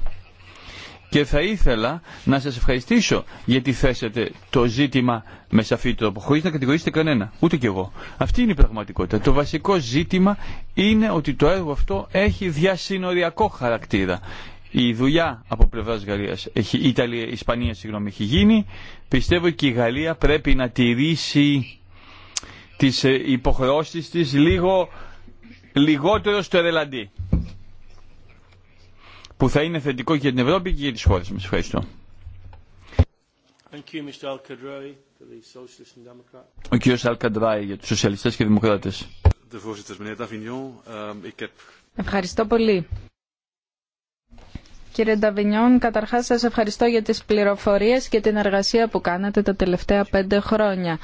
και θα ήθελα να σας ευχαριστήσω γιατί θέσατε το ζήτημα με σαφή τρόπο, χωρίς να κατηγορήσετε κανένα, ούτε κι εγώ. Αυτή είναι η πραγματικότητα. Το βασικό ζήτημα είναι ότι το έργο αυτό έχει διασυνοριακό χαρακτήρα. Η δουλειά από πλευρά Γαλλία, η Ισπανία, συγγνώμη, έχει γίνει. Πιστεύω και η Γαλλία πρέπει να τηρήσει τι ε, υποχρεώσει τη λίγο λιγότερο στο Ερελαντή που θα είναι θετικό και για την Ευρώπη και για τις χώρες μας. Ευχαριστώ. Ο κ. Αλκαντράη για τους Σοσιαλιστές και Δημοκράτες. Ευχαριστώ πολύ. Κύριε Νταβινιόν, καταρχάς σας ευχαριστώ για τις πληροφορίες και την εργασία που κάνατε τα τελευταία πέντε χρόνια.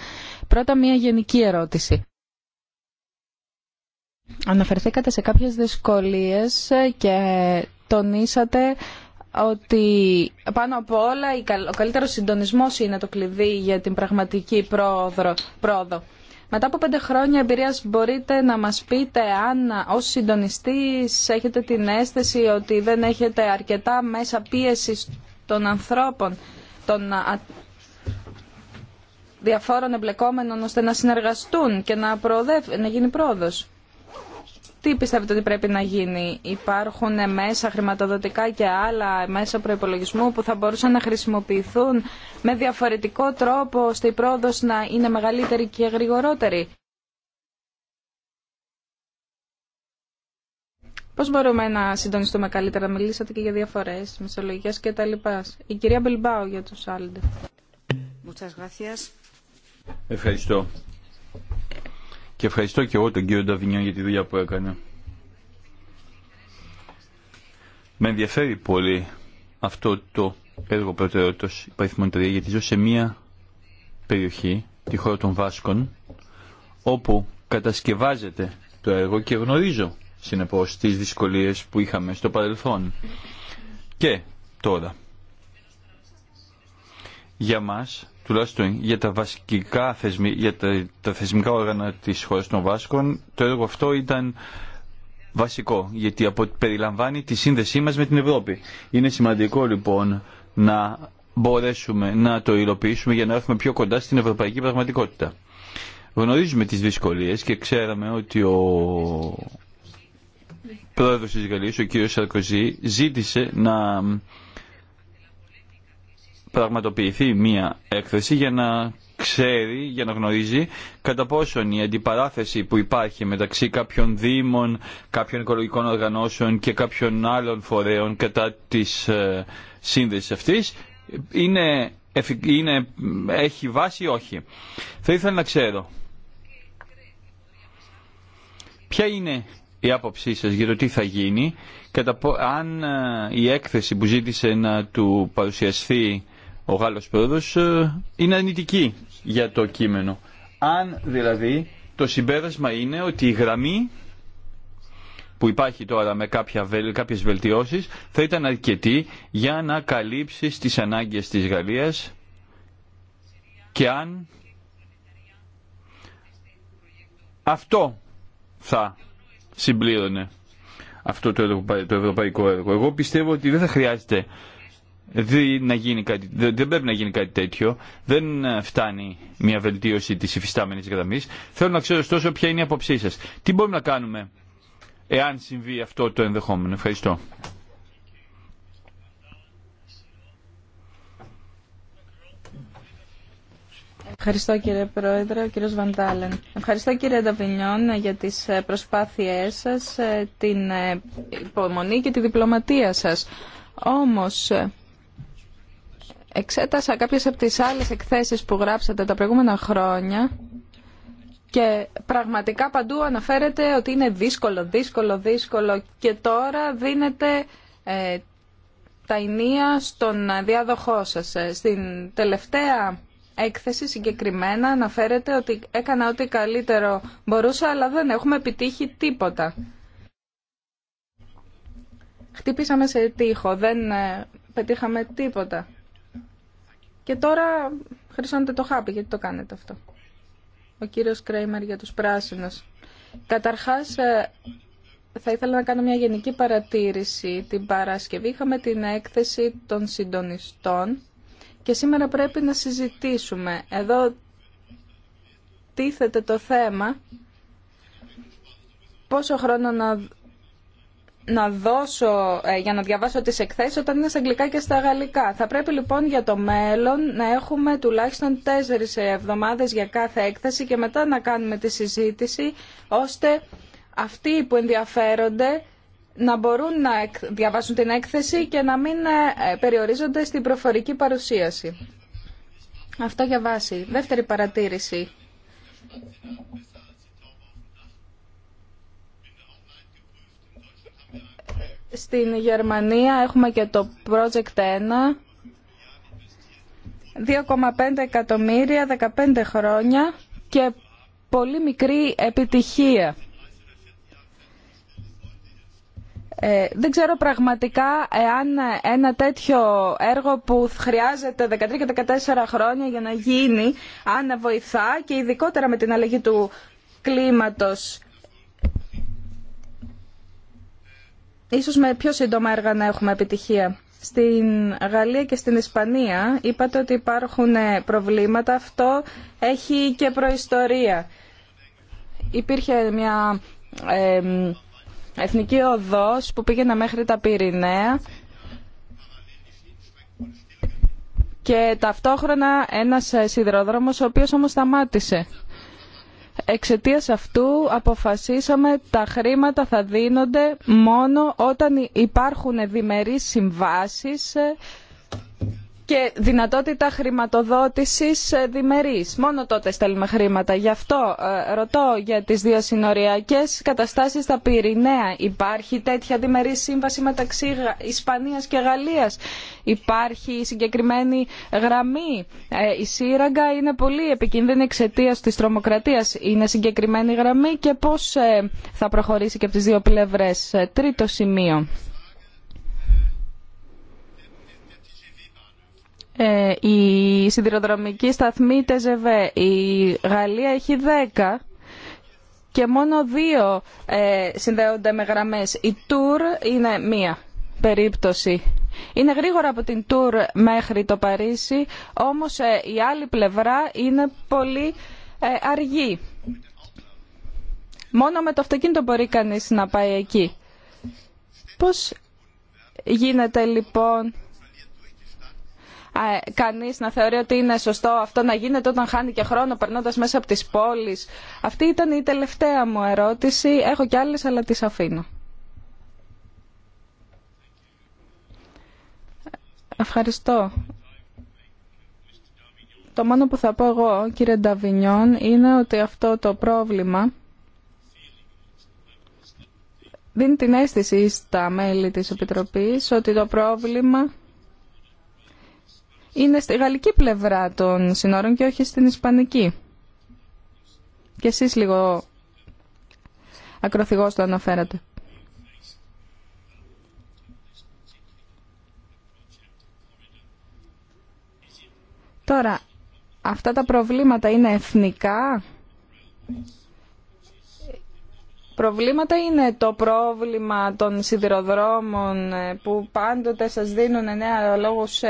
Πρώτα μία γενική ερώτηση. Αναφερθήκατε σε κάποιες δυσκολίες και τονίσατε ότι πάνω από όλα ο καλύτερος συντονισμός είναι το κλειδί για την πραγματική πρόοδο. Μετά από πέντε χρόνια εμπειρίας μπορείτε να μας πείτε αν ως συντονιστής έχετε την αίσθηση ότι δεν έχετε αρκετά μέσα πίεσης των ανθρώπων, των διαφόρων εμπλεκόμενων ώστε να συνεργαστούν και να, να γίνει πρόοδος. Τι πιστεύετε ότι πρέπει να γίνει. Υπάρχουν μέσα χρηματοδοτικά και άλλα μέσα προπολογισμού που θα μπορούσαν να χρησιμοποιηθούν με διαφορετικό τρόπο ώστε η πρόοδος να είναι μεγαλύτερη και γρηγορότερη. Πώς μπορούμε να συντονιστούμε καλύτερα. Μιλήσατε και για διαφορές μισολογικές και τα λοιπά. Η κυρία Μπιλμπάου για του άλλους. Ευχαριστώ. Και ευχαριστώ και εγώ τον κύριο Νταβινιό για τη δουλειά που έκανε. Με ενδιαφέρει πολύ αυτό το έργο προτεραιότητας υπαριθμών 3 γιατί ζω σε μία περιοχή, τη χώρα των Βάσκων, όπου κατασκευάζεται το έργο και γνωρίζω συνεπώς τις δυσκολίες που είχαμε στο παρελθόν και τώρα. Για μας τουλάχιστον για τα βασικά θεσμι, για τα, τα θεσμικά όργανα της χώρας των Βάσκων, το έργο αυτό ήταν βασικό, γιατί απο, περιλαμβάνει τη σύνδεσή μας με την Ευρώπη. Είναι σημαντικό λοιπόν να μπορέσουμε να το υλοποιήσουμε για να έρθουμε πιο κοντά στην ευρωπαϊκή πραγματικότητα. Γνωρίζουμε τις δυσκολίες και ξέραμε ότι ο πρόεδρος της Γαλλίας, ο κύριος Σαρκοζή, ζήτησε να πραγματοποιηθεί μία έκθεση για να ξέρει, για να γνωρίζει κατά πόσον η αντιπαράθεση που υπάρχει μεταξύ κάποιων δήμων, κάποιων οικολογικών οργανώσεων και κάποιων άλλων φορέων κατά της ε, σύνδεσης αυτής είναι, είναι, έχει βάση ή όχι. Θα ήθελα να ξέρω ποια είναι η άποψή σας για το τι θα γίνει, κατά, αν ε, η έκθεση που ζήτησε να του παρουσιαστεί ο Γάλλος πρόεδρος ε, είναι αρνητική για το κείμενο. Αν δηλαδή το συμπέρασμα είναι ότι η γραμμή που υπάρχει τώρα με κάποια, κάποιες βελτιώσεις θα ήταν αρκετή για να καλύψει τις ανάγκες της Γαλλίας και αν αυτό θα συμπλήρωνε αυτό το ευρωπαϊκό έργο. Εγώ πιστεύω ότι δεν θα χρειάζεται δεν, να γίνει κάτι, δεν πρέπει να γίνει κάτι τέτοιο. Δεν ε, φτάνει μια βελτίωση τη υφιστάμενη γραμμή. Θέλω να ξέρω ωστόσο ποια είναι η απόψή σα. Τι μπορούμε να κάνουμε εάν συμβεί αυτό το ενδεχόμενο. Ευχαριστώ. Ευχαριστώ κύριε Πρόεδρε, ο κύριος Βαντάλεν. Ευχαριστώ κύριε Νταβινιόν για τις ε, προσπάθειές σας, ε, την υπομονή και τη διπλωματία σας. Όμως, Εξέτασα κάποιες από τις άλλες εκθέσεις που γράψατε τα προηγούμενα χρόνια και πραγματικά παντού αναφέρεται ότι είναι δύσκολο, δύσκολο, δύσκολο και τώρα δίνεται ε, τα ενία στον διάδοχό σας. Ε, στην τελευταία έκθεση συγκεκριμένα αναφέρεται ότι έκανα ό,τι καλύτερο μπορούσα αλλά δεν έχουμε επιτύχει τίποτα. Χτύπησαμε σε τείχο, δεν ε, πετύχαμε τίποτα. Και τώρα χρυσώνετε το χάπι, γιατί το κάνετε αυτό. Ο κύριος Κρέιμερ για τους πράσινους. Καταρχάς, ε, θα ήθελα να κάνω μια γενική παρατήρηση. Την Παρασκευή είχαμε την έκθεση των συντονιστών και σήμερα πρέπει να συζητήσουμε. Εδώ τίθεται το θέμα πόσο χρόνο να να δώσω, ε, για να διαβάσω τις εκθέσεις όταν είναι στα αγγλικά και στα γαλλικά. Θα πρέπει λοιπόν για το μέλλον να έχουμε τουλάχιστον τέσσερις εβδομάδες για κάθε έκθεση και μετά να κάνουμε τη συζήτηση ώστε αυτοί που ενδιαφέρονται να μπορούν να διαβάσουν την έκθεση και να μην ε, περιορίζονται στην προφορική παρουσίαση. Αυτό για βάση. Δεύτερη παρατήρηση. Στην Γερμανία έχουμε και το Project 1, 2,5 εκατομμύρια, 15 χρόνια και πολύ μικρή επιτυχία. Ε, δεν ξέρω πραγματικά εάν ένα τέτοιο έργο που χρειάζεται 13 και 14 χρόνια για να γίνει, αν βοηθά και ειδικότερα με την αλλαγή του κλίματος ίσως με πιο σύντομα έργα να έχουμε επιτυχία. Στην Γαλλία και στην Ισπανία είπατε ότι υπάρχουν ε, προβλήματα. Αυτό έχει και προϊστορία. Υπήρχε μια εθνική οδός που πήγαινε μέχρι τα Πυρηναία και ταυτόχρονα ένας ε, σιδηροδρόμος ο οποίος όμως σταμάτησε. Εξαιτίας αυτού αποφασίσαμε τα χρήματα θα δίνονται μόνο όταν υπάρχουν διμερείς συμβάσεις ε, και δυνατότητα χρηματοδότησης ε, διμερείς. Μόνο τότε στέλνουμε χρήματα. Γι' αυτό ε, ρωτώ για τις δύο συνοριακές καταστάσεις στα Πυρηναία. Υπάρχει τέτοια διμερή σύμβαση μεταξύ Ισπανίας και Γαλλίας. Υπάρχει συγκεκριμένη γραμμή. Ε, η σύραγγα είναι πολύ επικίνδυνη εξαιτία της τρομοκρατίας. Είναι συγκεκριμένη γραμμή και πώς θα προχωρήσει και από τις δύο πλευρές. Τρίτο σημείο. Ε, η σιδηροδρομική σταθμή ΤΖΒ. Η Γαλλία έχει 10 και μόνο δύο ε, συνδέονται με γραμμές. Η Τουρ είναι μία περίπτωση. Είναι γρήγορα από την Τουρ μέχρι το Παρίσι, όμως ε, η άλλη πλευρά είναι πολύ αργή. Μόνο με το αυτοκίνητο μπορεί κανείς να πάει εκεί. Πώς γίνεται λοιπόν κανείς να θεωρεί ότι είναι σωστό αυτό να γίνεται όταν χάνει και χρόνο περνώντας μέσα από τις πόλεις. Αυτή ήταν η τελευταία μου ερώτηση. Έχω κι άλλες αλλά τις αφήνω. Ευχαριστώ. Το μόνο που θα πω εγώ, κύριε Νταβινιόν, είναι ότι αυτό το πρόβλημα δίνει την αίσθηση στα μέλη της Επιτροπής ότι το πρόβλημα είναι στη γαλλική πλευρά των συνόρων και όχι στην ισπανική. Και εσείς λίγο ακροθυγώς το αναφέρατε. Τώρα, αυτά τα προβλήματα είναι εθνικά. Προβλήματα είναι το πρόβλημα των σιδηροδρόμων ε, που πάντοτε σας δίνουν νέα λόγους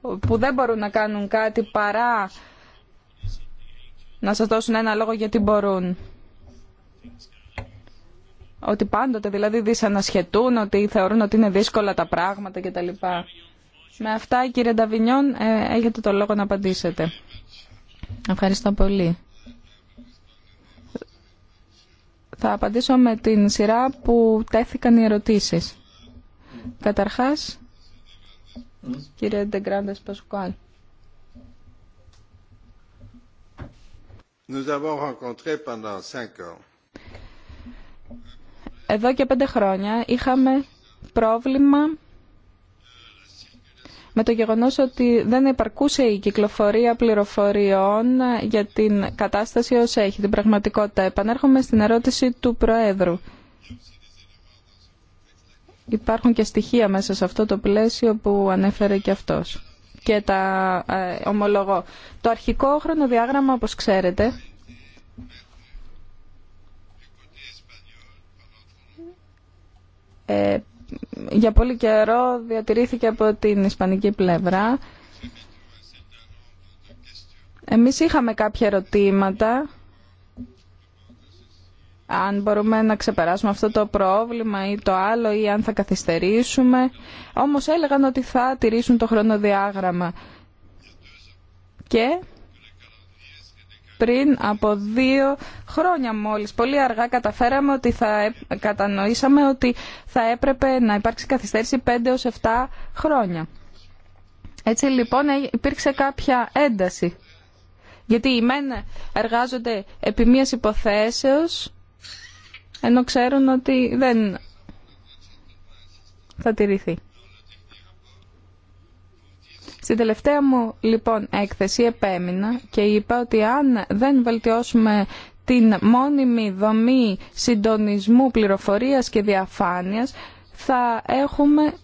που δεν μπορούν να κάνουν κάτι παρά να σας δώσουν ένα λόγο γιατί μπορούν. Ότι πάντοτε δηλαδή δυσανασχετούν, ότι θεωρούν ότι είναι δύσκολα τα πράγματα κτλ. Με αυτά κύριε Νταβινιόν ε, έχετε το λόγο να απαντήσετε. Ευχαριστώ πολύ. Θα απαντήσω με την σειρά που τέθηκαν οι ερωτήσεις. Καταρχάς, Κύριε Ντεγκράντε Πασκουάλ. Εδώ και πέντε χρόνια είχαμε πρόβλημα με το γεγονός ότι δεν υπαρκούσε η κυκλοφορία πληροφοριών για την κατάσταση ως έχει, την πραγματικότητα. Επανέρχομαι στην ερώτηση του Προέδρου υπάρχουν και στοιχεία μέσα σε αυτό το πλαίσιο που ανέφερε και αυτός. Και τα ομολόγο. Ε, ομολογώ. Το αρχικό χρονοδιάγραμμα, όπως ξέρετε, ε, για πολύ καιρό διατηρήθηκε από την ισπανική πλευρά. Εμείς είχαμε κάποια ερωτήματα αν μπορούμε να ξεπεράσουμε αυτό το πρόβλημα ή το άλλο ή αν θα καθυστερήσουμε. Όμως έλεγαν ότι θα τηρήσουν το χρονοδιάγραμμα. Και πριν από δύο χρόνια μόλις, πολύ αργά καταφέραμε ότι θα ε, κατανοήσαμε ότι θα έπρεπε να υπάρξει καθυστέρηση 5 έως 7 χρόνια. Έτσι λοιπόν ε, υπήρξε κάποια ένταση. Γιατί οι μεν εργάζονται επί μίας υποθέσεως ενώ ξέρουν ότι δεν θα τηρηθεί. Στην τελευταία μου λοιπόν έκθεση επέμεινα και είπα ότι αν δεν βελτιώσουμε την μόνιμη δομή συντονισμού πληροφορίας και διαφάνειας θα έχουμε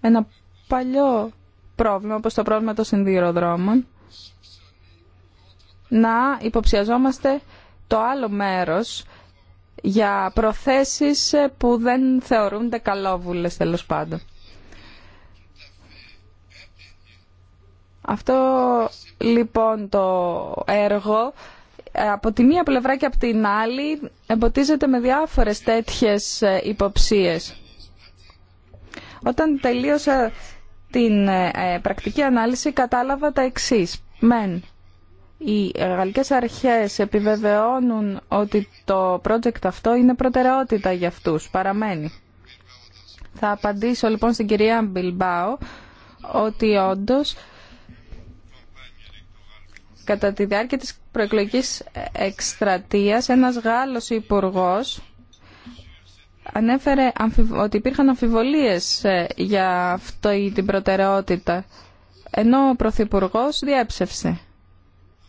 ένα παλιό πρόβλημα όπως το πρόβλημα των συνδυοδρόμων να υποψιαζόμαστε το άλλο μέρος για προθέσεις που δεν θεωρούνται καλόβουλες τέλος πάντων. Αυτό λοιπόν το έργο από τη μία πλευρά και από την άλλη εμποτίζεται με διάφορες τέτοιες ε, υποψίες. Όταν τελείωσα την ε, ε, πρακτική ανάλυση κατάλαβα τα εξής. Μεν, οι γαλλικές αρχές επιβεβαιώνουν ότι το project αυτό είναι προτεραιότητα για αυτούς, παραμένει. Θα απαντήσω λοιπόν στην κυρία Μπιλμπάο ότι όντως κατά τη διάρκεια της προεκλογικής εκστρατείας ένας Γάλλος υπουργός ανέφερε ότι υπήρχαν αμφιβολίες ε, για αυτή την προτεραιότητα ενώ ο Πρωθυπουργός διέψευσε.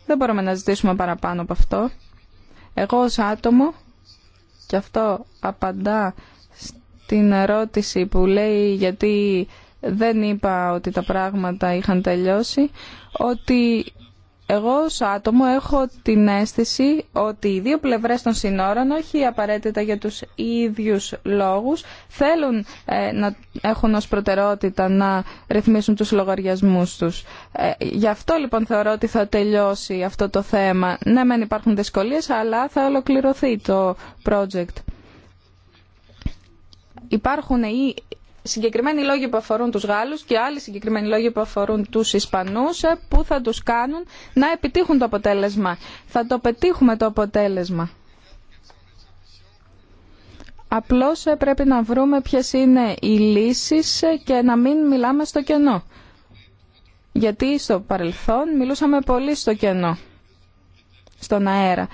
Δεν μπορούμε να ζητήσουμε παραπάνω από αυτό. Εγώ ως άτομο, και αυτό απαντά στην ερώτηση που λέει γιατί δεν είπα ότι τα πράγματα είχαν τελειώσει, ότι εγώ ως άτομο έχω την αίσθηση ότι οι δύο πλευρές των συνόρων, όχι απαραίτητα για τους ίδιους λόγους, θέλουν ε, να έχουν ως προτεραιότητα να ρυθμίσουν τους λογαριασμούς τους. Ε, γι' αυτό λοιπόν θεωρώ ότι θα τελειώσει αυτό το θέμα. Ναι, μεν υπάρχουν δυσκολίες, αλλά θα ολοκληρωθεί το project. Υπάρχουν ή συγκεκριμένοι λόγοι που αφορούν τους Γάλλους και άλλοι συγκεκριμένοι λόγοι που αφορούν τους Ισπανούς ε, που θα τους κάνουν να επιτύχουν το αποτέλεσμα. Θα το πετύχουμε το αποτέλεσμα. Απλώς ε, πρέπει να βρούμε ποιες είναι οι λύσεις ε, και να μην μιλάμε στο κενό. Γιατί στο παρελθόν μιλούσαμε πολύ στο κενό, στον αέρα.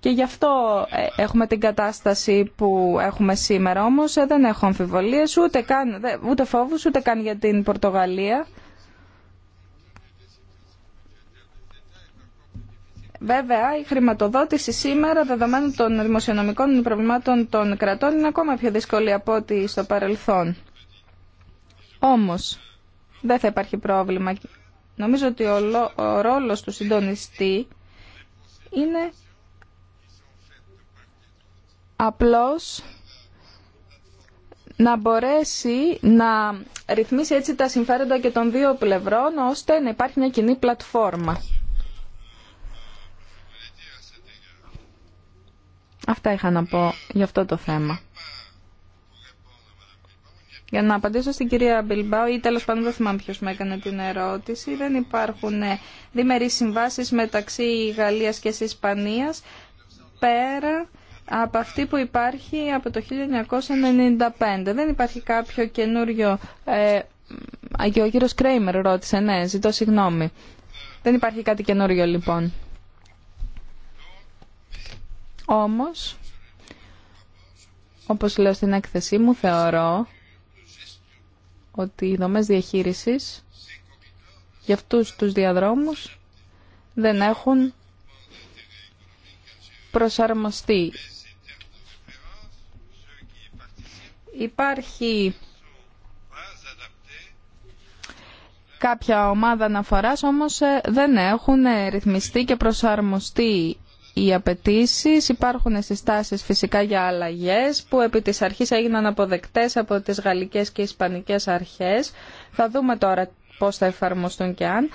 Και γι' αυτό ε, έχουμε την κατάσταση που έχουμε σήμερα. Όμως ε, δεν έχω αμφιβολίες, ούτε, καν, ούτε φόβους, ούτε καν για την Πορτογαλία. Βέβαια, η χρηματοδότηση σήμερα, δεδομένου των δημοσιονομικών προβλημάτων των κρατών, είναι ακόμα πιο δύσκολη από ό,τι στο παρελθόν. Όμως, δεν θα υπάρχει πρόβλημα. Νομίζω ότι ο ρόλος του συντονιστή είναι απλώς να μπορέσει να ρυθμίσει έτσι τα συμφέροντα και των δύο πλευρών ώστε να υπάρχει μια κοινή πλατφόρμα. Αυτά είχα να πω για αυτό το θέμα. Για να απαντήσω στην κυρία Μπιλμπάου ή τέλος πάντων δεν θυμάμαι ποιος με έκανε την ερώτηση. Δεν υπάρχουν ε, διμερείς συμβάσεις μεταξύ Γαλλίας και Ισπανία. πέρα από αυτή που υπάρχει από το 1995. Δεν υπάρχει κάποιο καινούριο... Ε, και ο κύριος Κρέιμερ ρώτησε, ναι, ζητώ συγγνώμη. Δεν υπάρχει κάτι καινούριο λοιπόν. Όμως, όπως λέω στην έκθεσή μου, θεωρώ ότι οι δομές διαχείρισης για αυτούς τους διαδρόμους δεν έχουν προσαρμοστεί Υπάρχει κάποια ομάδα αναφοράς, όμως ε, δεν έχουν ε, ρυθμιστεί και προσαρμοστεί οι απαιτήσει. Υπάρχουν συστάσεις φυσικά για αλλαγές που επί της αρχής έγιναν αποδεκτές από τις γαλλικές και ισπανικές αρχές. Θα δούμε τώρα πώς θα εφαρμοστούν και αν.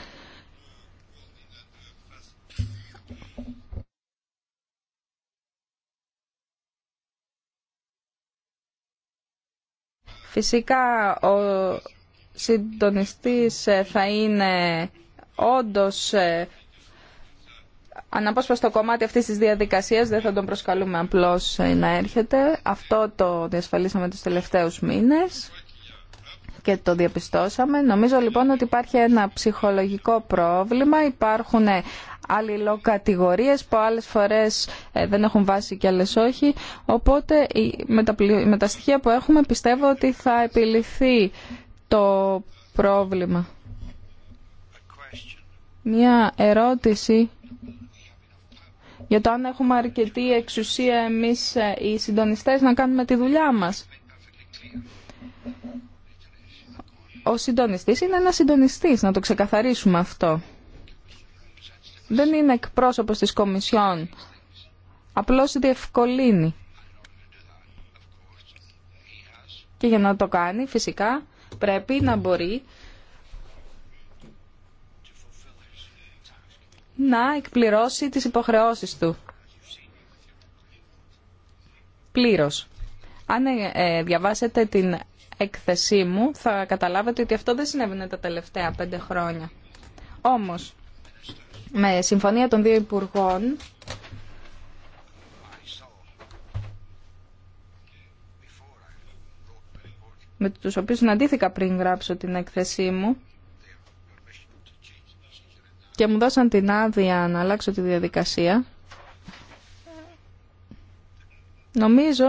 Φυσικά ο συντονιστής ε, θα είναι όντως ε, αναπόσπαστο κομμάτι αυτής της διαδικασίας, δεν θα τον προσκαλούμε απλώς ε, να έρχεται. Αυτό το διασφαλίσαμε τους τελευταίους μήνες και το διαπιστώσαμε. Νομίζω λοιπόν ότι υπάρχει ένα ψυχολογικό πρόβλημα, υπάρχουν αλληλοκατηγορίες που άλλες φορές ε, δεν έχουν βάση και άλλες όχι. Οπότε με τα στοιχεία που έχουμε πιστεύω ότι θα επιληθεί το πρόβλημα. Μια ερώτηση για το αν έχουμε αρκετή εξουσία εμείς ε, οι συντονιστές να κάνουμε τη δουλειά μας. Ο συντονιστής είναι ένας συντονιστής, να το ξεκαθαρίσουμε αυτό δεν είναι εκπρόσωπος της Κομισιόν. Απλώς διευκολύνει. Και για να το κάνει φυσικά πρέπει να μπορεί να εκπληρώσει τις υποχρεώσεις του. Πλήρως. Αν ε, ε, διαβάσετε την έκθεσή μου θα καταλάβετε ότι αυτό δεν συνέβαινε τα τελευταία πέντε χρόνια. Όμως, με συμφωνία των δύο υπουργών με τους οποίους συναντήθηκα πριν γράψω την έκθεσή μου και μου δώσαν την άδεια να αλλάξω τη διαδικασία. Νομίζω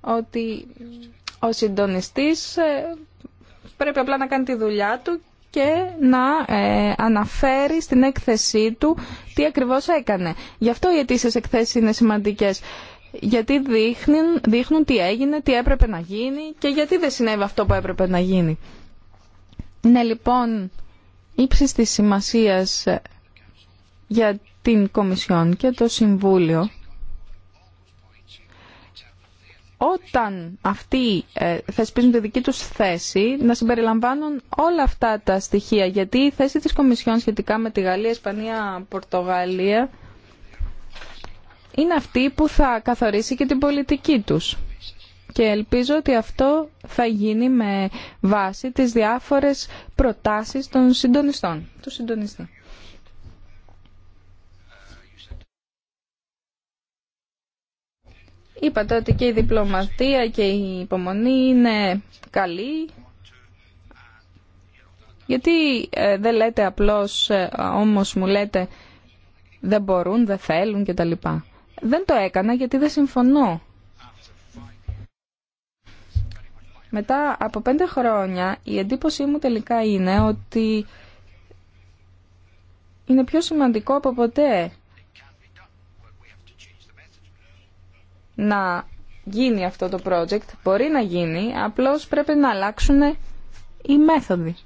ότι ο συντονιστής ε, πρέπει απλά να κάνει τη δουλειά του και να ε, αναφέρει στην έκθεσή του τι ακριβώς έκανε. Γι' αυτό οι αιτήσεις εκθέσεις είναι σημαντικές. Γιατί δείχνουν, δείχνουν τι έγινε, τι έπρεπε να γίνει και γιατί δεν συνέβη αυτό που έπρεπε να γίνει. Είναι λοιπόν ύψης της σημασίας για την Κομισιόν και το Συμβούλιο όταν αυτοί ε, θεσπίζουν τη δική τους θέση να συμπεριλαμβάνουν όλα αυτά τα στοιχεία γιατί η θέση της Κομισιόν σχετικά με τη Γαλλία, Ισπανία, Πορτογαλία είναι αυτή που θα καθορίσει και την πολιτική τους. Και ελπίζω ότι αυτό θα γίνει με βάση τις διάφορες προτάσεις των συντονιστών, του συντονιστών. Είπατε ότι και η διπλωματία και η υπομονή είναι καλή. Γιατί ε, δεν λέτε απλώς, ε, όμως μου λέτε, δεν μπορούν, δεν θέλουν κτλ. Δεν το έκανα γιατί δεν συμφωνώ. Μετά από πέντε χρόνια η εντύπωσή μου τελικά είναι ότι είναι πιο σημαντικό από ποτέ να γίνει αυτό το project, μπορεί να γίνει, απλώς πρέπει να αλλάξουν οι μέθοδοι.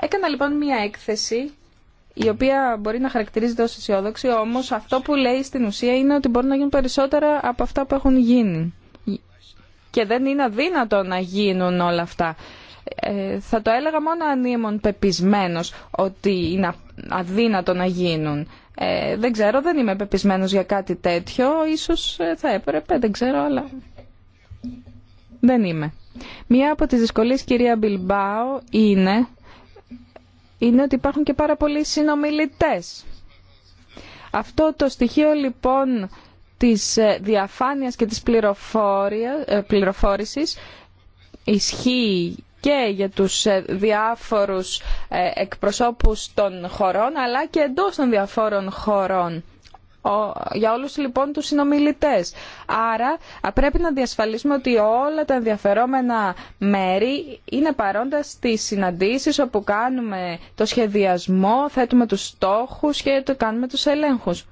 Έκανα λοιπόν μία έκθεση η οποία μπορεί να χαρακτηρίζεται ως αισιόδοξη, όμως αυτό που λέει στην ουσία είναι ότι μπορεί να γίνουν περισσότερα από αυτά που έχουν γίνει. Και δεν είναι αδύνατο να γίνουν όλα αυτά. Ε, θα το έλεγα μόνο αν ήμουν πεπισμένος ότι είναι αδύνατο να γίνουν. Ε, δεν ξέρω, δεν είμαι πεπισμένο για κάτι τέτοιο. Ίσως ε, θα έπρεπε, δεν ξέρω, αλλά δεν είμαι. Μία από τις δυσκολίε κυρία Μπιλμπάου, είναι, είναι ότι υπάρχουν και πάρα πολλοί συνομιλητές. Αυτό το στοιχείο λοιπόν της ε, διαφάνειας και της ε, πληροφόρησης ισχύει και για τους ε, διάφορους ε, εκπροσώπους των χωρών αλλά και εντός των διαφόρων χωρών για όλους λοιπόν τους συνομιλητές. Άρα πρέπει να διασφαλίσουμε ότι όλα τα ενδιαφερόμενα μέρη είναι παρόντα στις συναντήσεις όπου κάνουμε το σχεδιασμό, θέτουμε τους στόχους και το κάνουμε τους ελέγχους.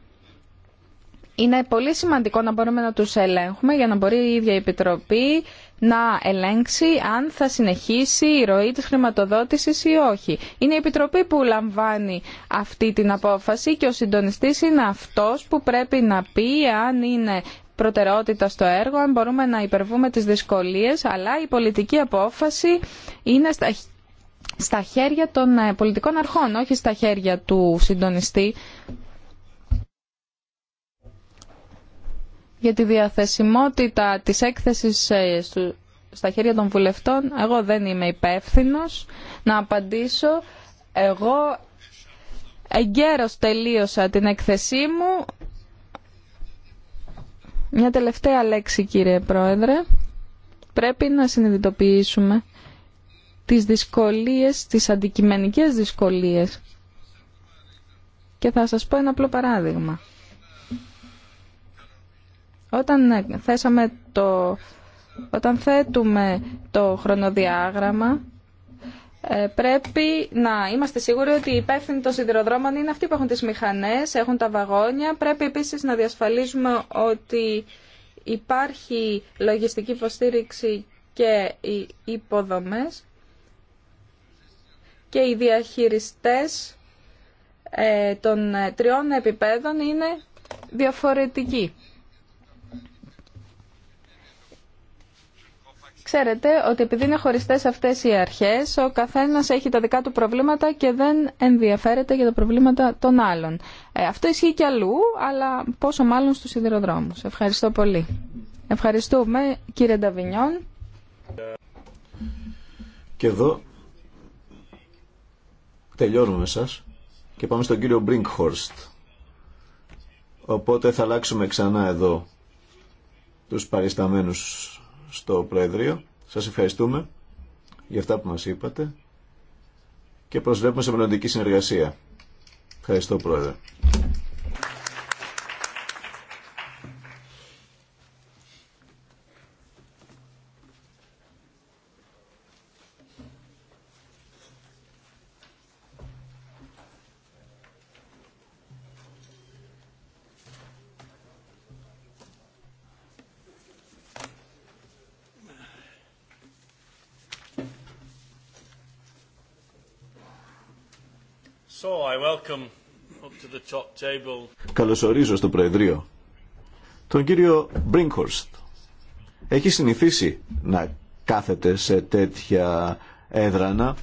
Είναι πολύ σημαντικό να μπορούμε να τους ελέγχουμε για να μπορεί η ίδια η Επιτροπή να ελέγξει αν θα συνεχίσει η ροή της χρηματοδότησης ή όχι. Είναι η Επιτροπή που λαμβάνει αυτή την απόφαση και ο συντονιστής είναι αυτός που πρέπει να πει αν είναι προτεραιότητα στο έργο, αν μπορούμε να υπερβούμε τις δυσκολίες, αλλά η πολιτική απόφαση είναι στα, στα χέρια των ε, πολιτικών αρχών, όχι στα χέρια του συντονιστή για τη διαθεσιμότητα της έκθεσης ε, στα χέρια των βουλευτών. Εγώ δεν είμαι υπεύθυνο να απαντήσω. Εγώ εγκαίρως τελείωσα την έκθεσή μου. Μια τελευταία λέξη κύριε Πρόεδρε. Πρέπει να συνειδητοποιήσουμε τις δυσκολίες, τις αντικειμενικές δυσκολίες. Και θα σας πω ένα απλό παράδειγμα. Όταν ε, θέσαμε το... Όταν θέτουμε το χρονοδιάγραμμα, ε, πρέπει να είμαστε σίγουροι ότι οι υπεύθυνοι των σιδηροδρόμων είναι αυτοί που έχουν τις μηχανές, έχουν τα βαγόνια. Πρέπει επίσης να διασφαλίζουμε ότι υπάρχει λογιστική υποστήριξη και οι υποδομές και οι διαχειριστές ε, των τριών επιπέδων είναι διαφορετικοί. Ξέρετε ότι επειδή είναι χωριστέ αυτές οι αρχές, ο καθένα έχει τα δικά του προβλήματα και δεν ενδιαφέρεται για τα προβλήματα των άλλων. Ε, αυτό ισχύει και αλλού, αλλά πόσο μάλλον στους σιδηροδρόμους. Ευχαριστώ πολύ. Ευχαριστούμε κύριε Νταβινιόν. Και εδώ τελειώνουμε σας και πάμε στον κύριο Μπρίνκχορστ. Οπότε θα αλλάξουμε ξανά εδώ τους παρισταμένους στο Προεδρείο. Σας ευχαριστούμε για αυτά που μας είπατε και προσβλέπουμε σε μελλοντική συνεργασία. Ευχαριστώ Πρόεδρε. Καλωσορίζω στο Προεδρείο τον κύριο Μπρίνκορστ. Έχει συνηθίσει να κάθεται σε τέτοια έδρανα.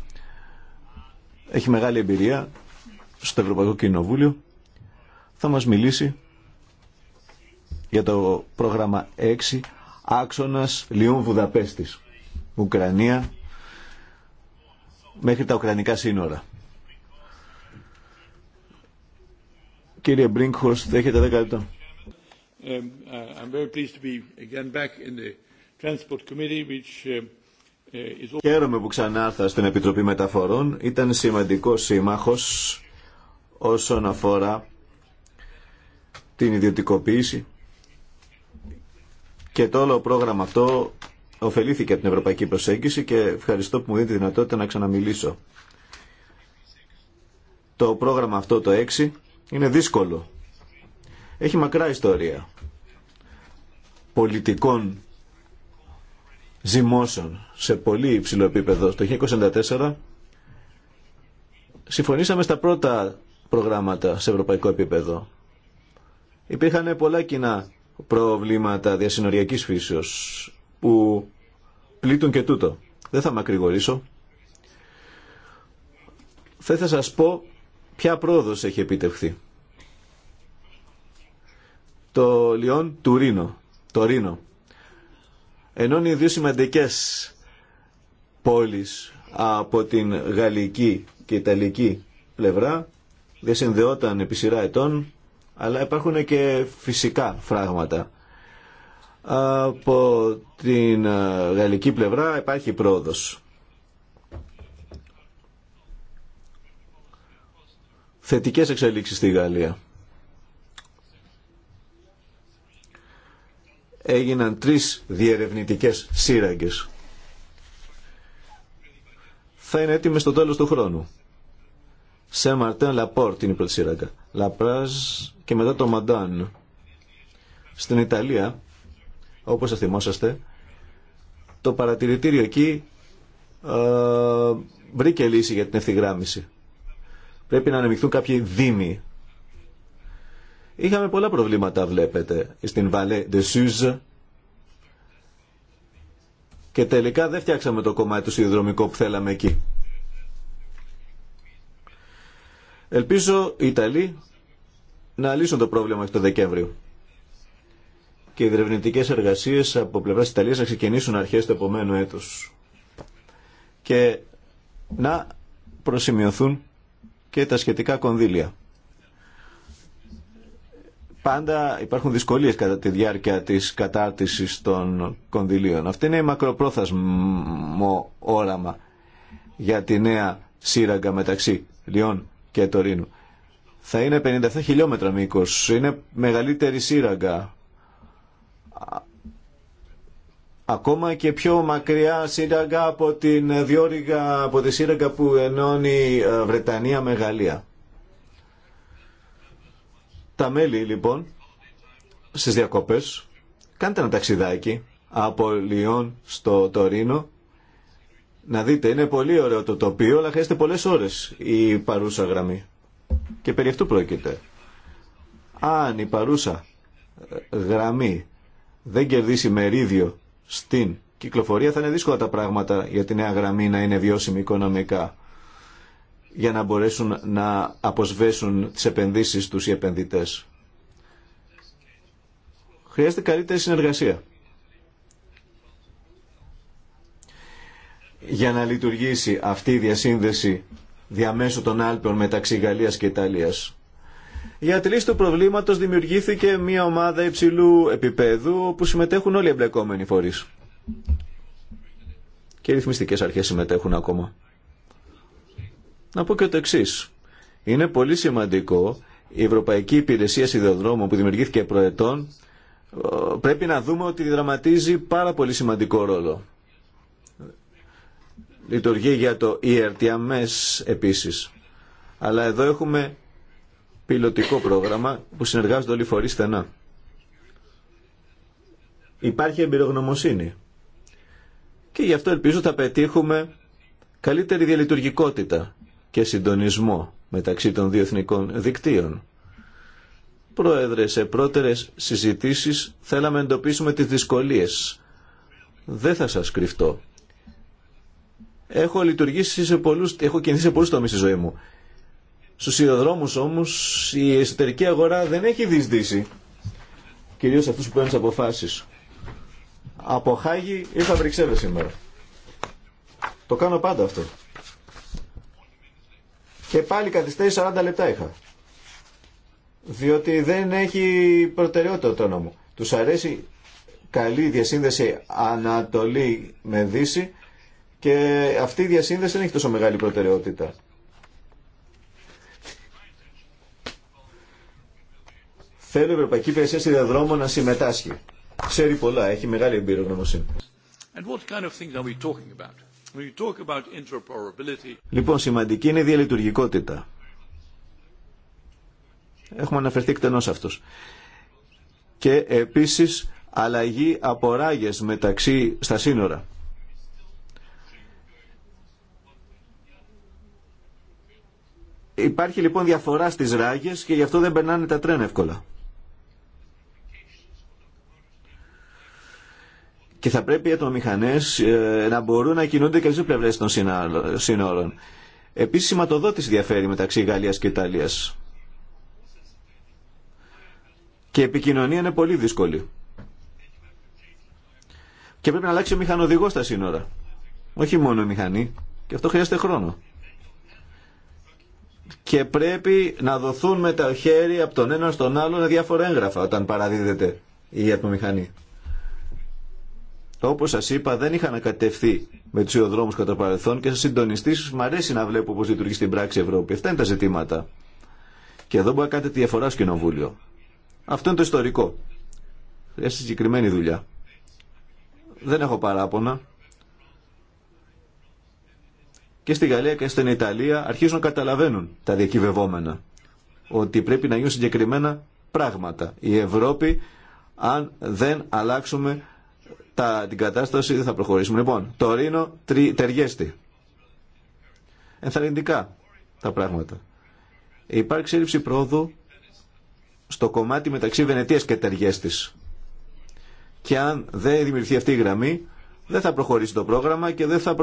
Έχει μεγάλη εμπειρία στο Ευρωπαϊκό Κοινοβούλιο. Θα μας μιλήσει για το πρόγραμμα 6 άξονας Λιούν Βουδαπέστης, Ουκρανία, μέχρι τα Ουκρανικά σύνορα. Κύριε Μπρίνκχορστ, έχετε 10 λεπτά. Uh, uh, Χαίρομαι που ξανάρθα στην Επιτροπή Μεταφορών. Ήταν σημαντικό σύμμαχος όσον αφορά την ιδιωτικοποίηση και το όλο πρόγραμμα αυτό ωφελήθηκε από την ευρωπαϊκή προσέγγιση και ευχαριστώ που μου δίνει τη δυνατότητα να ξαναμιλήσω. Το πρόγραμμα αυτό το 6 είναι δύσκολο. Έχει μακρά ιστορία πολιτικών ζυμώσεων σε πολύ υψηλό επίπεδο. Το 1994 συμφωνήσαμε στα πρώτα προγράμματα σε ευρωπαϊκό επίπεδο. Υπήρχαν πολλά κοινά προβλήματα διασυνοριακής φύσεως που πλήττουν και τούτο. Δεν θα μακρηγορήσω. Θα, θα σας πω Ποια πρόοδος έχει επιτευχθεί. Το Λιόν του Ρήνο. Το Ρήνο. δύο σημαντικές πόλεις από την γαλλική και ιταλική πλευρά. συνδεόταν επί σειρά ετών, αλλά υπάρχουν και φυσικά φράγματα. Από την ε, γαλλική πλευρά υπάρχει πρόοδος θετικές εξελίξεις στη Γαλλία. Έγιναν τρεις διερευνητικές σύραγγες. Θα είναι έτοιμες στο τέλος του χρόνου. Σε Μαρτέν Λαπόρτ είναι η πρώτη σύραγγα. Λαπράζ και μετά το Μαντάν. Στην Ιταλία, όπως θα θυμόσαστε, το παρατηρητήριο εκεί ε, βρήκε λύση για την ευθυγράμμιση. Πρέπει να αναμειχθούν κάποιοι δήμοι. Είχαμε πολλά προβλήματα, βλέπετε, στην Βαλέ de Suze. Και τελικά δεν φτιάξαμε το κομμάτι του σιδηροδρομικού που θέλαμε εκεί. Ελπίζω οι Ιταλοί να λύσουν το πρόβλημα μέχρι το Δεκέμβριο. Και οι ερευνητικέ εργασίε από πλευρά Ιταλία να ξεκινήσουν αρχέ του επομένου έτου. Και να προσημειωθούν και τα σχετικά κονδύλια. Πάντα υπάρχουν δυσκολίες κατά τη διάρκεια της κατάρτισης των κονδυλίων. Αυτή είναι η μακροπρόθεσμο όραμα για τη νέα σύραγγα μεταξύ Λιών και Τωρίνου. Θα είναι 57 χιλιόμετρα μήκος, είναι μεγαλύτερη σύραγγα ακόμα και πιο μακριά σύνταγα από, την διόρυγα, από τη σύραγγα που ενώνει ε, Βρετανία με Γαλλία. Τα μέλη λοιπόν στις διακοπές κάντε ένα ταξιδάκι από Λιόν στο Τωρίνο να δείτε είναι πολύ ωραίο το τοπίο αλλά χρειάζεται πολλές ώρες η παρούσα γραμμή και περί αυτού πρόκειται. Αν η παρούσα ε, γραμμή δεν κερδίσει μερίδιο στην κυκλοφορία θα είναι δύσκολα τα πράγματα για τη νέα γραμμή να είναι βιώσιμη οικονομικά για να μπορέσουν να αποσβέσουν τις επενδύσεις τους οι επενδυτές. Χρειάζεται καλύτερη συνεργασία. Για να λειτουργήσει αυτή η διασύνδεση διαμέσου των άλπων μεταξύ Γαλλίας και Ιταλίας. Για τη λύση του προβλήματος δημιουργήθηκε μια ομάδα υψηλού επίπεδου όπου συμμετέχουν όλοι οι εμπλεκόμενοι φορείς. Και οι ρυθμιστικές αρχές συμμετέχουν ακόμα. Να πω και το εξή. Είναι πολύ σημαντικό η Ευρωπαϊκή Υπηρεσία Σιδεοδρόμων που δημιουργήθηκε προετών ε, πρέπει να δούμε ότι δραματίζει πάρα πολύ σημαντικό ρόλο. Λειτουργεί για το ERTMS επίσης. Αλλά εδώ έχουμε πιλωτικό πρόγραμμα που συνεργάζονται όλοι οι φορείς στενά. Υπάρχει εμπειρογνωμοσύνη. Και γι' αυτό ελπίζω θα πετύχουμε καλύτερη διαλειτουργικότητα και συντονισμό μεταξύ των δύο εθνικών δικτύων. Πρόεδρε, σε πρώτερες συζητήσεις θέλαμε να εντοπίσουμε τις δυσκολίες. Δεν θα σας κρυφτώ. Έχω λειτουργήσει σε πολλούς, έχω κινηθεί σε πολλούς ζωή μου Στου σιδηροδρόμους όμω, η εσωτερική αγορά δεν έχει διεισδύσει. Κυρίως αυτού που παίρνουν τι αποφάσεις. Από Χάγη ήρθα Βρυξέλλε σήμερα. Το κάνω πάντα αυτό. Και πάλι καθυστέρη 40 λεπτά είχα. Διότι δεν έχει προτεραιότητα το νόμο. Τους αρέσει καλή διασύνδεση Ανατολή με Δύση και αυτή η διασύνδεση δεν έχει τόσο μεγάλη προτεραιότητα. Θέλει η Ευρωπαϊκή Υπηρεσία Σιδεδρόμων να συμμετάσχει. Ξέρει πολλά, έχει μεγάλη εμπειρία Λοιπόν, σημαντική είναι η διαλειτουργικότητα. Έχουμε αναφερθεί σε αυτού. Και επίσης αλλαγή από ράγε μεταξύ στα σύνορα. Υπάρχει λοιπόν διαφορά στις ράγες και γι' αυτό δεν περνάνε τα τρένα εύκολα. και θα πρέπει οι ατομομηχανέ ε, να μπορούν να κινούνται και δύο πλευρέ των σύνορων. Επίση, η σηματοδότηση διαφέρει μεταξύ Γαλλία και Ιταλία. Και η επικοινωνία είναι πολύ δύσκολη. Και πρέπει να αλλάξει ο μηχανοδηγό στα σύνορα. Όχι μόνο η μηχανή. Και αυτό χρειάζεται χρόνο. Και πρέπει να δοθούν με τα χέρια από τον ένα στον άλλο διάφορα έγγραφα όταν παραδίδεται η ατμομηχανή. Όπως σας είπα δεν είχα ανακατευθεί με τους ιοδρόμους κατά παρελθόν και σαν συντονιστής μου αρέσει να βλέπω πώς λειτουργεί στην πράξη Ευρώπη. Αυτά είναι τα ζητήματα. Και εδώ μπορεί να κάνετε διαφορά στο Κοινοβούλιο. Αυτό είναι το ιστορικό. Χρειάζεται συγκεκριμένη δουλειά. Δεν έχω παράπονα. Και στη Γαλλία και στην Ιταλία αρχίζουν να καταλαβαίνουν τα διακυβευόμενα. Ότι πρέπει να γίνουν συγκεκριμένα πράγματα. Η Ευρώπη αν δεν αλλάξουμε τα, την κατάσταση δεν θα προχωρήσουμε. Λοιπόν, το Ρήνο ταιριέστη. Ενθαρρυντικά τα πράγματα. Υπάρχει έλλειψη πρόοδου στο κομμάτι μεταξύ Βενετίας και Τεργέστης. Και αν δεν δημιουργηθεί αυτή η γραμμή, δεν θα προχωρήσει το πρόγραμμα και δεν θα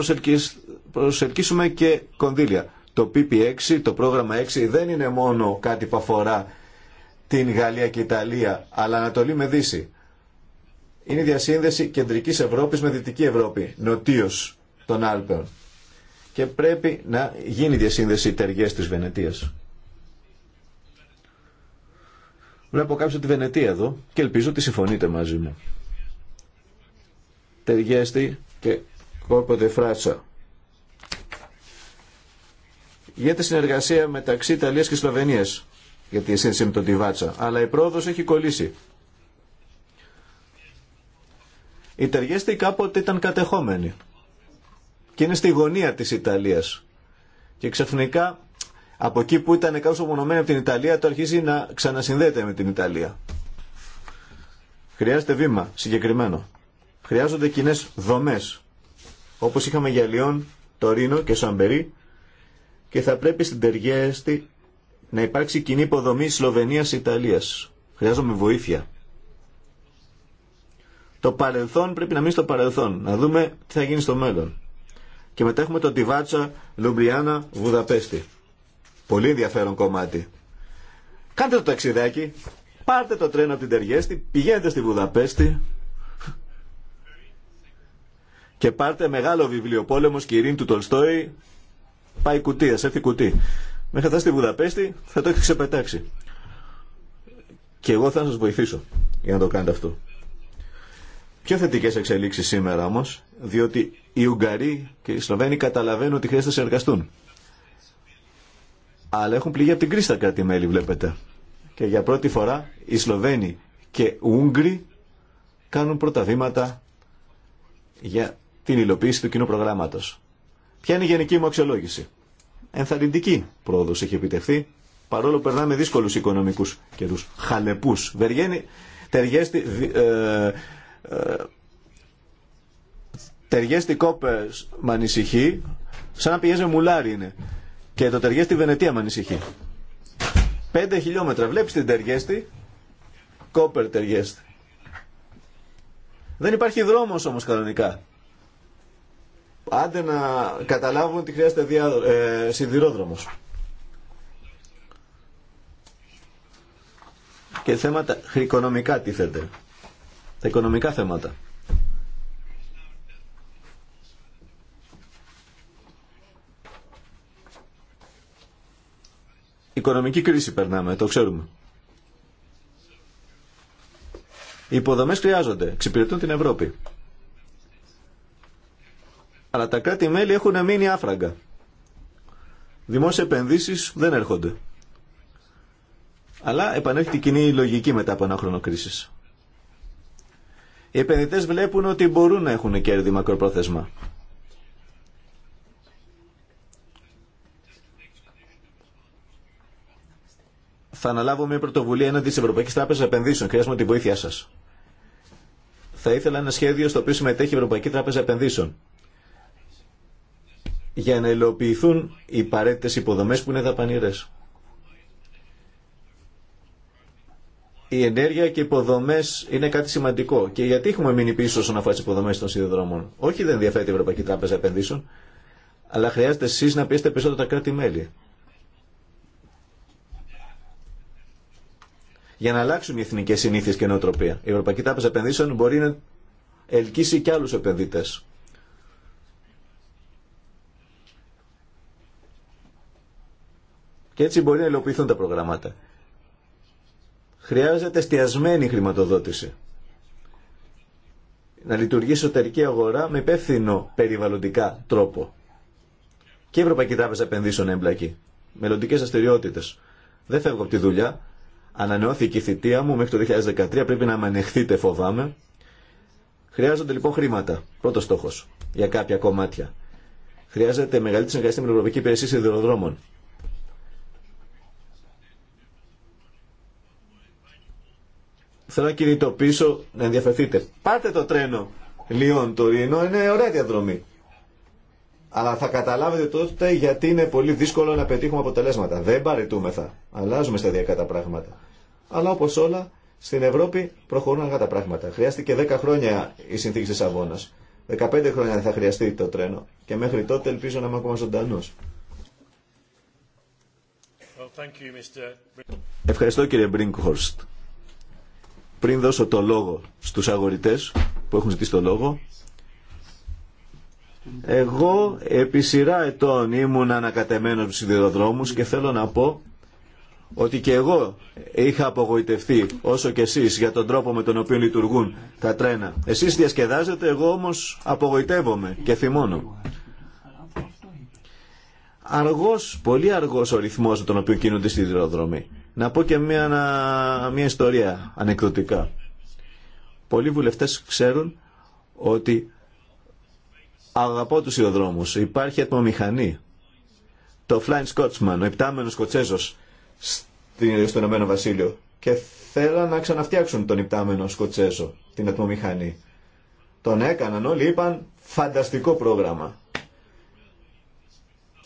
προσελκύσουμε και κονδύλια. Το PP6, το πρόγραμμα 6, δεν είναι μόνο κάτι που αφορά την Γαλλία και Ιταλία, αλλά Ανατολή με Δύση είναι η διασύνδεση κεντρικής Ευρώπης με δυτική Ευρώπη, νοτίως των Άλπαιων. Και πρέπει να γίνει η διασύνδεση τεριές της Βενετίας. Βλέπω κάποιος από τη Βενετία εδώ και ελπίζω ότι συμφωνείτε μαζί μου. Τεργέστη και κόρποτε φράτσα. Γίνεται συνεργασία μεταξύ Ιταλίας και Σλοβενίας για τη σύνδεση με τον Τιβάτσα, αλλά η πρόοδος έχει κολλήσει. Η Τεργέστη κάποτε ήταν κατεχόμενη και είναι στη γωνία της Ιταλίας και ξαφνικά από εκεί που ήταν κάπως απομονωμένη από την Ιταλία το αρχίζει να ξανασυνδέεται με την Ιταλία. Χρειάζεται βήμα συγκεκριμένο. Χρειάζονται κοινέ δομές όπως είχαμε για Λιόν, Τωρίνο και Σαμπερί και θα πρέπει στην Τεργέστη να υπάρξει κοινή υποδομή Σλοβενίας-Ιταλίας. Χρειάζομαι βοήθεια. Το παρελθόν πρέπει να μείνει στο παρελθόν. Να δούμε τι θα γίνει στο μέλλον. Και μετά έχουμε το Τιβάτσα, Λουμπριάνα, Βουδαπέστη. Πολύ ενδιαφέρον κομμάτι. Κάντε το ταξιδάκι, πάρτε το τρένο από την Τεργέστη, πηγαίνετε στη Βουδαπέστη και πάρτε μεγάλο βιβλίο πόλεμος Κυρίν του Τολστόη, πάει κουτί, ας έρθει κουτί. Μέχρι θα στη Βουδαπέστη θα το έχετε ξεπετάξει. Και εγώ θα σας βοηθήσω για να το κάνετε αυτό πιο θετικέ εξελίξει σήμερα όμω, διότι οι Ουγγαροί και οι Σλοβαίνοι καταλαβαίνουν ότι χρειάζεται να συνεργαστούν. Αλλά έχουν πληγεί από την κρίση τα κράτη-μέλη, βλέπετε. Και για πρώτη φορά οι Σλοβαίνοι και οι Ούγγροι κάνουν πρώτα βήματα για την υλοποίηση του κοινού προγράμματο. Ποια είναι η γενική μου αξιολόγηση. Ενθαρρυντική πρόοδο έχει επιτευχθεί, παρόλο που περνάμε δύσκολου οικονομικού καιρού. Χαλεπού. Βεργαίνει, ταιριέστη, ε, Ταιριέ κόπερ κόπε με ανησυχεί, σαν να πηγαίνει μουλάρι είναι. Και το ταιριέ Βενετία με ανησυχεί. Πέντε χιλιόμετρα. βλέπεις την Τεργέστη, κόπερ Τεργέστη. Δεν υπάρχει δρόμος όμως κανονικά. Άντε να καταλάβουν ότι χρειάζεται διά, ε, σιδηρόδρομος. Και θέματα οικονομικά τίθενται τα οικονομικά θέματα. Οικονομική κρίση περνάμε, το ξέρουμε. Οι υποδομές χρειάζονται, εξυπηρετούν την Ευρώπη. Αλλά τα κράτη-μέλη έχουν μείνει άφραγκα. Δημόσια επενδύσεις δεν έρχονται. Αλλά επανέρχεται η κοινή λογική μετά από ένα χρόνο κρίσης. Οι επενδυτέ βλέπουν ότι μπορούν να έχουν κέρδη μακροπρόθεσμα. Θα αναλάβω μια πρωτοβουλία έναντι τη Ευρωπαϊκή Τράπεζα Επενδύσεων. Χρειάζομαι τη βοήθειά σα. Θα ήθελα ένα σχέδιο στο οποίο συμμετέχει η Ευρωπαϊκή Τράπεζα Επενδύσεων για να υλοποιηθούν οι παρέτες υποδομές που είναι δαπανηρές. η ενέργεια και οι υποδομέ είναι κάτι σημαντικό. Και γιατί έχουμε μείνει πίσω όσον αφορά τι υποδομέ των σιδηροδρόμων. Όχι δεν ενδιαφέρει την Ευρωπαϊκή Τράπεζα Επενδύσεων, αλλά χρειάζεται εσεί να πιέσετε περισσότερο τα κράτη-μέλη. Για να αλλάξουν οι εθνικέ συνήθειε και νοοτροπία. Η Ευρωπαϊκή Τράπεζα Επενδύσεων μπορεί να ελκύσει και άλλου επενδύτε. Και έτσι μπορεί να υλοποιηθούν τα προγράμματα. Χρειάζεται εστιασμένη χρηματοδότηση. Να λειτουργεί εσωτερική αγορά με υπεύθυνο περιβαλλοντικά τρόπο. Και η Ευρωπαϊκή Τράπεζα Επενδύσεων εμπλακή, Μελλοντικέ δραστηριότητε. Δεν φεύγω από τη δουλειά. Ανανεώθηκε η θητεία μου μέχρι το 2013. Πρέπει να με ανεχθείτε, φοβάμαι. Χρειάζονται λοιπόν χρήματα. Πρώτο στόχο για κάποια κομμάτια. Χρειάζεται μεγαλύτερη συνεργασία με την Ευρωπαϊκή Υπηρεσία Σιδηροδρόμων. Θέλω να κινητοποιήσω, να ενδιαφερθείτε. Πάτε το τρένο Λιόν Τωρίνο, είναι ωραία διαδρομή. Αλλά θα καταλάβετε τότε γιατί είναι πολύ δύσκολο να πετύχουμε αποτελέσματα. Δεν παρετούμεθα. Αλλάζουμε σταδιακά τα πράγματα. Αλλά όπω όλα, στην Ευρώπη προχωρούν αργά τα πράγματα. Χρειάστηκε 10 χρόνια η συνθήκη τη Αβώνα. 15 χρόνια θα χρειαστεί το τρένο. Και μέχρι τότε ελπίζω να είμαι ακόμα ζωντανό. Ευχαριστώ κύριε Μπρίνκχορστ. Πριν δώσω το λόγο στους αγορητές που έχουν ζητήσει το λόγο, εγώ επί σειρά ετών ήμουν ανακατεμένος στους σιδηροδρόμους και θέλω να πω ότι και εγώ είχα απογοητευτεί όσο και εσείς για τον τρόπο με τον οποίο λειτουργούν τα τρένα. Εσείς διασκεδάζετε, εγώ όμως απογοητεύομαι και θυμώνω. Αργός, πολύ αργός ο ρυθμός με τον οποίο κινούνται στη σιδηροδρομοί. Να πω και μια, μια ιστορία ανεκδοτικά. Πολλοί βουλευτές ξέρουν ότι αγαπώ τους ιδοδρόμους. Υπάρχει ατμομηχανή. Το Flying Scotsman, ο υπτάμενος Σκοτσέζος στο Ηνωμένο Βασίλειο. Και θέλαν να ξαναφτιάξουν τον υπτάμενο Σκοτσέζο, την ατμομηχανή. Τον έκαναν όλοι, είπαν φανταστικό πρόγραμμα.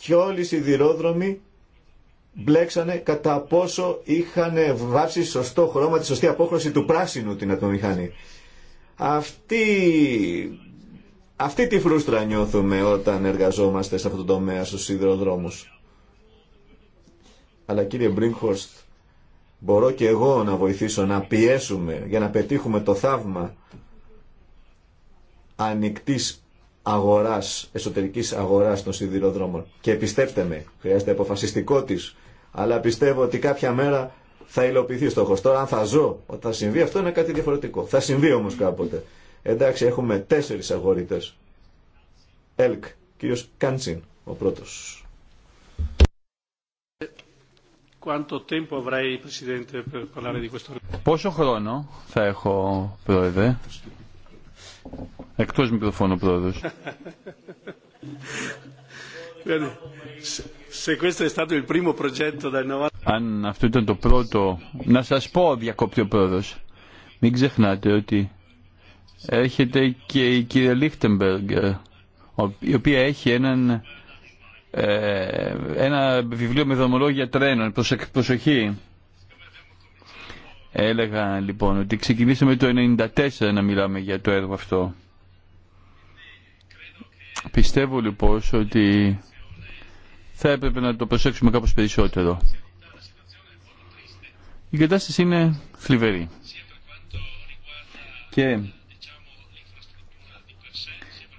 Και όλοι οι σιδηρόδρομοι μπλέξανε κατά πόσο είχαν βάψει σωστό χρώμα, τη σωστή απόχρωση του πράσινου την ατομηχανή. Αυτή, αυτή τη φρούστρα νιώθουμε όταν εργαζόμαστε σε αυτό το τομέα στους σιδηροδρόμους. Αλλά κύριε Μπρίγχορστ, μπορώ και εγώ να βοηθήσω να πιέσουμε για να πετύχουμε το θαύμα ανοιχτή αγοράς, εσωτερικής αγοράς των σιδηροδρόμων. Και πιστέψτε με, χρειάζεται αποφασιστικό αλλά πιστεύω ότι κάποια μέρα θα υλοποιηθεί ο στόχος. Τώρα αν θα ζω, όταν συμβεί αυτό είναι κάτι διαφορετικό. Θα συμβεί όμω κάποτε. Εντάξει, έχουμε τέσσερι αγορητές. Ελκ, κύριο Κάντσιν, ο πρώτο. Πόσο χρόνο θα έχω, Πρόεδρε, εκτός μικροφώνου Πρόεδρος. [LAUGHS] Αν αυτό ήταν το πρώτο, να σας πω διακόπτει ο πρόεδρος. Μην ξεχνάτε ότι έρχεται και η κυρία Λίχτεμπεργκ, η οποία έχει έναν, ε, ένα βιβλίο με δρομολόγια τρένων. Προσοχή. Έλεγα λοιπόν ότι ξεκινήσαμε το 1994 να μιλάμε για το έργο αυτό. Πιστεύω λοιπόν ότι θα έπρεπε να το προσέξουμε κάπως περισσότερο. Η κατάσταση είναι θλιβερή. Και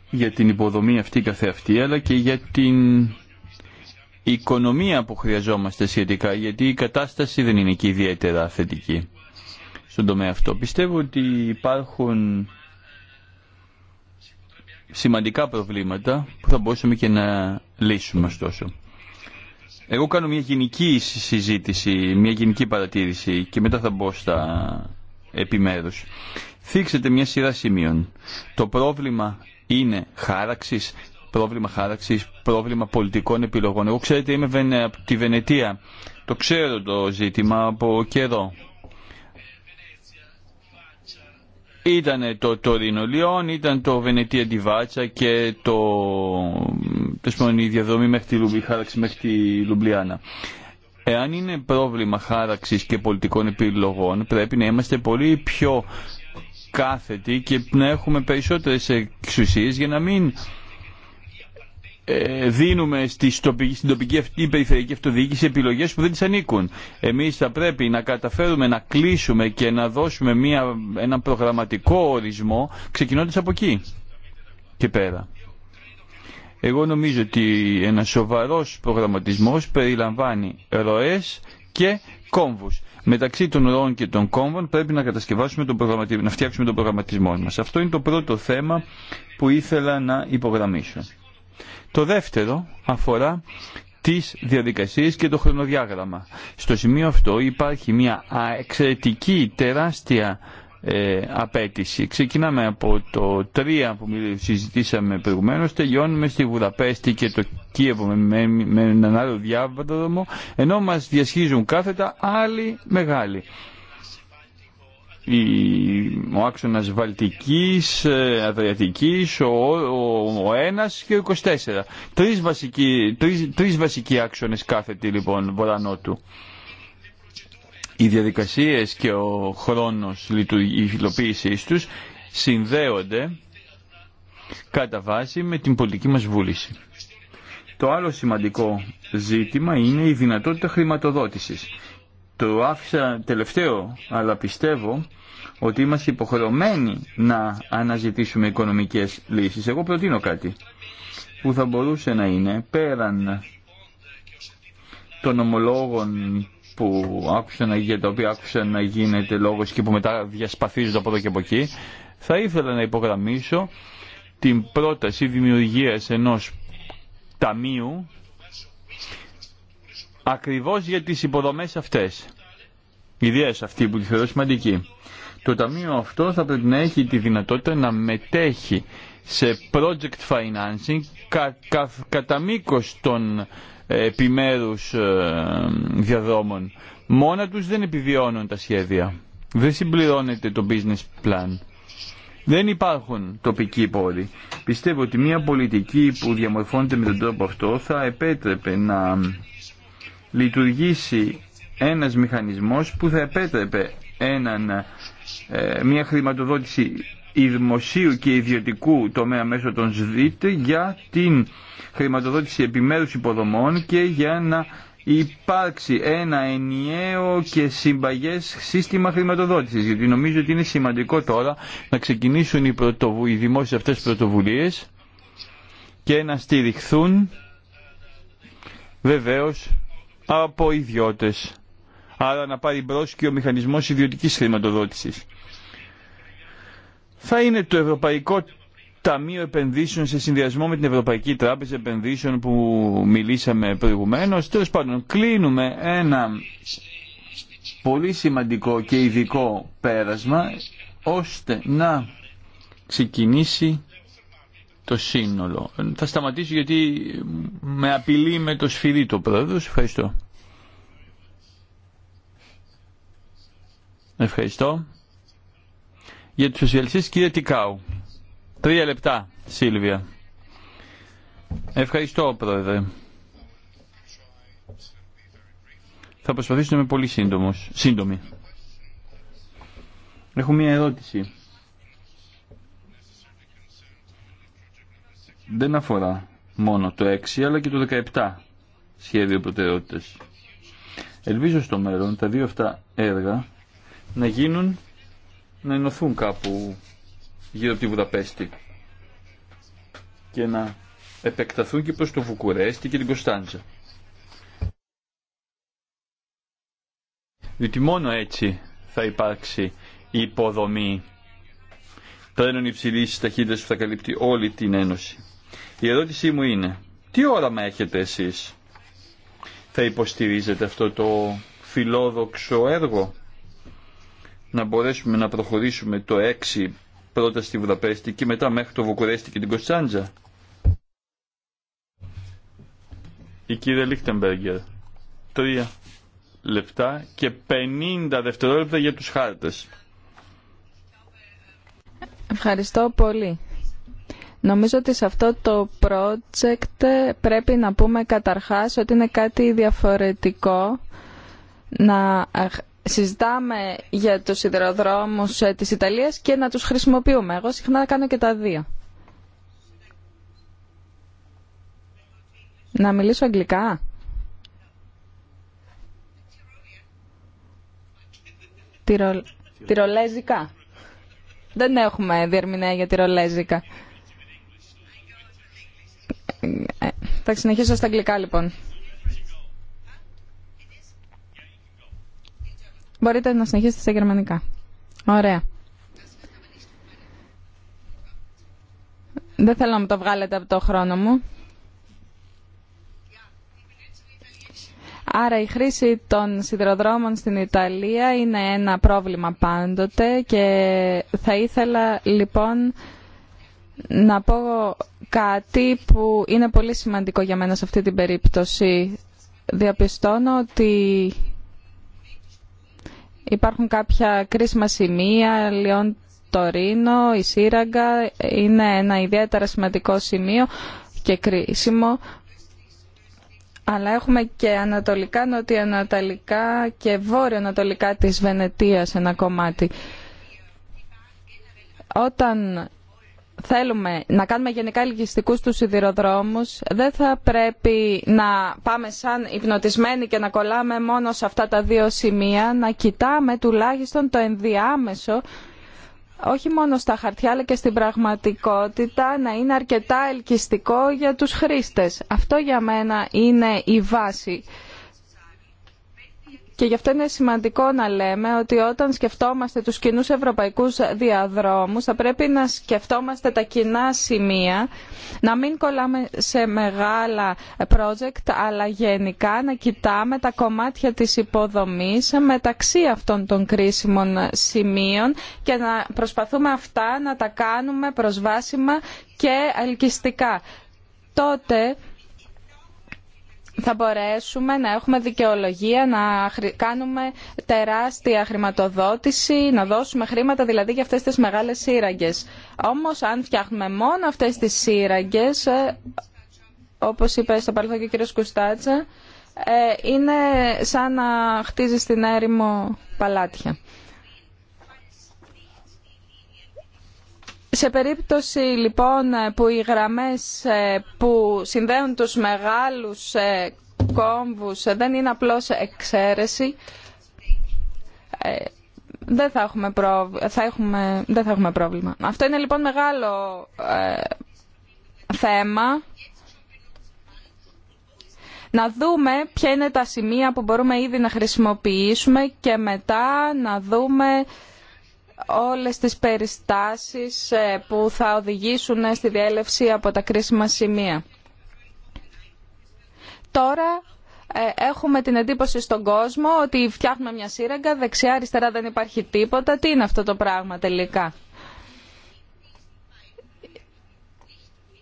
για την υποδομή αυτή καθεαυτή, αλλά και για την οικονομία που χρειαζόμαστε σχετικά, γιατί η κατάσταση δεν είναι και ιδιαίτερα θετική στον τομέα αυτό. Πιστεύω ότι υπάρχουν σημαντικά προβλήματα που θα μπορούσαμε και να λύσουμε ωστόσο. Εγώ κάνω μια γενική συζήτηση, μια γενική παρατήρηση και μετά θα μπω στα επιμέρους. Θίξετε μια σειρά σημείων. Το πρόβλημα είναι χάραξης, πρόβλημα χάραξης, πρόβλημα πολιτικών επιλογών. Εγώ ξέρετε είμαι από τη Βενετία. Το ξέρω το ζήτημα από καιρό. ήταν το Τωρίνο Λιόν, ήταν το Βενετία Ντιβάτσα και το, η διαδρομή μέχρι τη, χάραξη μέχρι τη Λουμπλιάνα. Εάν είναι πρόβλημα χάραξης και πολιτικών επιλογών, πρέπει να είμαστε πολύ πιο κάθετοι και να έχουμε περισσότερες εξουσίες για να μην ε, δίνουμε στην τοπική αυτή περιφερειακή αυτοδιοίκηση επιλογές που δεν τις ανήκουν. Εμείς θα πρέπει να καταφέρουμε να κλείσουμε και να δώσουμε μια, ένα προγραμματικό ορισμό ξεκινώντας από εκεί και πέρα. Εγώ νομίζω ότι ένα σοβαρός προγραμματισμός περιλαμβάνει ροές και κόμβους. Μεταξύ των ροών και των κόμβων πρέπει να κατασκευάσουμε τον προγραμματισμό, να φτιάξουμε τον προγραμματισμό μας. Αυτό είναι το πρώτο θέμα που ήθελα να υπογραμμίσω. Το δεύτερο αφορά τις διαδικασίες και το χρονοδιάγραμμα. Στο σημείο αυτό υπάρχει μια εξαιρετική τεράστια ε, απέτηση. Ξεκινάμε από το 3 που συζητήσαμε προηγουμένως, τελειώνουμε στη Βουδαπέστη και το Κίεβο με, με, με έναν άλλο δρόμο, ενώ μας διασχίζουν κάθετα άλλοι μεγάλοι ο άξονα Βαλτικής, ε, Αδριατική, ο, ο, και ο 24. Τρει βασικοί, τρεις, βασικοί άξονες κάθετοι λοιπόν βορανότου. Οι διαδικασίε και ο χρόνος υλοποίησή του τους συνδέονται κατά βάση με την πολιτική μας βούληση. Το άλλο σημαντικό ζήτημα είναι η δυνατότητα χρηματοδότησης το άφησα τελευταίο, αλλά πιστεύω ότι είμαστε υποχρεωμένοι να αναζητήσουμε οικονομικές λύσεις. Εγώ προτείνω κάτι που θα μπορούσε να είναι πέραν των ομολόγων που άκουσαν, για τα οποία άκουσαν να γίνεται λόγος και που μετά διασπαθίζονται από εδώ και από εκεί, θα ήθελα να υπογραμμίσω την πρόταση δημιουργίας ενός ταμείου ακριβώς για τις υποδομές αυτές. Ιδέες αυτή που τη θεωρώ σημαντική. Το Ταμείο αυτό θα πρέπει να έχει τη δυνατότητα να μετέχει σε project financing κα, κατά μήκο των ε, επιμέρους ε, διαδρόμων. Μόνα τους δεν επιβιώνουν τα σχέδια. Δεν συμπληρώνεται το business plan. Δεν υπάρχουν τοπικοί πόροι. Πιστεύω ότι μια πολιτική που διαμορφώνεται με τον τρόπο αυτό θα επέτρεπε να λειτουργήσει ένας μηχανισμός που θα επέτρεπε έναν, ε, μια χρηματοδότηση δημοσίου και ιδιωτικού τομέα μέσω των ΣΔΙΤ για την χρηματοδότηση επιμέρους υποδομών και για να υπάρξει ένα ενιαίο και συμπαγές σύστημα χρηματοδότησης γιατί νομίζω ότι είναι σημαντικό τώρα να ξεκινήσουν οι, πρωτοβου... οι δημόσιες αυτές πρωτοβουλίες και να στηριχθούν βεβαίως από ιδιώτες. Άρα να πάρει μπρο και ο μηχανισμός ιδιωτικής χρηματοδότησης. Θα είναι το Ευρωπαϊκό Ταμείο Επενδύσεων σε συνδυασμό με την Ευρωπαϊκή Τράπεζα Επενδύσεων που μιλήσαμε προηγουμένω. Τέλο πάντων, κλείνουμε ένα πολύ σημαντικό και ειδικό πέρασμα ώστε να ξεκινήσει το σύνολο. Θα σταματήσω γιατί με απειλεί με το σφυρί το πρόεδρο. Ευχαριστώ. Ευχαριστώ. Για τους σοσιαλιστές κύριε Τικάου. Τρία λεπτά Σίλβια. Ευχαριστώ πρόεδρε. Θα προσπαθήσω να είμαι πολύ σύντομος. Σύντομη. Έχω μία ερώτηση. δεν αφορά μόνο το 6 αλλά και το 17 σχέδιο προτεραιότητας. Ελπίζω στο μέλλον τα δύο αυτά έργα να γίνουν, να ενωθούν κάπου γύρω από τη Βουδαπέστη και να επεκταθούν και προς το Βουκουρέστι και την Κωνσταντζα. Διότι μόνο έτσι θα υπάρξει η υποδομή τρένων υψηλής ταχύτητας που θα καλύπτει όλη την Ένωση. Η ερώτησή μου είναι, τι όραμα έχετε εσείς. Θα υποστηρίζετε αυτό το φιλόδοξο έργο να μπορέσουμε να προχωρήσουμε το 6 πρώτα στη Βουδαπέστη και μετά μέχρι το Βουκουρέστη και την Κωνσταντζα. Η κύριε Λίχτεμπεργκερ. Τρία λεπτά και 50 δευτερόλεπτα για τους χάρτες. Ευχαριστώ πολύ. Νομίζω ότι σε αυτό το project πρέπει να πούμε καταρχάς ότι είναι κάτι διαφορετικό να ε, συζητάμε για τους σιδηροδρόμους ε, της Ιταλίας και να τους χρησιμοποιούμε. Εγώ συχνά κάνω και τα δύο. Να μιλήσω αγγλικά. Τυρολέζικα. Δεν έχουμε διερμηνέα για τυρολέζικα. Θα συνεχίσω στα αγγλικά λοιπόν. Μπορείτε να συνεχίσετε στα γερμανικά. Ωραία. Δεν θέλω να μου το βγάλετε από το χρόνο μου. Άρα η χρήση των σιδηροδρόμων στην Ιταλία είναι ένα πρόβλημα πάντοτε και θα ήθελα λοιπόν να πω κάτι που είναι πολύ σημαντικό για μένα σε αυτή την περίπτωση. Διαπιστώνω ότι υπάρχουν κάποια κρίσιμα σημεία, λιών τορίνο, η Σύραγγα είναι ένα ιδιαίτερα σημαντικό σημείο και κρίσιμο. Αλλά έχουμε και ανατολικά, νοτιοανατολικά και βόρειο-ανατολικά της Βενετίας ένα κομμάτι. Όταν θέλουμε να κάνουμε γενικά ελκυστικούς τους σιδηροδρόμους δεν θα πρέπει να πάμε σαν υπνοτισμένοι και να κολλάμε μόνο σε αυτά τα δύο σημεία να κοιτάμε τουλάχιστον το ενδιάμεσο όχι μόνο στα χαρτιά αλλά και στην πραγματικότητα να είναι αρκετά ελκυστικό για τους χρήστες. Αυτό για μένα είναι η βάση και γι' αυτό είναι σημαντικό να λέμε ότι όταν σκεφτόμαστε τους κοινούς ευρωπαϊκούς διαδρόμους θα πρέπει να σκεφτόμαστε τα κοινά σημεία, να μην κολλάμε σε μεγάλα project αλλά γενικά να κοιτάμε τα κομμάτια της υποδομής μεταξύ αυτών των κρίσιμων σημείων και να προσπαθούμε αυτά να τα κάνουμε προσβάσιμα και ελκυστικά. Τότε θα μπορέσουμε να έχουμε δικαιολογία, να κάνουμε τεράστια χρηματοδότηση, να δώσουμε χρήματα δηλαδή για αυτές τις μεγάλες σύραγγες. Όμως αν φτιάχνουμε μόνο αυτές τις σύραγγες, ε, όπως είπε στο παρελθόν και ο κύριος Κουστάτσα, ε, είναι σαν να χτίζεις την έρημο παλάτια. σε περίπτωση λοιπόν που οι γραμμές ε, που συνδέουν τους μεγάλους ε, κόμβους ε, δεν είναι απλώς εξαίρεση, δεν θα έχουμε, θα έχουμε... Δεν θα έχουμε πρόβλημα. Αυτό είναι λοιπόν μεγάλο θέμα. Να δούμε ποια είναι τα σημεία που μπορούμε ήδη να χρησιμοποιήσουμε και μετά να δούμε όλες τις περιστάσεις ε, που θα οδηγήσουν ε, στη διέλευση από τα κρίσιμα σημεία. Τώρα ε, έχουμε την εντύπωση στον κόσμο ότι φτιάχνουμε μια σύραγγα, δεξιά-αριστερά δεν υπάρχει τίποτα. Τι είναι αυτό το πράγμα τελικά.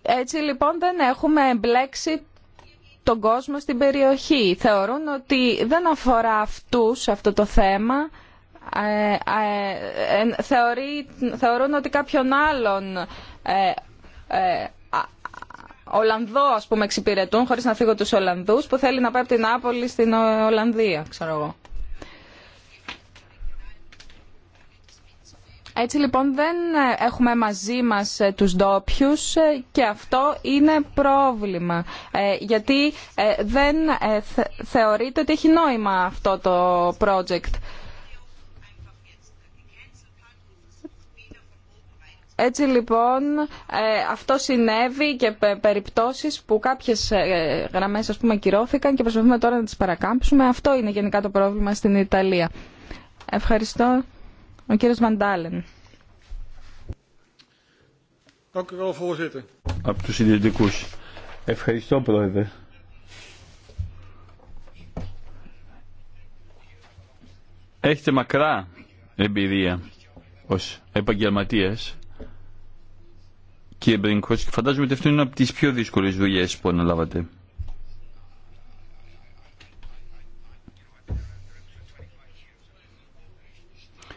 Έτσι λοιπόν δεν έχουμε εμπλέξει τον κόσμο στην περιοχή. Θεωρούν ότι δεν αφορά αυτούς αυτό το θέμα θεωρούν ότι κάποιον άλλον ε, ε, Ολλανδό, ας πούμε, εξυπηρετούν, χωρίς να φύγω τους Ολλανδούς, που θέλει να πάει από την Άπολη στην Ολλανδία, ξέρω εγώ. Έτσι λοιπόν δεν έχουμε μαζί μας ε, τους ντόπιου και αυτό είναι πρόβλημα. Γιατί δεν θεωρείται ότι έχει νόημα αυτό το project. Έτσι λοιπόν ε, αυτό συνέβη και περιπτώσεις που κάποιες ε, γραμμές ας πούμε κυρώθηκαν και προσπαθούμε τώρα να τις παρακάμψουμε. Αυτό είναι γενικά το πρόβλημα στην Ιταλία. Ευχαριστώ. Ο κύριος Μαντάλεν. Από τους ιδιωτικούς. Ευχαριστώ πρόεδρε. Έχετε μακρά εμπειρία ως επαγγελματίας κύριε Μπρινκότς φαντάζομαι ότι αυτό είναι από τις πιο δύσκολες δουλειές που αναλάβατε.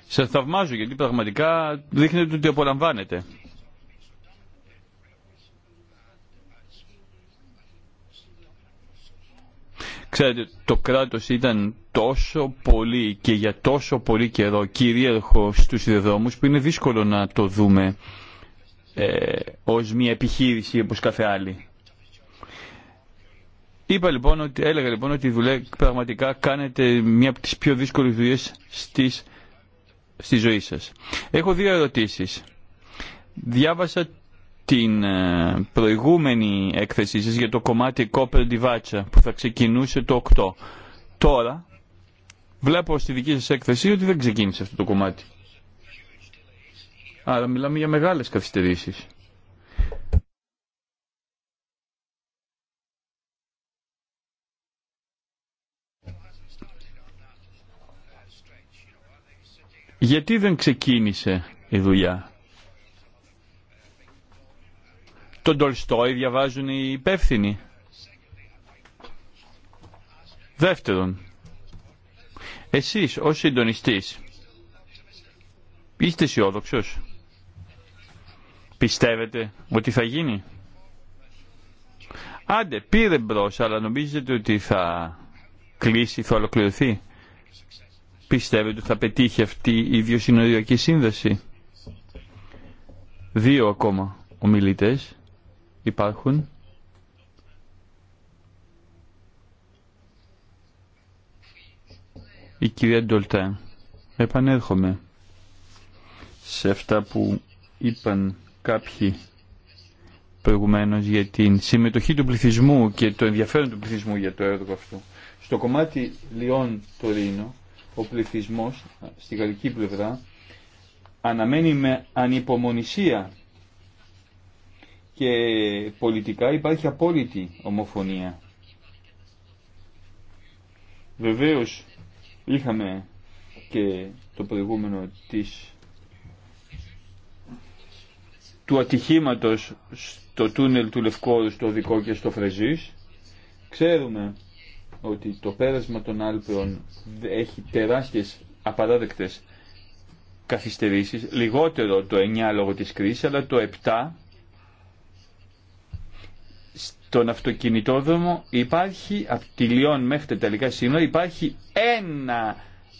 Σας θαυμάζω γιατί πραγματικά δείχνετε ότι απολαμβάνετε. Ξέρετε, το κράτος ήταν τόσο πολύ και για τόσο πολύ καιρό κυρίαρχο στους ιδεδρόμους που είναι δύσκολο να το δούμε ε, ως μια επιχείρηση όπως κάθε άλλη. Είπα λοιπόν ότι, έλεγα λοιπόν ότι δουλε, πραγματικά κάνετε μια από τις πιο δύσκολες δουλειές στις, στη ζωή σας. Έχω δύο ερωτήσεις. Διάβασα την ε, προηγούμενη έκθεσή σας για το κομμάτι Copper Divacha που θα ξεκινούσε το 8. Τώρα βλέπω στη δική σας έκθεση ότι δεν ξεκίνησε αυτό το κομμάτι. Άρα μιλάμε για μεγάλες καθυστερήσεις. Γιατί δεν ξεκίνησε η δουλειά. Τον Τολστόι διαβάζουν οι υπεύθυνοι. Δεύτερον, εσείς ως συντονιστής είστε αισιόδοξο. Πιστεύετε ότι θα γίνει. Άντε, πήρε μπρο, αλλά νομίζετε ότι θα κλείσει, θα ολοκληρωθεί. Πιστεύετε ότι θα πετύχει αυτή η διοσυνοριακή σύνδεση. Δύο ακόμα ομιλητές υπάρχουν. Η κυρία Ντολτέ επανέρχομαι σε αυτά που είπαν κάποιοι προηγουμένω για την συμμετοχή του πληθυσμού και το ενδιαφέρον του πληθυσμού για το έργο αυτό. Στο κομμάτι Λιών Τωρίνο, ο πληθυσμό στη γαλλική πλευρά αναμένει με ανυπομονησία και πολιτικά υπάρχει απόλυτη ομοφωνία. Βεβαίως είχαμε και το προηγούμενο της του ατυχήματος στο τούνελ του Λευκόρου στο Οδικό και στο Φρεζής. Ξέρουμε ότι το πέρασμα των Άλπαιων έχει τεράστιες απαράδεκτες καθυστερήσεις, λιγότερο το 9 λόγω της κρίσης, αλλά το 7 στον αυτοκινητόδρομο υπάρχει, από τη Λιόν μέχρι τα τελικά σύνορα, υπάρχει ένα,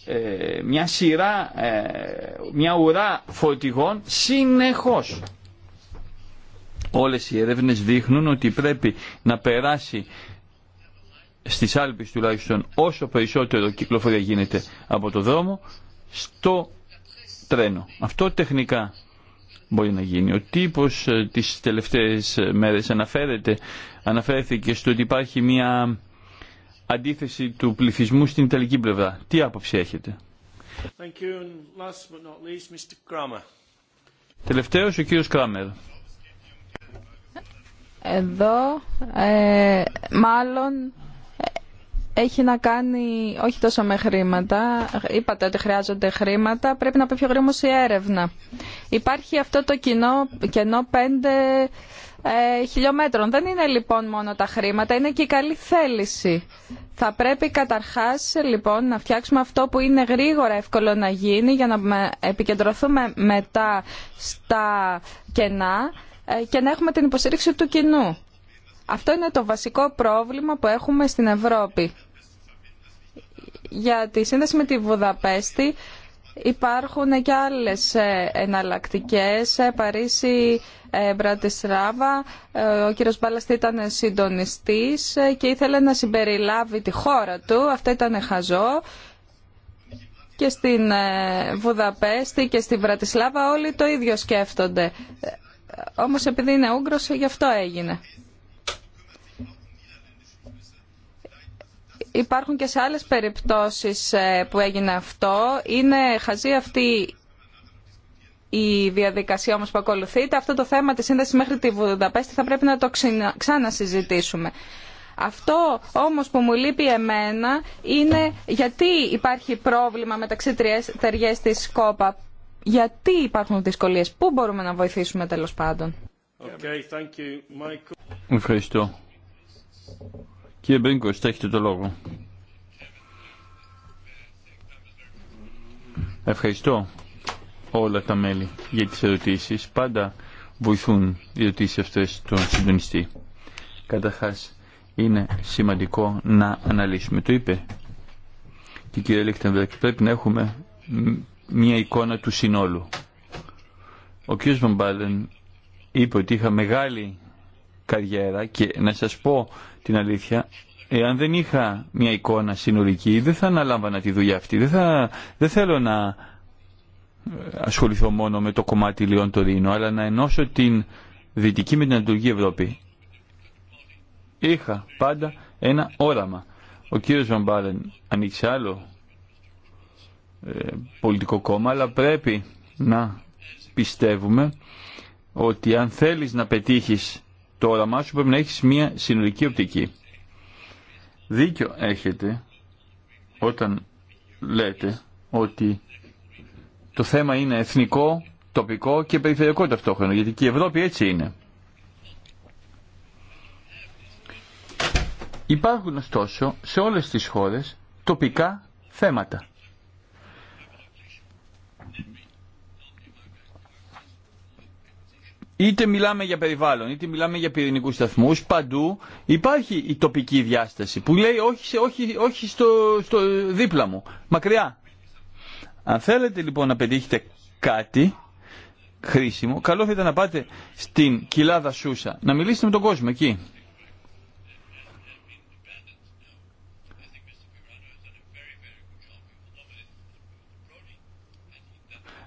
ε, μια σειρά, ε, μια ουρά φωτιγών συνεχώς. Όλες οι έρευνες δείχνουν ότι πρέπει να περάσει στις Άλπεις τουλάχιστον όσο περισσότερο κυκλοφορία γίνεται από το δρόμο στο τρένο. Αυτό τεχνικά μπορεί να γίνει. Ο τύπος ε, τις τελευταίες ε, μέρες αναφέρεται, αναφέρθηκε στο ότι υπάρχει μια αντίθεση του πληθυσμού στην Ιταλική πλευρά. Τι άποψη έχετε. Τελευταίος ο κύριος Κράμερ εδώ ε, μάλλον έχει να κάνει όχι τόσο με χρήματα. Είπατε ότι χρειάζονται χρήματα. Πρέπει να πει πιο γρήγορα η έρευνα. Υπάρχει αυτό το κοινό, κενό 5 ε, χιλιόμετρων. Δεν είναι λοιπόν μόνο τα χρήματα, είναι και η καλή θέληση. Θα πρέπει καταρχάς λοιπόν να φτιάξουμε αυτό που είναι γρήγορα εύκολο να γίνει για να επικεντρωθούμε μετά στα κενά ε, και να έχουμε την υποστήριξη του κοινού. Αυτό είναι το βασικό πρόβλημα που έχουμε στην Ευρώπη. Για τη σύνδεση με τη Βουδαπέστη υπάρχουν και άλλες ε, εναλλακτικές, ε, Παρίσι, Μπρατισράβα. Ο κύριος Μπάλαστη ήταν συντονιστής και ήθελε να συμπεριλάβει τη χώρα του. Αυτό ήταν χαζό. Και στην Βουδαπέστη και στη Βρατισλάβα όλοι το ίδιο σκέφτονται. Όμως επειδή είναι Ούγγρος, γι' αυτό έγινε. Υπάρχουν και σε άλλες περιπτώσεις ε, που έγινε αυτό. Είναι χαζή αυτή η διαδικασία όμως που ακολουθείται. Αυτό το θέμα της σύνδεση μέχρι τη Βουδαπέστη θα πρέπει να το ξανασυζητήσουμε. Αυτό όμως που μου λείπει εμένα είναι γιατί υπάρχει πρόβλημα μεταξύ ταιριές της ΚΟΠΑ γιατί υπάρχουν δυσκολίες, πού μπορούμε να βοηθήσουμε τέλος πάντων. Okay, thank you, Michael. Ευχαριστώ. Κύριε Μπρίνκος, θα έχετε το λόγο. Ευχαριστώ όλα τα μέλη για τις ερωτήσεις. Πάντα βοηθούν οι ερωτήσεις αυτές των συντονιστή. Καταρχάς, είναι σημαντικό να αναλύσουμε. Το είπε και η κυρία και Πρέπει να έχουμε μια εικόνα του συνόλου. Ο κ. Βαμπάλεν είπε ότι είχα μεγάλη καριέρα και να σας πω την αλήθεια, εάν δεν είχα μια εικόνα συνολική δεν θα αναλάμβανα τη δουλειά αυτή. Δεν, θα, δεν θέλω να ε, ασχοληθώ μόνο με το κομμάτι Λιών Τωρίνο, αλλά να ενώσω την Δυτική με την Αντουργή Ευρώπη. Είχα πάντα ένα όραμα. Ο κύριος Βαμπάλεν ανοίξει άλλο πολιτικό κόμμα, αλλά πρέπει να πιστεύουμε ότι αν θέλεις να πετύχεις το όραμά σου πρέπει να έχεις μια συνολική οπτική. Δίκιο έχετε όταν λέτε ότι το θέμα είναι εθνικό, τοπικό και περιφερειακό ταυτόχρονα, γιατί και η Ευρώπη έτσι είναι. Υπάρχουν ωστόσο σε όλες τις χώρες τοπικά θέματα Είτε μιλάμε για περιβάλλον, είτε μιλάμε για πυρηνικού σταθμού, παντού υπάρχει η τοπική διάσταση που λέει όχι, όχι, όχι στο, στο δίπλα μου, μακριά. Αν θέλετε λοιπόν να πετύχετε κάτι χρήσιμο, καλό θα ήταν να πάτε στην κοιλάδα Σούσα, να μιλήσετε με τον κόσμο εκεί.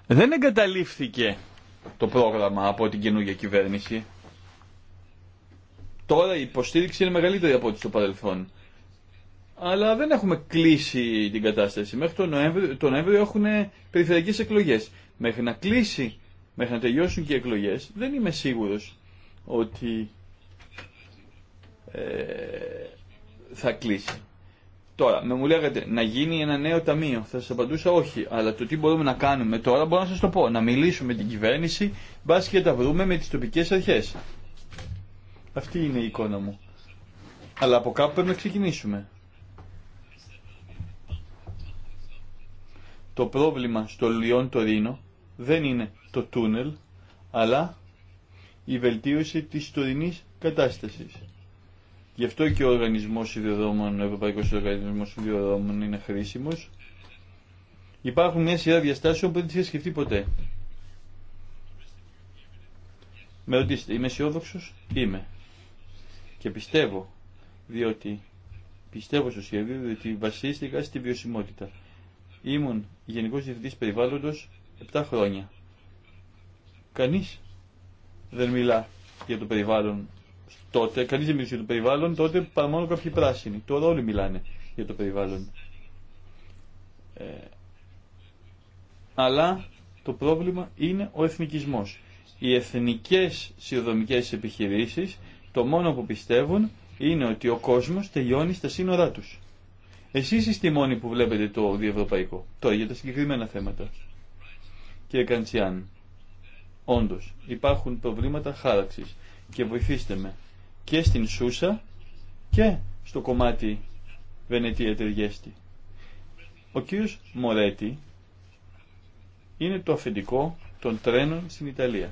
Δεν εγκαταλείφθηκε το πρόγραμμα από την καινούργια κυβέρνηση. Τώρα η υποστήριξη είναι μεγαλύτερη από ό,τι στο παρελθόν. Αλλά δεν έχουμε κλείσει την κατάσταση. Μέχρι τον Νοέμβριο, Νοέμβριο έχουν περιφερειακές εκλογές. Μέχρι να κλείσει, μέχρι να τελειώσουν και οι εκλογές, δεν είμαι σίγουρος ότι ε, θα κλείσει. Τώρα, με μου λέγατε να γίνει ένα νέο ταμείο. Θα σα απαντούσα όχι. Αλλά το τι μπορούμε να κάνουμε τώρα μπορώ να σα το πω. Να μιλήσουμε με την κυβέρνηση, μπα και τα βρούμε με τι τοπικέ αρχέ. Αυτή είναι η εικόνα μου. Αλλά από κάπου πρέπει να ξεκινήσουμε. Το πρόβλημα στο Λιόν Τωρίνο δεν είναι το τούνελ, αλλά η βελτίωση της τωρινής κατάστασης. Γι' αυτό και ο οργανισμός σιδηροδρόμων, ο Ευρωπαϊκό Οργανισμός Σιδηροδρόμων είναι χρήσιμο. Υπάρχουν μια σειρά διαστάσεων που δεν τι είχα σκεφτεί ποτέ. Με ρωτήσετε, είμαι αισιόδοξο, είμαι. Και πιστεύω, διότι πιστεύω στο σχέδιο, διότι βασίστηκα στη βιωσιμότητα. Ήμουν Γενικό Διευθυντή Περιβάλλοντο 7 χρόνια. Κανεί δεν μιλά για το περιβάλλον τότε, κανεί δεν μιλούσε για το περιβάλλον, τότε παρά μόνο κάποιοι πράσινοι. Τώρα όλοι μιλάνε για το περιβάλλον. Ε, αλλά το πρόβλημα είναι ο εθνικισμός. Οι εθνικές συνοδομικές επιχειρήσεις το μόνο που πιστεύουν είναι ότι ο κόσμος τελειώνει στα σύνορά τους. Εσείς είστε οι μόνοι που βλέπετε το διευρωπαϊκό. Τώρα για τα συγκεκριμένα θέματα. Κύριε Καντσιάν, όντως υπάρχουν προβλήματα χάραξης και βοηθήστε με και στην Σούσα και στο κομμάτι Βενετία Τεργέστη. Ο κύριος Μορέτη είναι το αφεντικό των τρένων στην Ιταλία.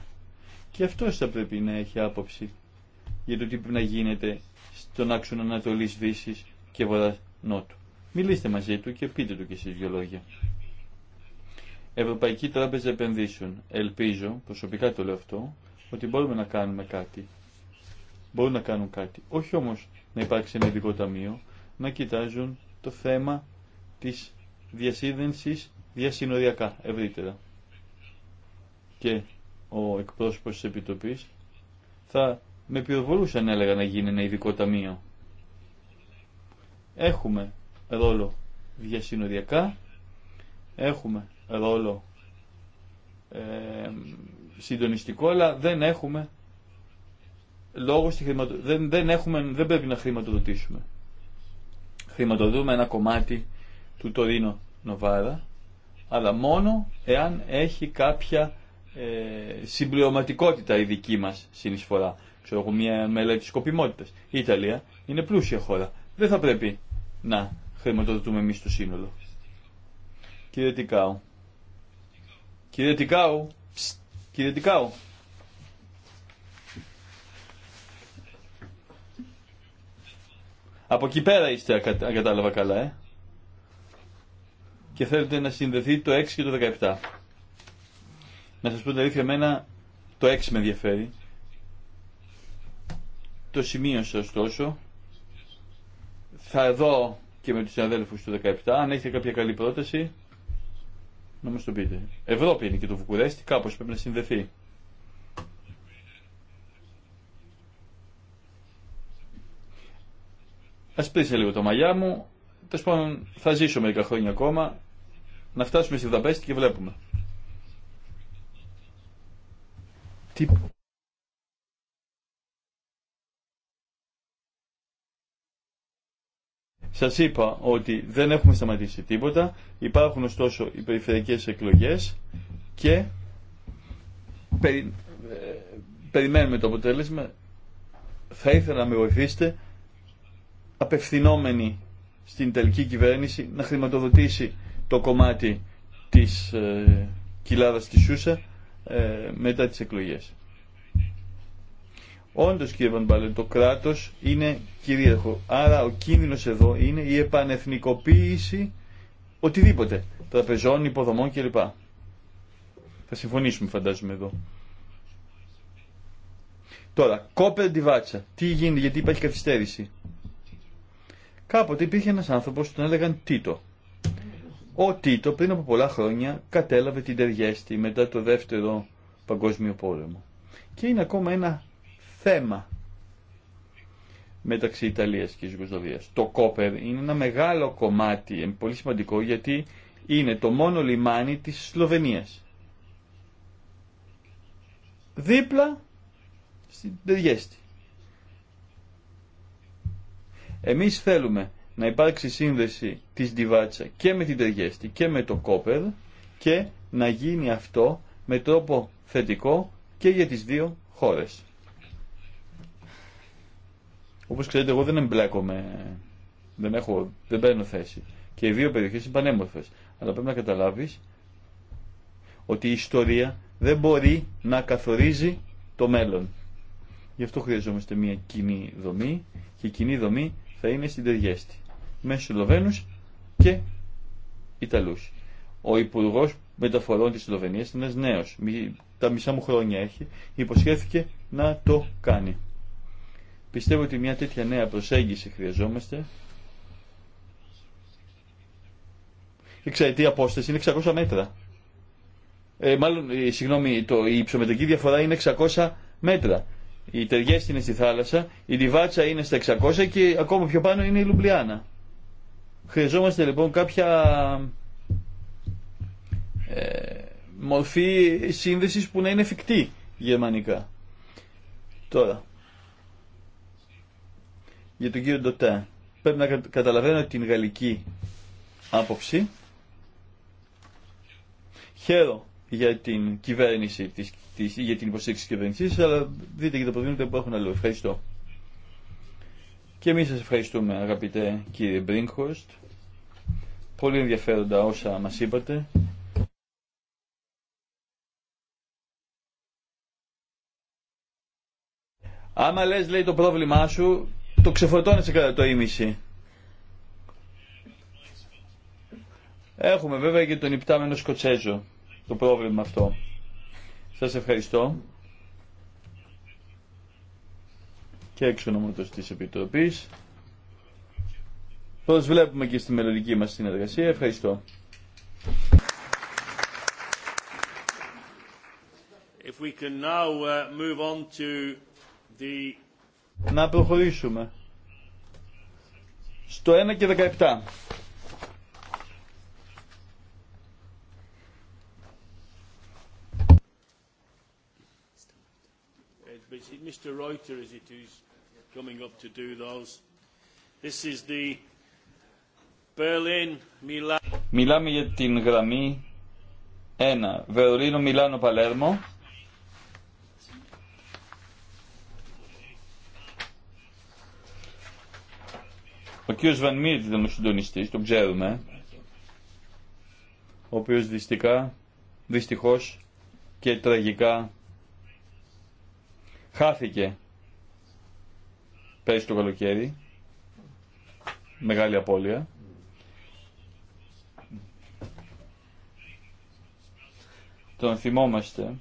Και αυτό θα πρέπει να έχει άποψη για το τι πρέπει να γίνεται στον άξονα Ανατολή Δύση και Βορρά Νότου. Μιλήστε μαζί του και πείτε του και εσεί δύο λόγια. Ευρωπαϊκή Τράπεζα Επενδύσεων. Ελπίζω, προσωπικά το λέω αυτό, ότι μπορούμε να κάνουμε κάτι. Μπορούν να κάνουν κάτι. Όχι όμως να υπάρξει ένα ειδικό ταμείο, να κοιτάζουν το θέμα της διασύνδεσης διασυνοριακά ευρύτερα. Και ο εκπρόσωπος της Επιτροπής θα με πυροβολούσε αν έλεγα να γίνει ένα ειδικό ταμείο. Έχουμε ρόλο διασυνοριακά, έχουμε ρόλο ε, συντονιστικό, αλλά δεν έχουμε λόγο στη χρηματο... δεν, δεν, έχουμε, δεν πρέπει να χρηματοδοτήσουμε. Χρηματοδοτούμε ένα κομμάτι του Τωρίνο Νοβάρα, αλλά μόνο εάν έχει κάποια ε, συμπληρωματικότητα η δική μα συνεισφορά. Ξέρω εγώ μια μελέτη σκοπιμότητα. Η Ιταλία είναι πλούσια χώρα. Δεν θα πρέπει να χρηματοδοτούμε εμεί το σύνολο. Κύριε Τικάου. Κύριε Τικάου. Κύριε Τικάου. Από εκεί πέρα είστε, αν κατάλαβα καλά, ε. Και θέλετε να συνδεθεί το 6 και το 17. Να σας πω την αλήθεια, εμένα το 6 με ενδιαφέρει. Το σημείωσα ωστόσο. Θα δω και με τους συναδέλφους του 17, αν έχετε κάποια καλή πρόταση να μας το πείτε. Ευρώπη είναι και το Βουκουρέστι, κάπως πρέπει να συνδεθεί. Ας πείτε λίγο τα μαλλιά μου. Τέλο πάντων, θα ζήσω μερικά χρόνια ακόμα. Να φτάσουμε στη Βουδαπέστη και βλέπουμε. Τι... Σας είπα ότι δεν έχουμε σταματήσει τίποτα, υπάρχουν ωστόσο οι περιφερειακές εκλογές και περι... Ε, περιμένουμε το αποτέλεσμα. Θα ήθελα να με βοηθήσετε απευθυνόμενοι στην τελική κυβέρνηση να χρηματοδοτήσει το κομμάτι της ε, κοιλάδας της Σούσα ε, μετά τις εκλογές. Όντως κύριε Βανμπάλε, το κράτος είναι κυρίαρχο. Άρα ο κίνδυνος εδώ είναι η επανεθνικοποίηση οτιδήποτε. Τραπεζών, υποδομών κλπ. Θα συμφωνήσουμε φαντάζομαι εδώ. Τώρα, κόπερ τη βάτσα. Τι γίνεται, γιατί υπάρχει καθυστέρηση. Κάποτε υπήρχε ένα άνθρωπο που τον έλεγαν Τίτο. Ο Τίτο πριν από πολλά χρόνια κατέλαβε την Τεργέστη μετά το δεύτερο παγκόσμιο πόλεμο. Και είναι ακόμα ένα θέμα μεταξύ Ιταλίας και Ιουγκοσλαβίας. Το κόπερ είναι ένα μεγάλο κομμάτι, πολύ σημαντικό γιατί είναι το μόνο λιμάνι της Σλοβενίας. Δίπλα στην Τεργέστη. Εμείς θέλουμε να υπάρξει σύνδεση της Ντιβάτσα και με την Τεργέστη και με το Κόπερ και να γίνει αυτό με τρόπο θετικό και για τις δύο χώρες. Όπω ξέρετε εγώ δεν εμπλέκομαι, δεν, έχω, δεν παίρνω θέση. Και οι δύο περιοχέ είναι πανέμορφες. Αλλά πρέπει να καταλάβεις ότι η ιστορία δεν μπορεί να καθορίζει το μέλλον. Γι' αυτό χρειαζόμαστε μια κοινή δομή και η κοινή δομή θα είναι στην Τεργέστη. Με Σλοβαίνου και Ιταλούς. Ο Υπουργό Μεταφορών τη Σλοβενία είναι ένα νέο. Τα μισά μου χρόνια έχει. Υποσχέθηκε να το κάνει. Πιστεύω ότι μια τέτοια νέα προσέγγιση χρειαζόμαστε. Εξαετή απόσταση είναι 600 μέτρα. Ε, μάλλον, ε, συγγνώμη, το, η υψομετρική διαφορά είναι 600 μέτρα. Η Τεριές είναι στη θάλασσα, η Λιβάτσα είναι στα 600 και ακόμα πιο πάνω είναι η Λουμπλιάνα. Χρειαζόμαστε λοιπόν κάποια ε, μορφή σύνδεσης που να είναι εφικτή γερμανικά. Τώρα, για τον κύριο Ντοτά. Πρέπει να καταλαβαίνω την γαλλική άποψη. Χαίρο για την κυβέρνηση, της, για την υποστήριξη της κυβέρνησης, αλλά δείτε και τα προβλήματα που έχουν αλλού. Ευχαριστώ. Και εμείς σας ευχαριστούμε αγαπητέ κύριε Μπριγχόρστ... Πολύ ενδιαφέροντα όσα μας είπατε. Άμα λες λέει το πρόβλημά σου, το ξεφορτώνεσαι κατά το ίμιση. Έχουμε βέβαια και τον υπτάμενο Σκοτσέζο το πρόβλημα αυτό. Σας ευχαριστώ. Και έξω ονόματος της Επιτροπής. Προσβλέπουμε και στη μελλοντική μας συνεργασία. Ευχαριστώ. If we can now uh, move on to the να προχωρήσουμε. Στο 1 και 17. Mr. Reuter is it who's coming up to do those. This is the Berlin Milan. Μιλάμε για την γραμμή 1. Βερολίνο, Μιλάνο, Παλέρμο. Ο κ. Βαν Μίρτ ήταν ο συντονιστή, τον ξέρουμε, ο οποίο δυστυχώ δυστυχώς και τραγικά χάθηκε πέρσι το καλοκαίρι, μεγάλη απώλεια. Τον θυμόμαστε.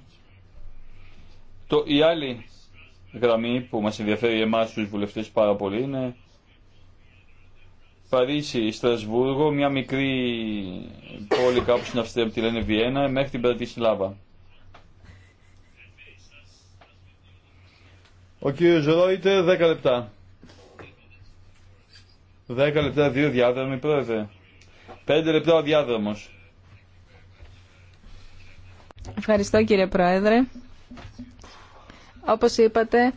Το, η άλλη γραμμή που μας ενδιαφέρει εμάς τους βουλευτές πάρα πολύ είναι Παρίσι, Στρασβούργο, μια μικρή πόλη κάπου στην Αυστρία που τη λένε Βιέννα, μέχρι την Πρατισλάβα. Ο κύριος Ρόιτερ, 10 λεπτά. 10 λεπτά, δύο διάδρομοι, πρόεδρε. 5 λεπτά ο διάδρομος. Ευχαριστώ κύριε Πρόεδρε. Όπως είπατε,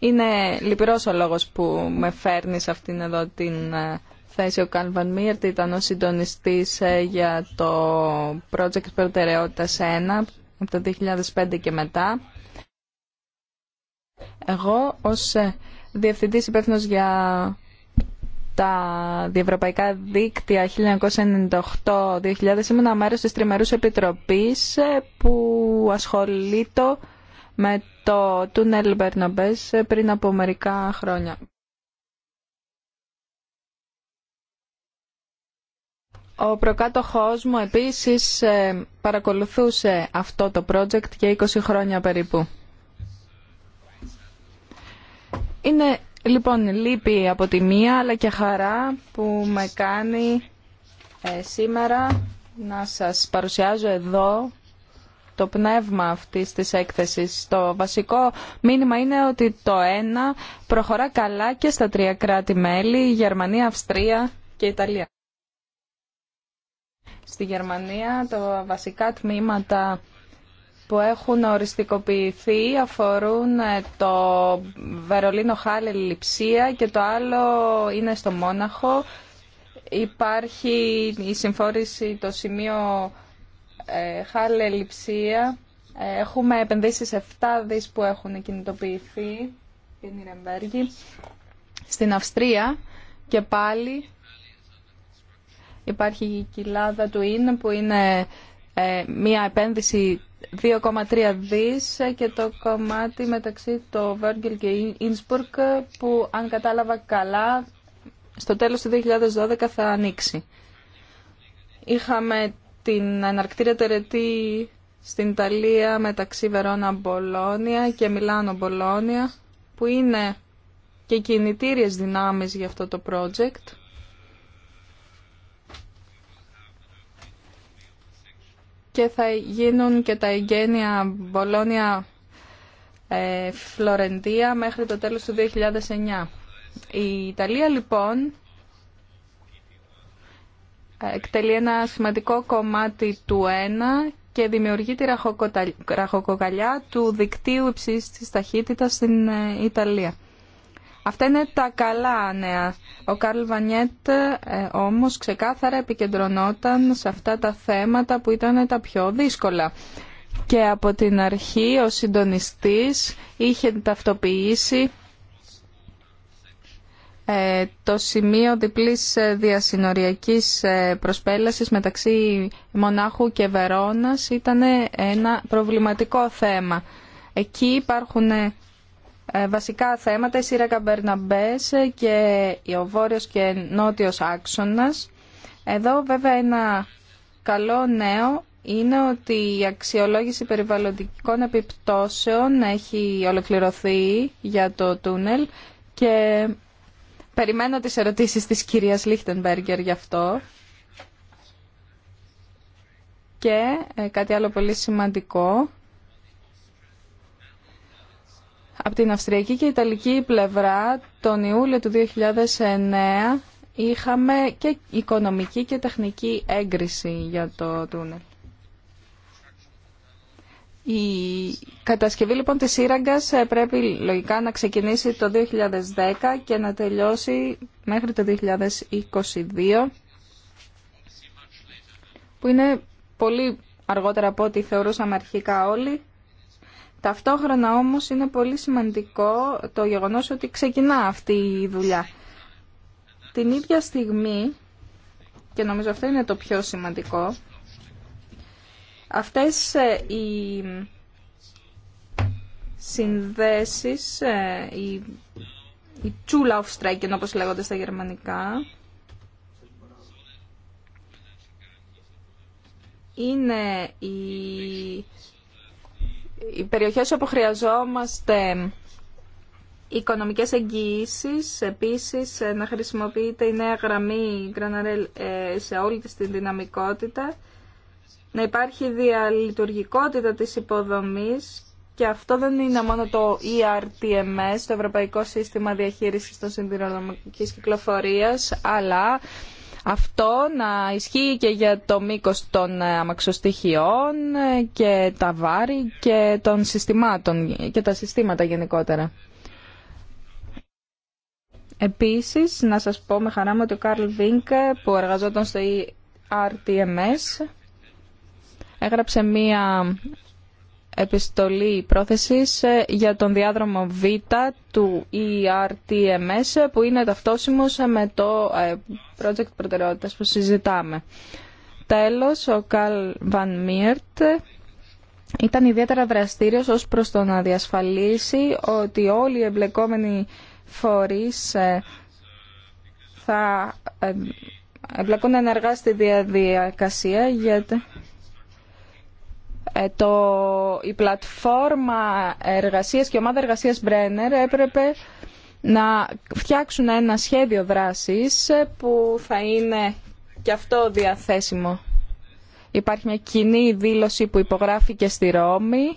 είναι λυπηρός ο λόγος που με φέρνει σε αυτήν εδώ την ε, θέση. Ο Κάλβαν Μίρτ ήταν ο συντονιστής ε, για το project Προτεραιότητα 1 από το 2005 και μετά. Εγώ ως ε, διευθυντής υπεύθυνος για τα διευρωπαϊκά δίκτυα 1998-2000 ήμουν μέρος της Τριμερούς Επιτροπής που ασχολείται με το τούνελ Μπερναμπές πριν από μερικά χρόνια. Ο προκάτοχός μου επίσης ε, παρακολουθούσε αυτό το project για 20 χρόνια περίπου. Είναι λοιπόν λύπη από τη μία αλλά και χαρά που με κάνει ε, σήμερα να σας παρουσιάζω εδώ το πνεύμα αυτής της έκθεσης. Το βασικό μήνυμα είναι ότι το ένα προχωρά καλά και στα τρία κράτη-μέλη, Γερμανία, Αυστρία και Ιταλία. Στη Γερμανία τα βασικά τμήματα που έχουν οριστικοποιηθεί αφορούν ε, το Βερολίνο Χάλε Λιψία και το άλλο είναι στο Μόναχο. Υπάρχει η συμφόρηση το σημείο ε, λειψία. Ε, έχουμε επενδύσει 7 δις που έχουν κινητοποιηθεί στην Ιρεμβέργη, στην Αυστρία και πάλι υπάρχει η κοιλάδα του ΙΝ που είναι ε, μια επένδυση 2,3 δις και το κομμάτι μεταξύ το Virgil και Innsbruck που αν κατάλαβα καλά στο τέλος του 2012 θα ανοίξει. Είχαμε την εναρκτήρια τερετή στην Ιταλία μεταξύ Βερόνα Μπολόνια και Μιλάνο Μπολόνια που είναι και κινητήριες δυνάμεις για αυτό το project. Και θα γίνουν και τα εγγένεια Μπολόνια ε, Φλωρεντία μέχρι το τέλος του 2009. Η Ιταλία λοιπόν εκτελεί ένα σημαντικό κομμάτι του ένα και δημιουργεί τη ραχοκοκαλιά του δικτύου υψής της ταχύτητας στην ε, Ιταλία. Αυτά είναι τα καλά νέα. Ο Καρλ Βανιέτ ε, όμως ξεκάθαρα επικεντρωνόταν σε αυτά τα θέματα που ήταν τα πιο δύσκολα. Και από την αρχή ο συντονιστής είχε ταυτοποιήσει ε, το σημείο διπλής ε, διασυνοριακής ε, προσπέλασης μεταξύ Μονάχου και Βερόνας ήταν ένα προβληματικό θέμα. Εκεί υπάρχουν βασικά θέματα, η Σύρακα Μπερναμπές και ο Βόρειος και Νότιος Άξονας. Εδώ βέβαια ένα καλό νέο είναι ότι η αξιολόγηση περιβαλλοντικών επιπτώσεων έχει ολοκληρωθεί για το τούνελ και Περιμένω τις ερωτήσεις της κυρίας Λίχτενμπέργκερ γι' αυτό. Και ε, κάτι άλλο πολύ σημαντικό. Από την Αυστριακή και Ιταλική πλευρά, τον Ιούλιο του 2009 είχαμε και οικονομική και τεχνική έγκριση για το τούνελ. Η κατασκευή λοιπόν της σύραγγας ε, πρέπει λογικά να ξεκινήσει το 2010 και να τελειώσει μέχρι το 2022 που είναι πολύ αργότερα από ό,τι θεωρούσαμε αρχικά όλοι. Ταυτόχρονα όμως είναι πολύ σημαντικό το γεγονός ότι ξεκινά αυτή η δουλειά. Την ίδια στιγμή, και νομίζω αυτό είναι το πιο σημαντικό, Αυτές ε, οι συνδέσεις, η, ε, η όπως λέγονται στα γερμανικά, είναι οι, οι περιοχές όπου χρειαζόμαστε οικονομικές εγγυησει επίσης ε, να χρησιμοποιείται η νέα γραμμή Granarel σε όλη τη δυναμικότητα να υπάρχει διαλειτουργικότητα της υποδομής και αυτό δεν είναι μόνο το ERTMS, το Ευρωπαϊκό Σύστημα Διαχείρισης των Συντηρονομικής Κυκλοφορίας, αλλά αυτό να ισχύει και για το μήκος των ε, αμαξοστοιχειών ε, και τα βάρη και των συστημάτων και τα συστήματα γενικότερα. Επίσης, να σας πω με χαρά μου ότι ο Καρλ Βίνκε που εργαζόταν στο ERTMS έγραψε μία επιστολή πρόθεσης ε, για τον διάδρομο Β του ERTMS ε, που είναι ταυτόσιμος ε, με το project προτεραιότητας που συζητάμε. Τέλος, ο Καλ Βαν ήταν ιδιαίτερα δραστήριος ως προς το να διασφαλίσει ότι όλοι οι εμπλεκόμενοι φορείς θα εμπλακούν ενεργά στη διαδικασία γιατί ε, το, η πλατφόρμα εργασίας και η ομάδα εργασίας Brenner έπρεπε να φτιάξουν ένα σχέδιο δράσης που θα είναι και αυτό διαθέσιμο. Υπάρχει μια κοινή δήλωση που υπογράφηκε στη Ρώμη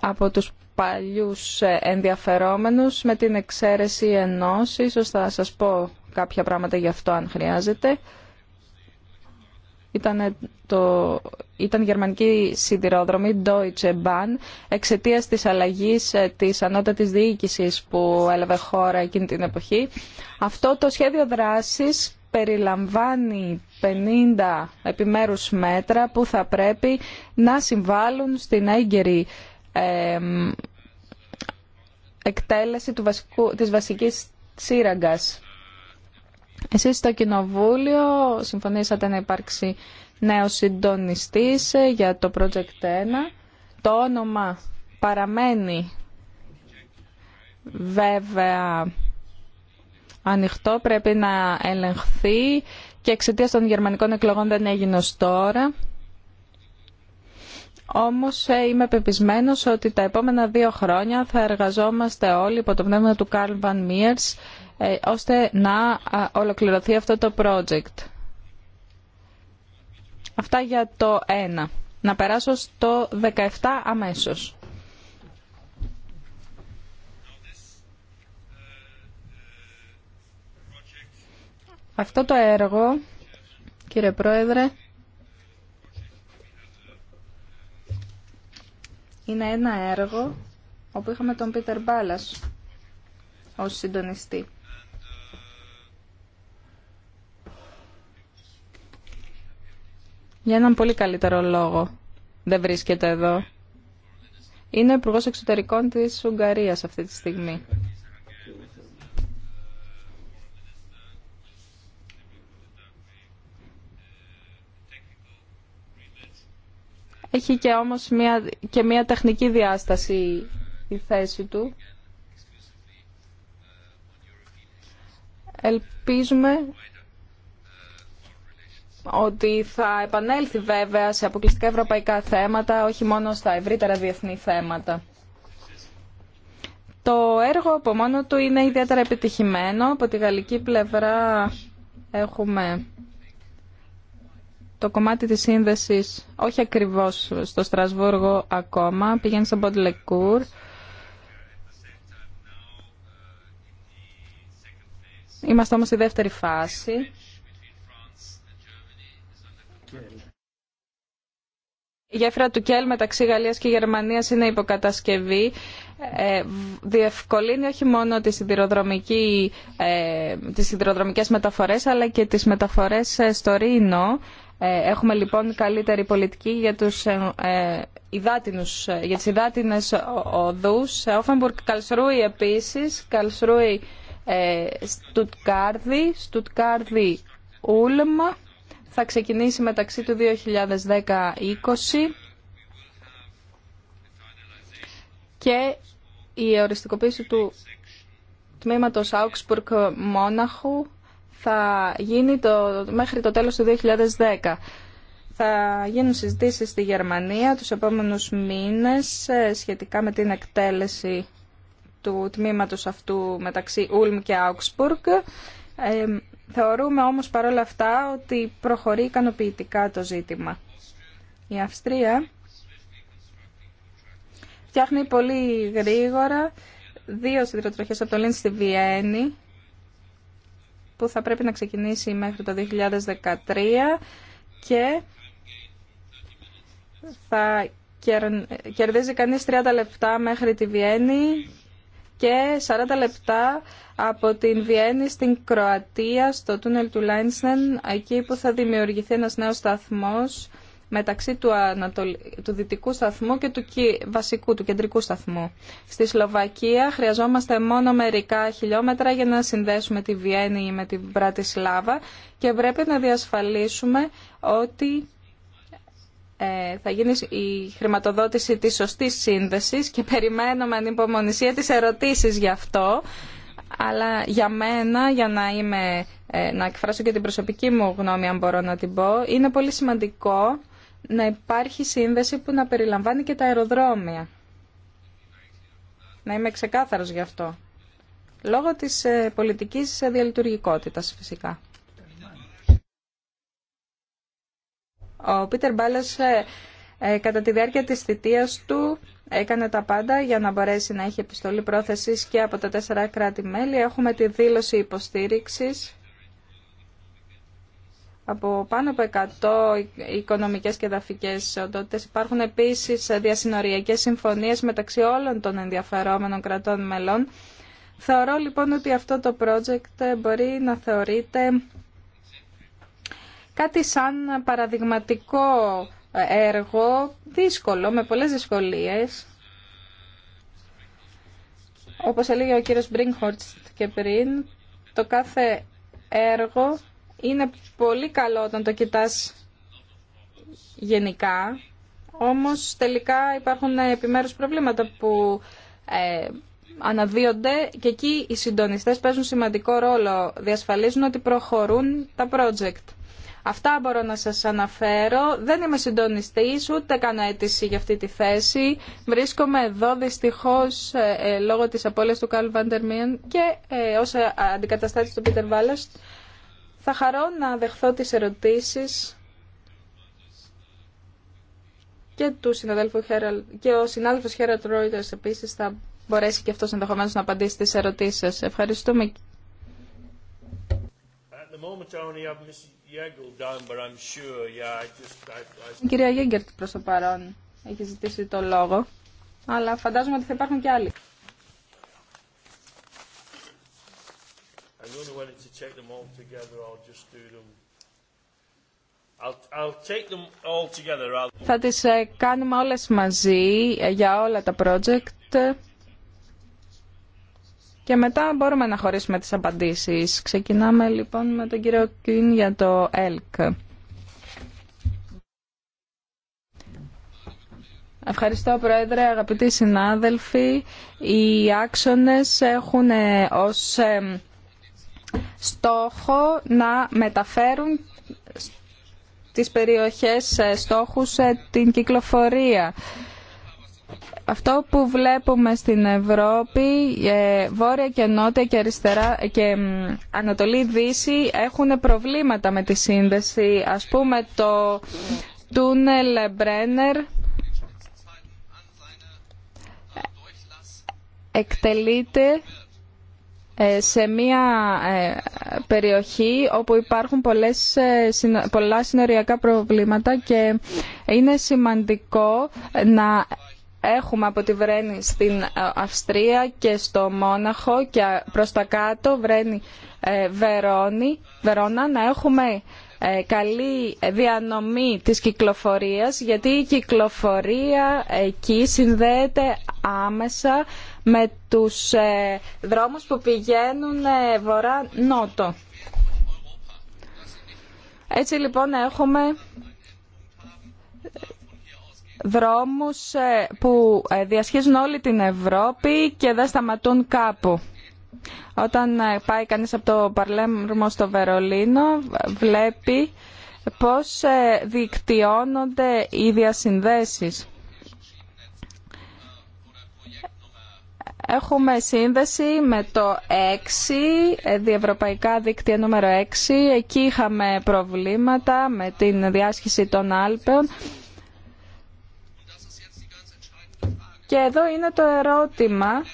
από τους παλιούς ενδιαφερόμενους με την εξαίρεση ενός, ίσως θα σας πω κάποια πράγματα γι' αυτό αν χρειάζεται ήταν, το, ήταν γερμανική σιδηρόδρομη Deutsche Bahn εξαιτίας της αλλαγής ε, της ανώτατη διοίκηση που έλαβε χώρα εκείνη την εποχή. Αυτό το σχέδιο δράσης περιλαμβάνει 50 επιμέρους μέτρα που θα πρέπει να συμβάλλουν στην έγκαιρη εκτέλεση του βασική της βασικής σύραγγας εσείς στο Κοινοβούλιο συμφωνήσατε να υπάρξει νέο συντονιστή ε, για το Project 1. Το όνομα παραμένει βέβαια ανοιχτό, πρέπει να ελεγχθεί και εξαιτία των γερμανικών εκλογών δεν έγινε ως τώρα. Όμως ε, είμαι πεπισμένος ότι τα επόμενα δύο χρόνια θα εργαζόμαστε όλοι υπό το πνεύμα του Καρλ Βαν Μίερς ε, ώστε να ολοκληρωθεί αυτό το project. Αυτά για το 1. Να περάσω στο 17 αμέσως. Αυτό το έργο, κύριε Πρόεδρε, είναι ένα έργο όπου είχαμε τον Πίτερ Μπάλας ως συντονιστή. για έναν πολύ καλύτερο λόγο δεν βρίσκεται εδώ. Είναι υπουργός εξωτερικών της Ουγγαρίας αυτή τη στιγμή. Έχει και όμως μια, και μια τεχνική διάσταση η θέση του. Ελπίζουμε ότι θα επανέλθει βέβαια σε αποκλειστικά ευρωπαϊκά θέματα, όχι μόνο στα ευρύτερα διεθνή θέματα. Το έργο από μόνο του είναι ιδιαίτερα επιτυχημένο. Από τη γαλλική πλευρά έχουμε το κομμάτι της σύνδεσης, όχι ακριβώς στο Στρασβούργο ακόμα, πηγαίνει στον Ποντλεκούρ. Είμαστε όμως στη δεύτερη φάση. Η γέφυρα του Κέλ μεταξύ Γαλλίας και Γερμανίας είναι υποκατασκευή. Ε, διευκολύνει όχι μόνο τις, σιδηροδρομική, ε, τις μεταφορές αλλά και τις μεταφορές ε, στο Ρήνο. έχουμε λοιπόν καλύτερη πολιτική για, τους, υδάτινους, για τις υδάτινες οδούς. Όφενμπουργκ Καλσρούι επίσης, Καλσρούι Στουτκάρδη, Στουτκάρδη Ούλμα θα ξεκινήσει μεταξύ του 2010-2020 και η οριστικοποίηση του τμήματος Augsburg Μόναχου θα γίνει το, μέχρι το τέλος του 2010. Θα γίνουν συζητήσεις στη Γερμανία τους επόμενους μήνες ε, σχετικά με την εκτέλεση του τμήματος αυτού μεταξύ Ούλμ και Augsburg. Ε, Θεωρούμε όμως παρόλα αυτά ότι προχωρεί ικανοποιητικά το ζήτημα. Η Αυστρία φτιάχνει πολύ γρήγορα δύο σιδηροτροχές από το Λίντ στη Βιέννη που θα πρέπει να ξεκινήσει μέχρι το 2013 και θα κερδίζει κανείς 30 λεπτά μέχρι τη Βιέννη και 40 λεπτά από την Βιέννη στην Κροατία, στο τούνελ του Λάινσνεν, εκεί που θα δημιουργηθεί ένας νέος σταθμός μεταξύ του, ανατολ... του δυτικού σταθμού και του βασικού, του κεντρικού σταθμού. Στη Σλοβακία χρειαζόμαστε μόνο μερικά χιλιόμετρα για να συνδέσουμε τη Βιέννη με την Σλάβα και πρέπει να διασφαλίσουμε ότι ε, θα γίνει η χρηματοδότηση της σωστής σύνδεσης και περιμένω με ανυπομονησία τις ερωτήσεις γι' αυτό. Αλλά για μένα, για να, είμαι, ε, να εκφράσω και την προσωπική μου γνώμη αν μπορώ να την πω, είναι πολύ σημαντικό να υπάρχει σύνδεση που να περιλαμβάνει και τα αεροδρόμια. Να είμαι ξεκάθαρος γι' αυτό. Λόγω της ε, πολιτικής διαλειτουργικότητας φυσικά. Ο Πίτερ Μπάλλας ε, ε, κατά τη διάρκεια της θητείας του έκανε τα πάντα για να μπορέσει να έχει επιστολή πρόθεσης και από τα τέσσερα κράτη-μέλη. Έχουμε τη δήλωση υποστήριξης από πάνω από 100 οικονομικές και δαφικές οντότητες. Υπάρχουν επίσης διασυνοριακές συμφωνίες μεταξύ όλων των ενδιαφερόμενων κρατών μελών. Θεωρώ λοιπόν ότι αυτό το project ε, μπορεί να θεωρείται κάτι σαν παραδειγματικό έργο, δύσκολο, με πολλές δυσκολίες. Όπως έλεγε ο κύριος Μπριγχορτς και πριν, το κάθε έργο είναι πολύ καλό όταν το κοιτάς γενικά, όμως τελικά υπάρχουν επιμέρους προβλήματα που ε, αναδύονται και εκεί οι συντονιστές παίζουν σημαντικό ρόλο, διασφαλίζουν ότι προχωρούν τα project. Αυτά μπορώ να σας αναφέρω. Δεν είμαι συντονιστής, ούτε έκανα αίτηση για αυτή τη θέση. Βρίσκομαι εδώ δυστυχώς ε, ε, λόγω της απώλειας του Καλ Βαντερμίν και ε, ως αντικαταστάτης του Πίτερ Βάλλας. Θα χαρώ να δεχθώ τις ερωτήσεις και του συναδέλφου Χέραλ, και ο συνάδελφος Χέραλτ Ρόιτερς επίσης θα μπορέσει και αυτός ενδεχομένως να απαντήσει τις ερωτήσεις σας. Ευχαριστούμε κυρία Γέγκερτ προς το παρόν έχει ζητήσει το λόγο, αλλά φαντάζομαι ότι θα υπάρχουν και άλλοι. Θα τις ε, κάνουμε όλες μαζί ε, για όλα τα project και μετά μπορούμε να χωρίσουμε τις απαντήσεις. Ξεκινάμε λοιπόν με τον κύριο Κιν για το ΕΛΚ. Ευχαριστώ Πρόεδρε, αγαπητοί συνάδελφοι. Οι άξονες έχουν ε, ως ε, στόχο να μεταφέρουν τις περιοχές ε, στόχους την κυκλοφορία. Αυτό που βλέπουμε στην Ευρώπη, ε, βόρεια και νότια και αριστερά και ανατολή-δύση έχουν προβλήματα με τη σύνδεση. Ας πούμε το τούνελ Μπρένερ ε, εκτελείται ε, σε μια περιοχή όπου υπάρχουν πολλές, πολλά συνοριακά προβλήματα και είναι σημαντικό να έχουμε από τη Βρένη στην ε, Αυστρία και στο Μόναχο και ε, προς τα κάτω Βρένη ε, Βερόνη, Βερόνα να έχουμε καλή διανομή της κυκλοφορίας γιατί η κυκλοφορία εκεί συνδέεται άμεσα με τους δρόμους που πηγαίνουν βορρά-νότο. Έτσι λοιπόν έχουμε δρόμους ε, που ε, διασχίζουν όλη την Ευρώπη και δεν σταματούν κάπου. Όταν ε, πάει κανείς από το Παρλέμρμο στο Βερολίνο βλέπει πώς δικτυώνονται οι διασυνδέσεις. Έχουμε σύνδεση με το 6, διευρωπαϊκά δίκτυα νούμερο 6. Εκεί είχαμε προβλήματα με την διάσχιση των Άλπαιων Και εδώ είναι το ερώτημα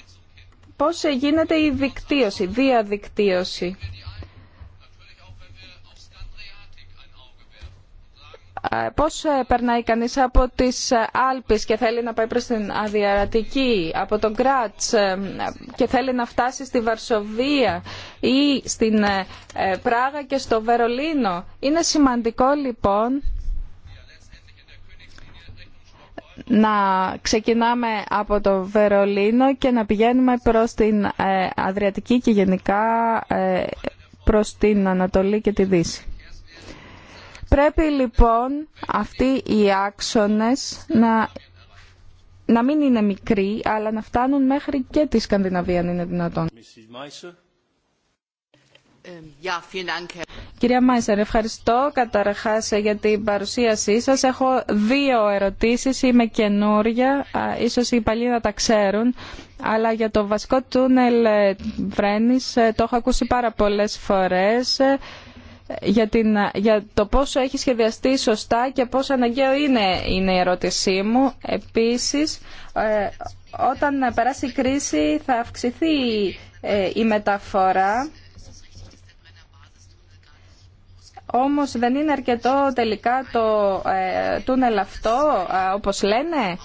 πώς γίνεται η δικτύωση, η διαδικτύωση. Ε, πώς ε, περνάει κανείς από τις ε, Άλπεις και θέλει να πάει προς την Αδιαρατική, από τον Κράτς και θέλει να φτάσει στη Βαρσοβία ή στην Πράγα και στο Βερολίνο. Είναι σημαντικό λοιπόν να ξεκινάμε από το Βερολίνο και να πηγαίνουμε προς την ε, Αδριατική και γενικά ε, προς την Ανατολή και τη Δύση. Πρέπει λοιπόν αυτοί οι άξονες να, να μην είναι μικροί, αλλά να φτάνουν μέχρι και τη Σκανδιναβία αν είναι δυνατόν. Κυρία Μάισερ, ευχαριστώ καταρχάς για την παρουσίασή σας. Έχω δύο ερωτήσεις, είμαι καινούρια, ίσως οι παλιοί να τα ξέρουν, αλλά για το βασικό τούνελ ε, Βρένης ε, το έχω ακούσει πάρα πολλές φορές ε, για, την, για το πόσο έχει σχεδιαστεί σωστά και πόσο αναγκαίο είναι, είναι η ερώτησή μου. Επίσης, όταν περάσει η κρίση θα αυξηθεί η μεταφορά όμως δεν είναι αρκετό τελικά το ε, τούνελ αυτό, ε, όπως λένε.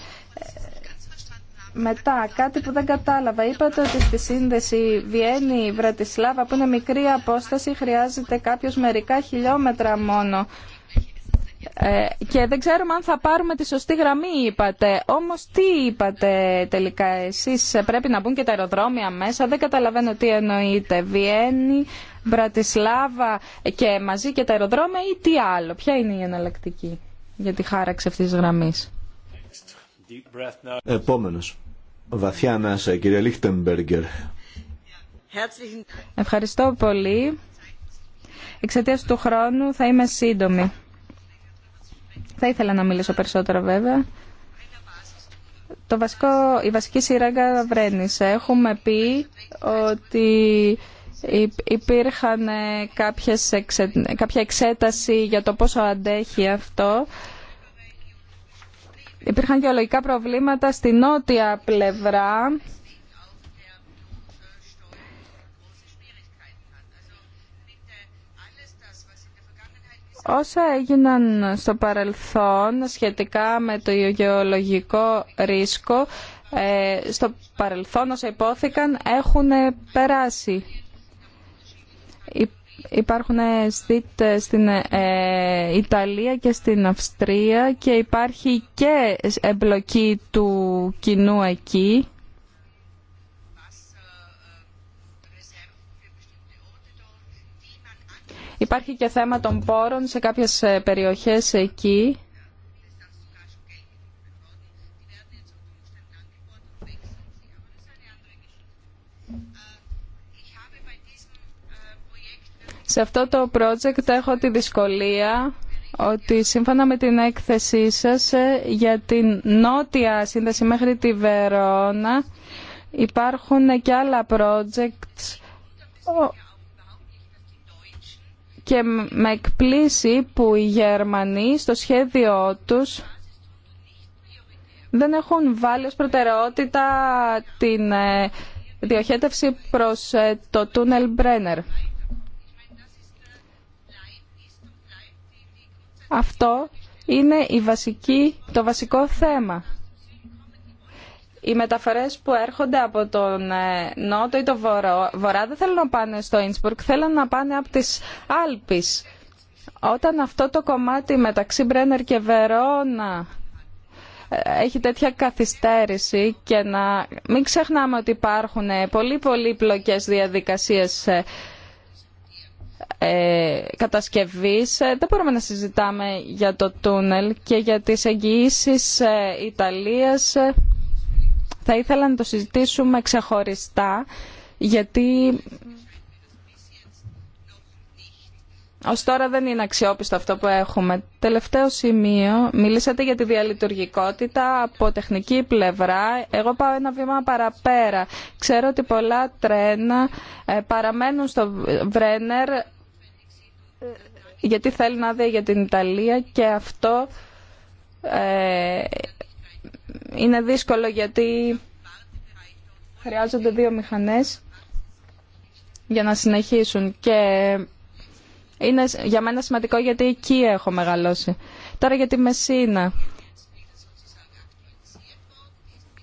Μετά, κάτι που δεν κατάλαβα. Είπατε ότι στη σύνδεση Βιέννη-Βρατισλάβα, που είναι μικρή απόσταση, χρειάζεται κάποιος μερικά χιλιόμετρα μόνο. Ε, και δεν ξέρουμε αν θα πάρουμε τη σωστή γραμμή, είπατε. Όμως τι είπατε τελικά εσείς, πρέπει να μπουν και τα αεροδρόμια μέσα. Δεν καταλαβαίνω τι εννοείτε. Βιέννη, Μπρατισλάβα και μαζί και τα αεροδρόμια ή τι άλλο. Ποια είναι η εναλλακτική για τη χάραξη αυτής της γραμμής. Επόμενος. Βαθιά Ευχαριστώ πολύ. Εξαιτία του χρόνου θα είμαι σύντομη. Θα ήθελα να μιλήσω περισσότερο βέβαια. Το βασικό, η βασική σειρά βρένει. Έχουμε πει ότι υπήρχαν ε, κάποιες κάποια εξέταση για το πόσο αντέχει αυτό. Υπήρχαν γεωλογικά προβλήματα στη νότια πλευρά. Όσα έγιναν στο παρελθόν σχετικά με το γεωλογικό ρίσκο, ε, στο παρελθόν όσα υπόθηκαν έχουν περάσει υπάρχουν ΣΔΙΤ ε, ε, στην ε, Ιταλία και στην Αυστρία και υπάρχει και εμπλοκή του κοινού εκεί. Υπάρχει και θέμα των πόρων σε κάποιες περιοχές εκεί. Σε αυτό το project έχω τη δυσκολία ότι σύμφωνα με την έκθεσή σας ε, για την νότια σύνδεση μέχρι τη Βερόνα υπάρχουν και άλλα projects και με εκπλήσει που οι Γερμανοί στο σχέδιό τους δεν έχουν βάλει ως προτεραιότητα την ε, διοχέτευση προς ε, το τούνελ Μπρένερ. Αυτό είναι η βασική, το βασικό θέμα. Οι μεταφορές που έρχονται από τον ε, Νότο ή τον Βορρά δεν θέλουν να πάνε στο Ινσπουργκ, θέλουν να πάνε από τις Άλπεις. Όταν αυτό το κομμάτι μεταξύ Μπρένερ και Βερόνα ε, έχει τέτοια καθυστέρηση και να μην ξεχνάμε ότι υπάρχουν ε, πολύ πολύ πλοκές διαδικασίες ε, κατασκευής ε, δεν μπορούμε να συζητάμε για το τούνελ και για τις εγγυήσει ε, Ιταλίας θα ήθελα να το συζητήσουμε ξεχωριστά γιατί ως τώρα δεν είναι αξιόπιστο αυτό που έχουμε. Τελευταίο σημείο, μιλήσατε για τη διαλειτουργικότητα από τεχνική πλευρά. Εγώ πάω ένα βήμα παραπέρα. Ξέρω ότι πολλά τρένα παραμένουν στο Βρένερ γιατί θέλει να δει για την Ιταλία και αυτό ε, είναι δύσκολο γιατί χρειάζονται δύο μηχανές για να συνεχίσουν και είναι για μένα σημαντικό γιατί εκεί έχω μεγαλώσει. Τώρα για τη Μεσίνα.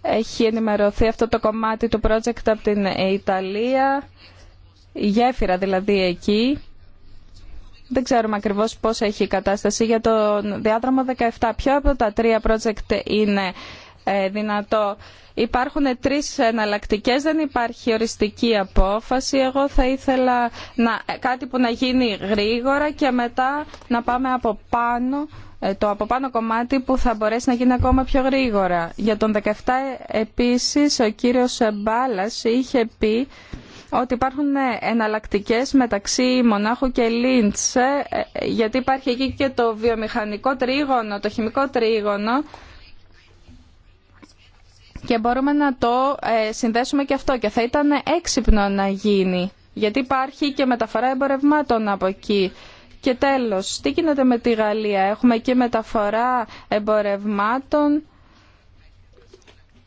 Έχει ενημερωθεί αυτό το κομμάτι του project από την Ιταλία, η γέφυρα δηλαδή εκεί δεν ξέρουμε ακριβώ πώς έχει η κατάσταση. Για το διάδρομο 17, ποιο από τα τρία project είναι ε, δυνατό. Υπάρχουν τρει εναλλακτικέ, δεν υπάρχει οριστική απόφαση. Εγώ θα ήθελα να, ε, κάτι που να γίνει γρήγορα και μετά να πάμε από πάνω ε, το από πάνω κομμάτι που θα μπορέσει να γίνει ακόμα πιο γρήγορα. Για τον 17 επίσης ο κύριο Μπάλας είχε πει ότι υπάρχουν εναλλακτικέ μεταξύ Μονάχου και Λίντς ε, γιατί υπάρχει εκεί και το βιομηχανικό τρίγωνο, το χημικό τρίγωνο και μπορούμε να το ε, συνδέσουμε και αυτό και θα ήταν έξυπνο να γίνει γιατί υπάρχει και μεταφορά εμπορευμάτων από εκεί. Και τέλος, τι γίνεται με τη Γαλλία, έχουμε και μεταφορά εμπορευμάτων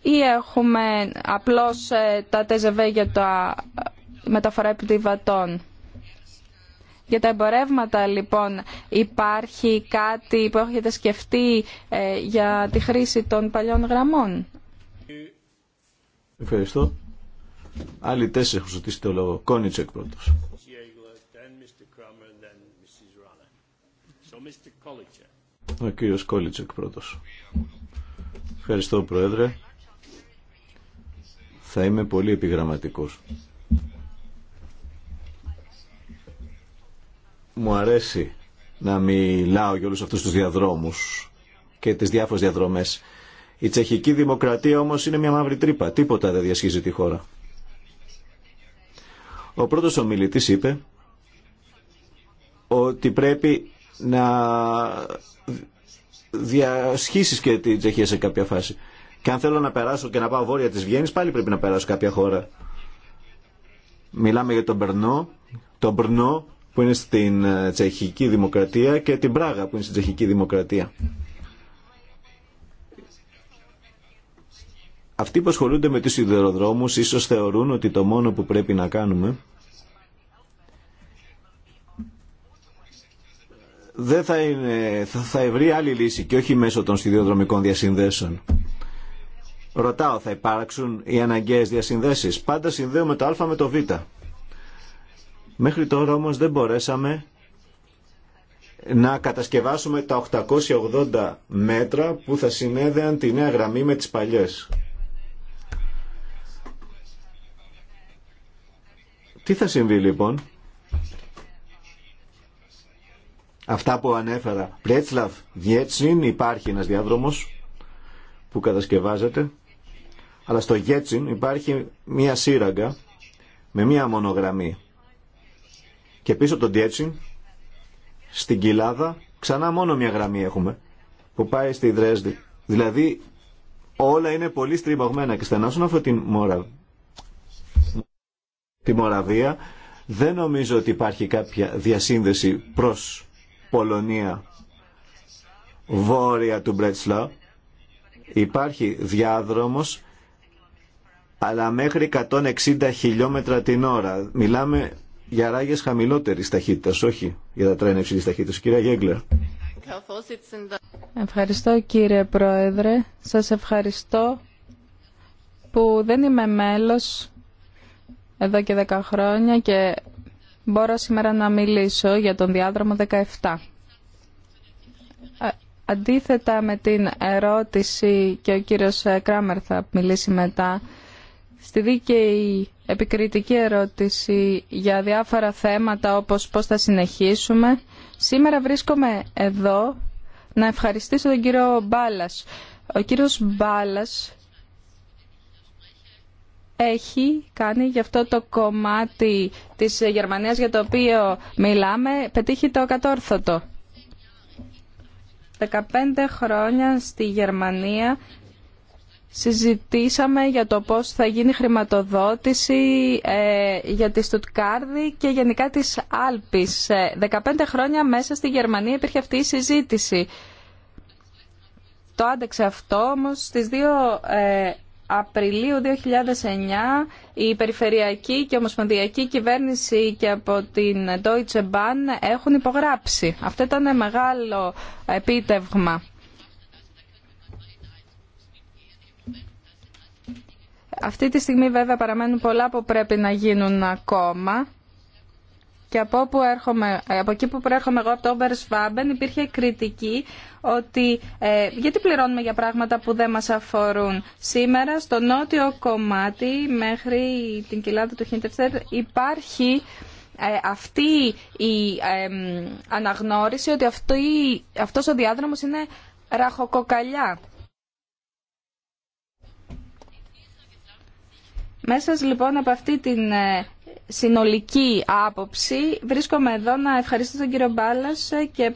ή έχουμε απλώς ε, τα ΤΖΒ για τα ε, μεταφορά επιβατών. Για τα εμπορεύματα λοιπόν υπάρχει κάτι που έχετε σκεφτεί ε, για τη χρήση των παλιών γραμμών. Ευχαριστώ. Άλλοι τέσσερι έχουν ζητήσει το λόγο. Κόνιτσεκ πρώτος. Ο κύριο Κόλιτσεκ πρώτος. Ευχαριστώ Πρόεδρε. Θα είμαι πολύ επιγραμματικός. Μου αρέσει να μιλάω για όλους αυτούς τους διαδρόμους και τις διάφορες διαδρομές. Η τσεχική δημοκρατία όμως είναι μια μαύρη τρύπα. Τίποτα δεν διασχίζει τη χώρα. Ο πρώτος ομιλητής είπε ότι πρέπει να διασχίσεις και την Τσεχία σε κάποια φάση. Και αν θέλω να περάσω και να πάω βόρεια της Βιέννης, πάλι πρέπει να περάσω κάποια χώρα. Μιλάμε για τον Περνό, τον Περνό που είναι στην ε, Τσεχική Δημοκρατία και την Πράγα που είναι στην Τσεχική Δημοκρατία. Αυτοί που ασχολούνται με τους σιδεροδρόμους ίσως θεωρούν ότι το μόνο που πρέπει να κάνουμε δεν θα, είναι, θα, θα ευρεί άλλη λύση και όχι μέσω των σιδηροδρομικών διασυνδέσεων. Ρωτάω, θα υπάρξουν οι αναγκαίες διασυνδέσεις. Πάντα συνδέουμε το α με το β. Μέχρι τώρα όμως δεν μπορέσαμε να κατασκευάσουμε τα 880 μέτρα που θα συνέδεαν τη νέα γραμμή με τις παλιές. Τι θα συμβεί λοιπόν, αυτά που ανέφερα, Πρέτσλαβ, Βιέτσιν, υπάρχει ένας διάδρομος που κατασκευάζεται αλλά στο Γέτσιν υπάρχει μία σύραγγα με μία μονογραμμή. Και πίσω τον Τιέτσιν, στην κοιλάδα, ξανά μόνο μία γραμμή έχουμε που πάει στη Δρέσδη. Δηλαδή όλα είναι πολύ στριμωγμένα και στενά αυτή την Μορα... τη Μοραβία δεν νομίζω ότι υπάρχει κάποια διασύνδεση προς Πολωνία βόρεια του Μπρέτσλα υπάρχει διάδρομος αλλά μέχρι 160 χιλιόμετρα την ώρα. Μιλάμε για ράγες χαμηλότερης ταχύτητας, όχι για τα τρένα υψηλής ταχύτητας. Κυρία Γέγκλερ. Ευχαριστώ κύριε Πρόεδρε. Σας ευχαριστώ που δεν είμαι μέλος εδώ και 10 χρόνια και μπορώ σήμερα να μιλήσω για τον διάδρομο 17. Αντίθετα με την ερώτηση και ο κύριος Κράμερ θα μιλήσει μετά, στη δίκαιη επικριτική ερώτηση για διάφορα θέματα όπως πώς θα συνεχίσουμε. Σήμερα βρίσκομαι εδώ να ευχαριστήσω τον κύριο Μπάλας. Ο κύριος Μπάλας έχει κάνει γι' αυτό το κομμάτι της Γερμανίας για το οποίο μιλάμε πετύχει το κατόρθωτο. 15 χρόνια στη Γερμανία συζητήσαμε για το πώς θα γίνει χρηματοδότηση ε, για τη Στουτκάρδη και γενικά της Άλπης. 15 χρόνια μέσα στη Γερμανία υπήρχε αυτή η συζήτηση. Το άντεξε αυτό όμως στις 2 ε, Απριλίου 2009 η Περιφερειακή και Ομοσπονδιακή Κυβέρνηση και από την Deutsche Bahn έχουν υπογράψει. Αυτό ήταν μεγάλο επίτευγμα. Αυτή τη στιγμή βέβαια παραμένουν πολλά που πρέπει να γίνουν ακόμα. Και από, έρχομαι, από εκεί που προέρχομαι εγώ, από το Όμπερ υπήρχε κριτική ότι ε, γιατί πληρώνουμε για πράγματα που δεν μας αφορούν. Σήμερα στο νότιο κομμάτι μέχρι την κοιλάδα του Χίντεφτερ υπάρχει ε, αυτή η αναγνώριση ότι αυτή, αυτός ο διάδρομος είναι ραχοκοκαλιά. Μέσα λοιπόν από αυτή την ε, συνολική άποψη βρίσκομαι εδώ να ευχαριστήσω τον κύριο Μπάλας ε, και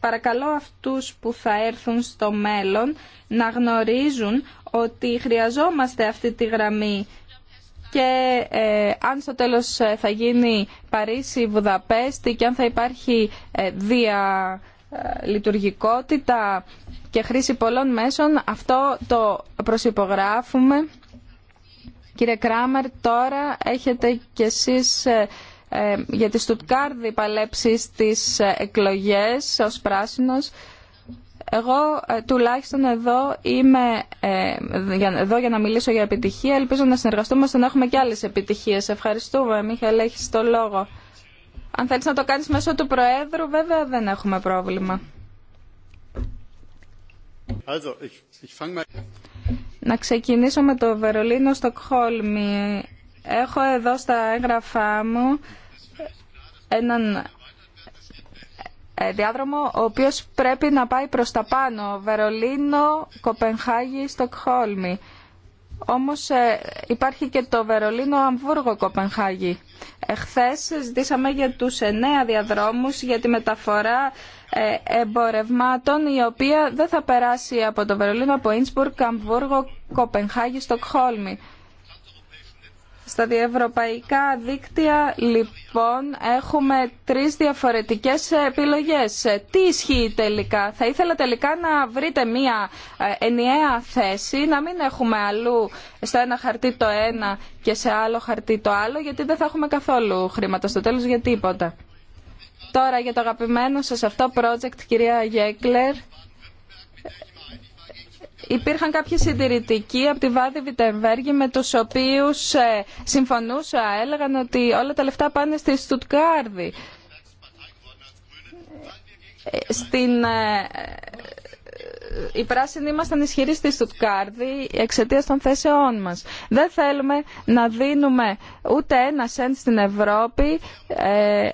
παρακαλώ αυτούς που θα έρθουν στο μέλλον να γνωρίζουν ότι χρειαζόμαστε αυτή τη γραμμή και ε, αν στο τέλος θα γίνει Παρίσι, Βουδαπέστη και αν θα υπάρχει ε, δια και χρήση πολλών μέσων, αυτό το προσυπογράφουμε Κύριε Κράμερ, τώρα έχετε κι εσείς ε, ε, για τη Στουτκάρδη παλέψει στις ε, εκλογές ως πράσινος. Εγώ τουλάχιστον εδώ είμαι εδώ για να μιλήσω για επιτυχία. Ελπίζω να συνεργαστούμε ώστε να έχουμε και άλλες επιτυχίες. Ευχαριστούμε, Μίχαλ, έχεις το λόγο. Αν θέλεις να το κάνεις μέσω του Προέδρου, βέβαια δεν έχουμε πρόβλημα. Να ξεκινήσω με το Βερολίνο Στοκχόλμη. Έχω εδώ στα έγγραφά μου έναν ε, διάδρομο ο οποίος πρέπει να πάει προς τα πάνω. Βερολίνο, Κοπενχάγη, Στοκχόλμη. Όμως ε, υπάρχει και το Βερολίνο, Αμβούργο, Κοπενχάγη. Εχθές ζητήσαμε για τους εννέα διαδρόμους για τη μεταφορά ε, εμπορευμάτων η οποία δεν θα περάσει από το Βερολίνο, από Ίνσπουργκ, Αμβούργο, Κοπενχάγη, Στοκχόλμη. Στα διευρωπαϊκά δίκτυα λοιπόν έχουμε τρεις διαφορετικές επιλογές. Τι ισχύει τελικά. Θα ήθελα τελικά να βρείτε μία ε, ενιαία θέση, να μην έχουμε αλλού στα ένα χαρτί το ένα και σε άλλο χαρτί το άλλο, γιατί δεν θα έχουμε καθόλου χρήματα στο τέλος για τίποτα. Τώρα για το αγαπημένο σας αυτό project, κυρία Γέκλερ, υπήρχαν κάποιοι συντηρητικοί από τη Βάδη Βιτεμβέργη με τους οποίους ε, συμφωνούσα. Έλεγαν ότι όλα τα λεφτά πάνε στη Στουτκάρδη. Στην, ε, οι πράσινοι ήμασταν ισχυροί στη Στουτκάρδη εξαιτία των θέσεών μα. Δεν θέλουμε να δίνουμε ούτε ένα σεντ στην Ευρώπη. Ε,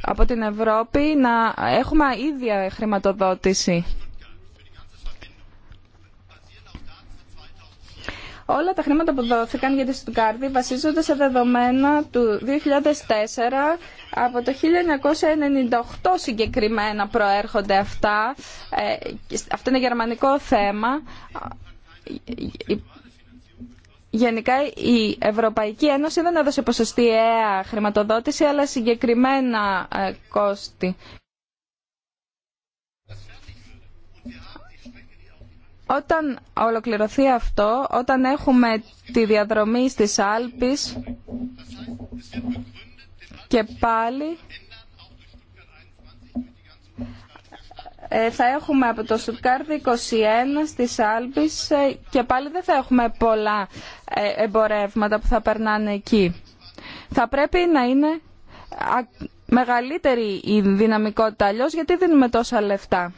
από την Ευρώπη να έχουμε ίδια χρηματοδότηση. Όλα τα χρήματα που δόθηκαν για τη Στουτγκάρδη βασίζονται σε δεδομένα του 2004. Από το 1998 συγκεκριμένα προέρχονται αυτά. Ε, αυτό είναι γερμανικό θέμα. Γενικά η Ευρωπαϊκή Ένωση δεν έδωσε ποσοστιαία χρηματοδότηση, αλλά συγκεκριμένα ε, κόστη. Όταν ολοκληρωθεί αυτό, όταν έχουμε τη διαδρομή στις Άλπεις και πάλι ε, θα έχουμε από το Σουτκάρδι 21 στις Άλπεις ε, και πάλι δεν θα έχουμε πολλά ε, εμπορεύματα που θα περνάνε εκεί. Θα πρέπει να είναι μεγαλύτερη η δυναμικότητα αλλιώς γιατί δίνουμε τόσα λεφτά.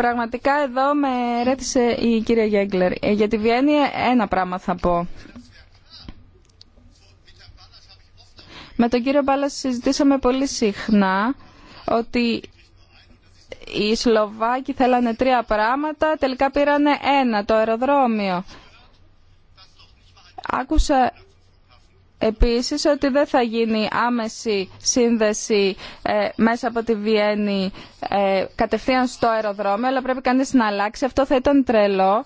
Πραγματικά εδώ με ρέθησε η κυρία Γέγκλερ. Ε, για τη Βιέννη ένα πράγμα θα πω. Με τον κύριο Μπάλα συζητήσαμε πολύ συχνά ότι οι Σλοβάκοι θέλανε τρία πράγματα, τελικά πήρανε ένα, το αεροδρόμιο. Άκουσα επίσης ότι δεν θα γίνει άμεση σύνδεση ε, μέσα από τη Βιέννη ε, κατευθείαν στο αεροδρόμιο, αλλά πρέπει κανείς να αλλάξει. Αυτό θα ήταν τρελό.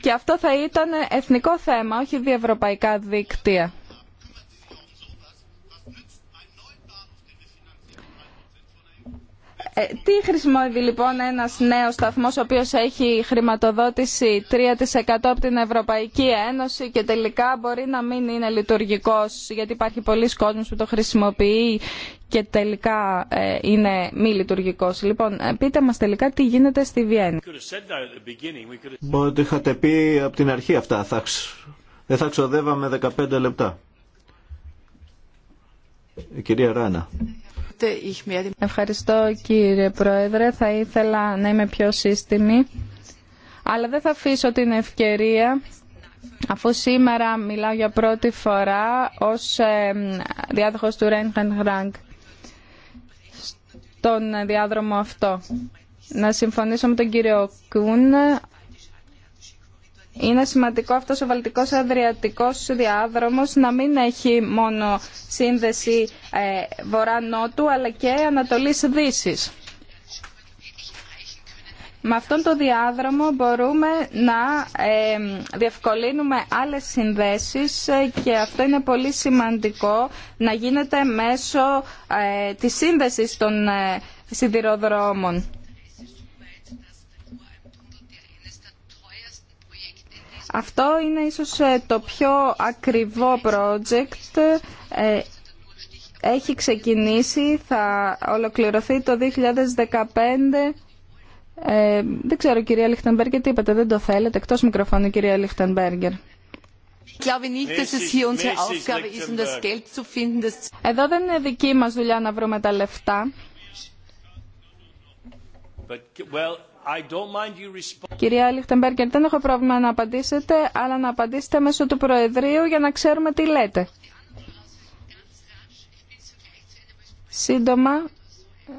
Και αυτό θα ήταν εθνικό θέμα, όχι διευρωπαϊκά δίκτυα. Ε, τι χρησιμοποιεί λοιπόν ένας νέος σταθμός ο οποίος έχει χρηματοδότηση 3% από την Ευρωπαϊκή Ένωση και τελικά μπορεί να μην είναι λειτουργικός γιατί υπάρχει πολλοί κόσμος που το χρησιμοποιεί και τελικά ε, είναι μη λειτουργικός. Λοιπόν, ε, πείτε μας τελικά τι γίνεται στη Βιέννη. Μπορείτε είχατε πει από την αρχή αυτά. δεν θα ξοδεύαμε 15 λεπτά. Η κυρία Ράνα. Ευχαριστώ κύριε Πρόεδρε. Θα ήθελα να είμαι πιο σύστημη. Αλλά δεν θα αφήσω την ευκαιρία, αφού σήμερα μιλάω για πρώτη φορά ως διάδοχος του Reinhard Rank στον διάδρομο αυτό. Να συμφωνήσω με τον κύριο Κούν είναι σημαντικό αυτός ο βαλτικός αδριατικός διάδρομος να μην έχει μόνο σύνδεση ε, βορρά-νότου αλλά και ανατολής-δύσης. Με αυτόν τον διάδρομο μπορούμε να ε, διευκολύνουμε άλλες συνδέσεις ε, και αυτό είναι πολύ σημαντικό να γίνεται μέσω της σύνδεσης των σιδηροδρόμων. Αυτό είναι ίσως ε, το πιο ακριβό project. Ε, έχει ξεκινήσει, θα ολοκληρωθεί το 2015. Ε, δεν ξέρω κυρία Λιχτενμπέργκερ τι είπατε, δεν το θέλετε. Εκτός μικροφώνου κυρία Λιχτενμπέργκερ. Um Εδώ δεν είναι δική μας δουλειά να βρούμε τα λεφτά. Κυρία Λιχτεμπέργκερ, δεν έχω πρόβλημα να απαντήσετε, αλλά να απαντήσετε μέσω του Προεδρείου για να ξέρουμε τι λέτε. Σύντομα,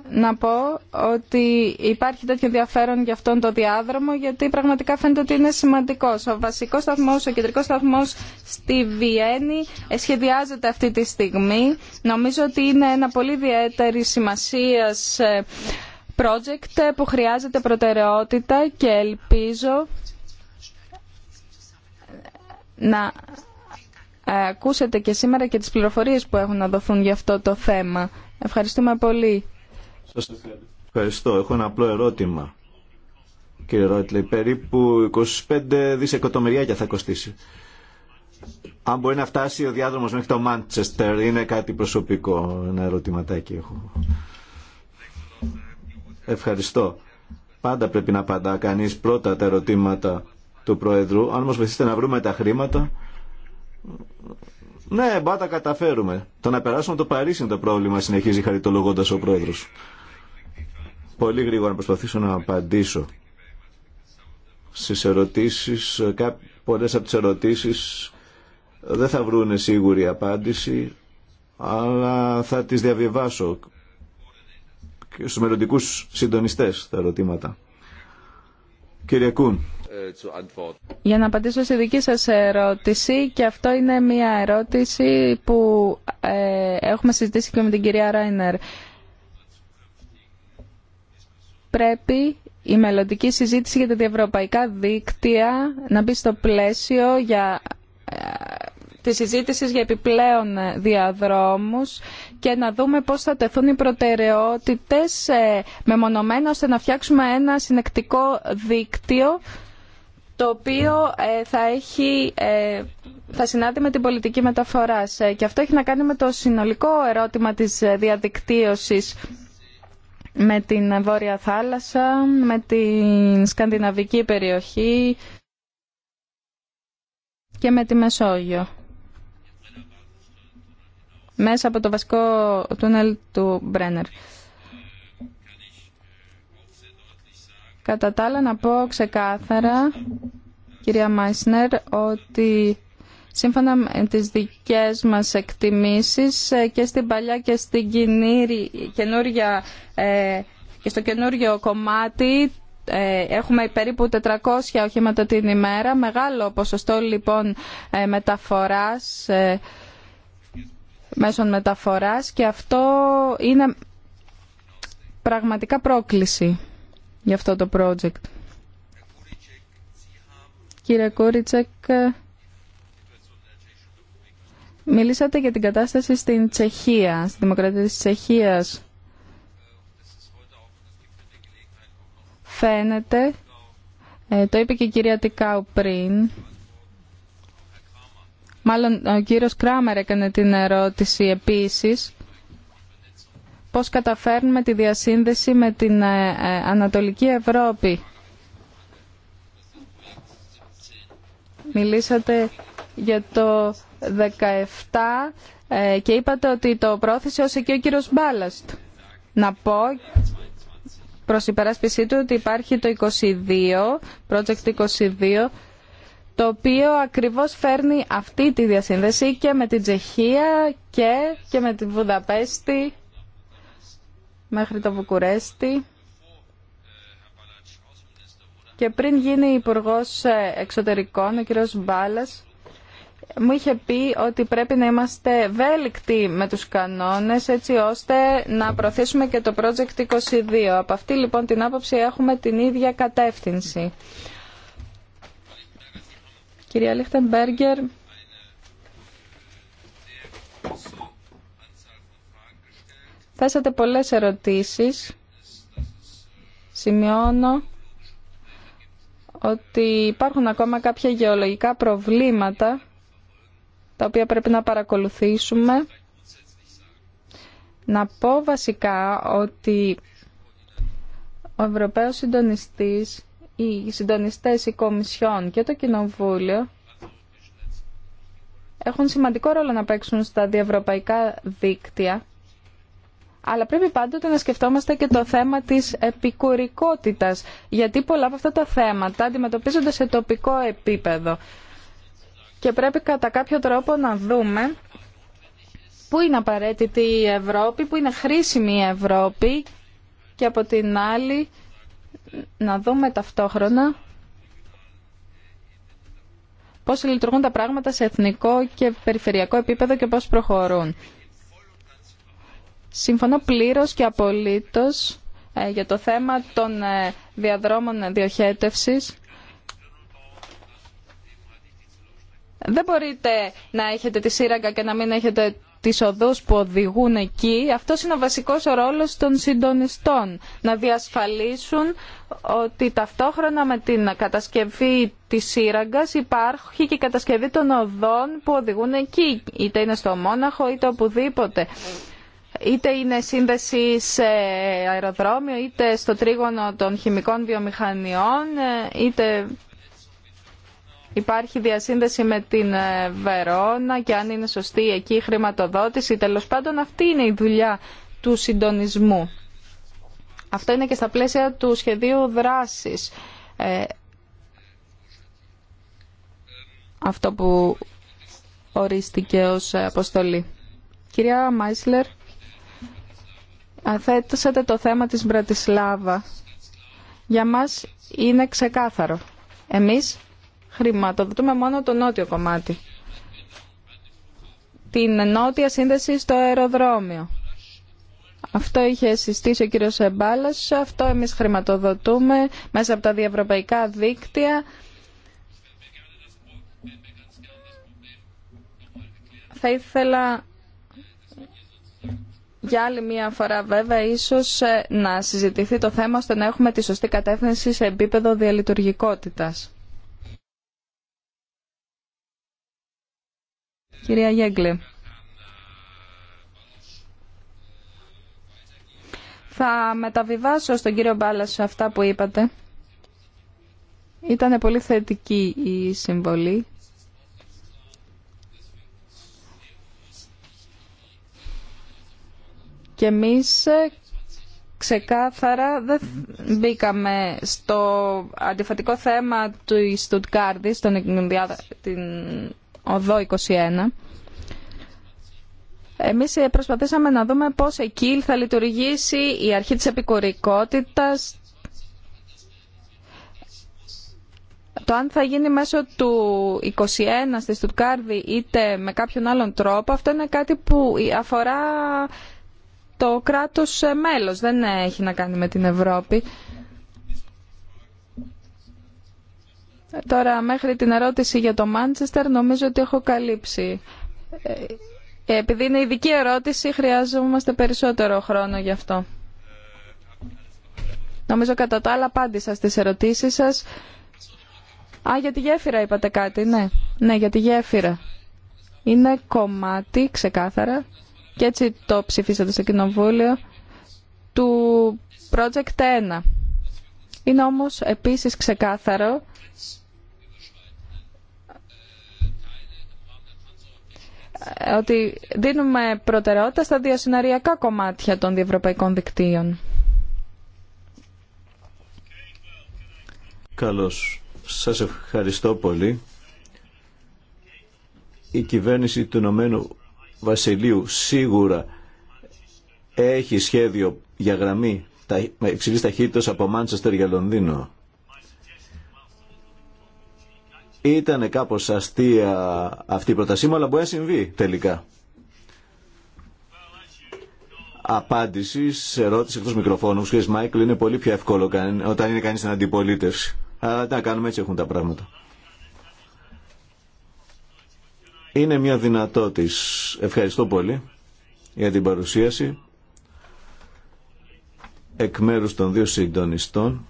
να πω ότι υπάρχει τέτοιο ενδιαφέρον για αυτόν τον διάδρομο, γιατί πραγματικά φαίνεται ότι είναι σημαντικός. Ο βασικός σταθμό, ο κεντρικό σταθμό στη Βιέννη σχεδιάζεται αυτή τη στιγμή. Νομίζω ότι είναι ένα πολύ ιδιαίτερη σημασία. Ε, project που χρειάζεται προτεραιότητα και ελπίζω να ε, ακούσετε και σήμερα και τις πληροφορίες που έχουν να δοθούν για αυτό το θέμα. Ευχαριστούμε πολύ. Σας ευχαριστώ. Έχω ένα απλό ερώτημα. Κύριε Ρότλε, περίπου 25 δισεκατομμυριάκια θα κοστίσει. Αν μπορεί να φτάσει ο διάδρομος μέχρι το Μάντσεστερ, είναι κάτι προσωπικό, ένα ερωτηματάκι έχω. Ευχαριστώ. Πάντα πρέπει να απαντά κανείς πρώτα τα ερωτήματα του Προεδρού. Αν μας να βρούμε τα χρήματα, ναι, μπα καταφέρουμε. Το να περάσουμε το Παρίσι είναι το πρόβλημα, συνεχίζει χαριτολογώντα ο Πρόεδρος. Πολύ γρήγορα να προσπαθήσω να απαντήσω στι ερωτήσεις. Πολλέ από τι ερωτήσεις δεν θα βρούνε σίγουρη απάντηση, αλλά θα τις διαβιβάσω στους μελλοντικούς συντονιστές τα ερωτήματα. Κύριε Κούν. Για να απαντήσω στη δική σας ερώτηση και αυτό είναι μια ερώτηση που ε, έχουμε συζητήσει και με την κυρία Ράινερ. Πρέπει η μελλοντική συζήτηση για τα διευρωπαϊκά δίκτυα να μπει στο πλαίσιο για ε, τη συζήτηση για επιπλέον διαδρόμους και να δούμε πώς θα τεθούν οι προτεραιότητες ε, μεμονωμένα ώστε να φτιάξουμε ένα συνεκτικό δίκτυο το οποίο ε, θα, έχει, ε, θα συνάδει με την πολιτική μεταφοράς. Και αυτό έχει να κάνει με το συνολικό ερώτημα της διαδικτύωσης με την Βόρεια Θάλασσα, με την Σκανδιναβική περιοχή και με τη Μεσόγειο μέσα από το βασικό τούνελ του Μπρένερ. Κατά τα άλλα να πω ξεκάθαρα, κυρία Μάισνερ, ότι σύμφωνα με τις δικές μας εκτιμήσεις ε, και στην παλιά και στην καινούρια, ε, και στο καινούριο κομμάτι ε, έχουμε περίπου 400 οχήματα την ημέρα, μεγάλο ποσοστό λοιπόν μεταφοράς μέσων μεταφοράς και αυτό είναι πραγματικά πρόκληση για αυτό το project. Κύριε Κούριτσεκ, μιλήσατε για την κατάσταση στην Τσεχία, στη Δημοκρατία της Τσεχίας. Φαίνεται, ε, το είπε και η κυρία Τικάου πριν, Μάλλον ο κύριος Κράμερ έκανε την ερώτηση επίσης πώς καταφέρνουμε τη διασύνδεση με την ε, ε, Ανατολική Ευρώπη. Μιλήσατε για το 17 ε, και είπατε ότι το πρόθεσε ως εκεί ο κύριος Μπάλαστ. Να πω προς υπεράσπιση του ότι υπάρχει το 22, project 22, το οποίο ακριβώς φέρνει αυτή τη διασύνδεση και με την Τσεχία και, και με την Βουδαπέστη μέχρι το Βουκουρέστι. Και πριν γίνει υπουργό ε, Εξωτερικών, ο κύριος Μπάλας, μου είχε πει ότι πρέπει να είμαστε βέλικτοι με τους κανόνες έτσι ώστε να προωθήσουμε και το Project 22. Από αυτή λοιπόν την άποψη έχουμε την ίδια κατεύθυνση. Κυρία Λίχτεμπέργκερ, θέσατε πολλές ερωτήσεις. Σημειώνω ότι υπάρχουν ακόμα κάποια γεωλογικά προβλήματα τα οποία πρέπει να παρακολουθήσουμε. Να πω βασικά ότι ο Ευρωπαίος Συντονιστής οι συντονιστές, οι Κομισιόν και το Κοινοβούλιο έχουν σημαντικό ρόλο να παίξουν στα διευρωπαϊκά δίκτυα, αλλά πρέπει πάντοτε να σκεφτόμαστε και το θέμα της επικουρικότητας, γιατί πολλά από αυτά τα θέματα αντιμετωπίζονται σε τοπικό επίπεδο. Και πρέπει κατά κάποιο τρόπο να δούμε πού είναι απαραίτητη η Ευρώπη, πού είναι χρήσιμη η Ευρώπη και από την άλλη να δούμε ταυτόχρονα πώς λειτουργούν τα πράγματα σε εθνικό και περιφερειακό επίπεδο και πώς προχωρούν. Συμφωνώ πλήρως και απολύτως ε, για το θέμα των ε, διαδρόμων διοχέτευσης. Δεν μπορείτε να έχετε τη σύραγγα και να μην έχετε τις οδού που οδηγούν εκεί, Αυτό είναι ο βασικός ρόλος των συντονιστών. Να διασφαλίσουν ότι ταυτόχρονα με την κατασκευή της σύραγγα υπάρχει και η κατασκευή των οδών που οδηγούν εκεί, είτε είναι στο Μόναχο είτε οπουδήποτε. Είτε είναι σύνδεση σε αεροδρόμιο, είτε στο τρίγωνο των χημικών βιομηχανιών, είτε υπάρχει διασύνδεση με την ε, Βερόνα και αν είναι σωστή εκεί η χρηματοδότηση. Τέλος πάντων αυτή είναι η δουλειά του συντονισμού. Αυτό είναι και στα πλαίσια του σχεδίου δράσης. Ε, αυτό που ορίστηκε ως αποστολή. Κυρία Μάισλερ, θέτωσατε το θέμα της Μπρατισλάβα. Για μας είναι ξεκάθαρο. Εμείς χρηματοδοτούμε μόνο το νότιο κομμάτι. Την νότια σύνδεση στο αεροδρόμιο. Αυτό είχε συστήσει ο κύριος Εμπάλας, αυτό εμείς χρηματοδοτούμε μέσα από τα διευρωπαϊκά δίκτυα. Θα ήθελα για άλλη μία φορά βέβαια ίσως ε, να συζητηθεί το θέμα ώστε να έχουμε τη σωστή κατεύθυνση σε επίπεδο διαλειτουργικότητας. Κυρία Γέγκλε. Θα μεταβιβάσω στον κύριο Μπάλας αυτά που είπατε. Ήταν πολύ θετική η συμβολή. Και εμείς ε, ξεκάθαρα δεν μπήκαμε στο αντιφατικό θέμα του Στουτκάρδη, την οδό 21. Εμείς ε, προσπαθήσαμε να δούμε πώς εκεί θα λειτουργήσει η αρχή της επικορικότητας, το αν θα γίνει μέσω του 21 στη Στουτκάρδη είτε με κάποιον άλλον τρόπο, αυτό είναι κάτι που αφορά το κράτος ε, μέλος, δεν έχει να κάνει με την Ευρώπη. Τώρα μέχρι την ερώτηση για το Μάντσεστερ νομίζω ότι έχω καλύψει. Ε, επειδή είναι ειδική ερώτηση χρειάζομαστε περισσότερο χρόνο γι' αυτό. Νομίζω κατά τα άλλα απάντησα στις ερωτήσεις σας. Α, για τη γέφυρα είπατε κάτι, ναι. Ναι, για τη γέφυρα. Είναι κομμάτι, ξεκάθαρα, και έτσι το ψηφίσατε στο Κοινοβούλιο, του Project 1. Είναι όμως επίσης ξεκάθαρο ότι δίνουμε προτεραιότητα στα διασυναριακά κομμάτια των διευρωπαϊκών δικτύων. Καλώς. Σας ευχαριστώ πολύ. Η κυβέρνηση του Ηνωμένου Βασιλείου σίγουρα έχει σχέδιο για γραμμή υψηλής ταχύτητας από Μάντσεστερ για Λονδίνο. Ήταν κάπως αστεία αυτή η πρότασή μου, αλλά μπορεί να συμβεί τελικά. Απάντηση σε ερώτηση εκτό μικροφώνου. Ο Μάικλ είναι πολύ πιο εύκολο όταν είναι κανεί στην αντιπολίτευση. Αλλά τι να κάνουμε, έτσι έχουν τα πράγματα. Είναι μια δυνατότητα. Ευχαριστώ πολύ για την παρουσίαση εκ μέρου των δύο συντονιστών.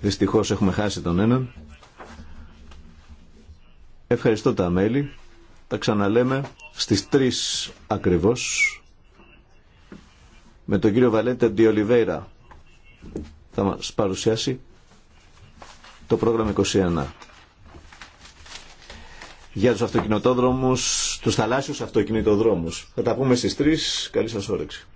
Δυστυχώς έχουμε χάσει τον έναν. Ευχαριστώ τα μέλη. Τα ξαναλέμε στις 3 ακριβώς με τον κύριο Βαλέντε Ντιολιβέιρα θα μας παρουσιάσει το πρόγραμμα 21 για τους αυτοκινητόδρομους, τους θαλάσσιους αυτοκινητοδρόμους. Θα τα πούμε στις 3. Καλή σας όρεξη.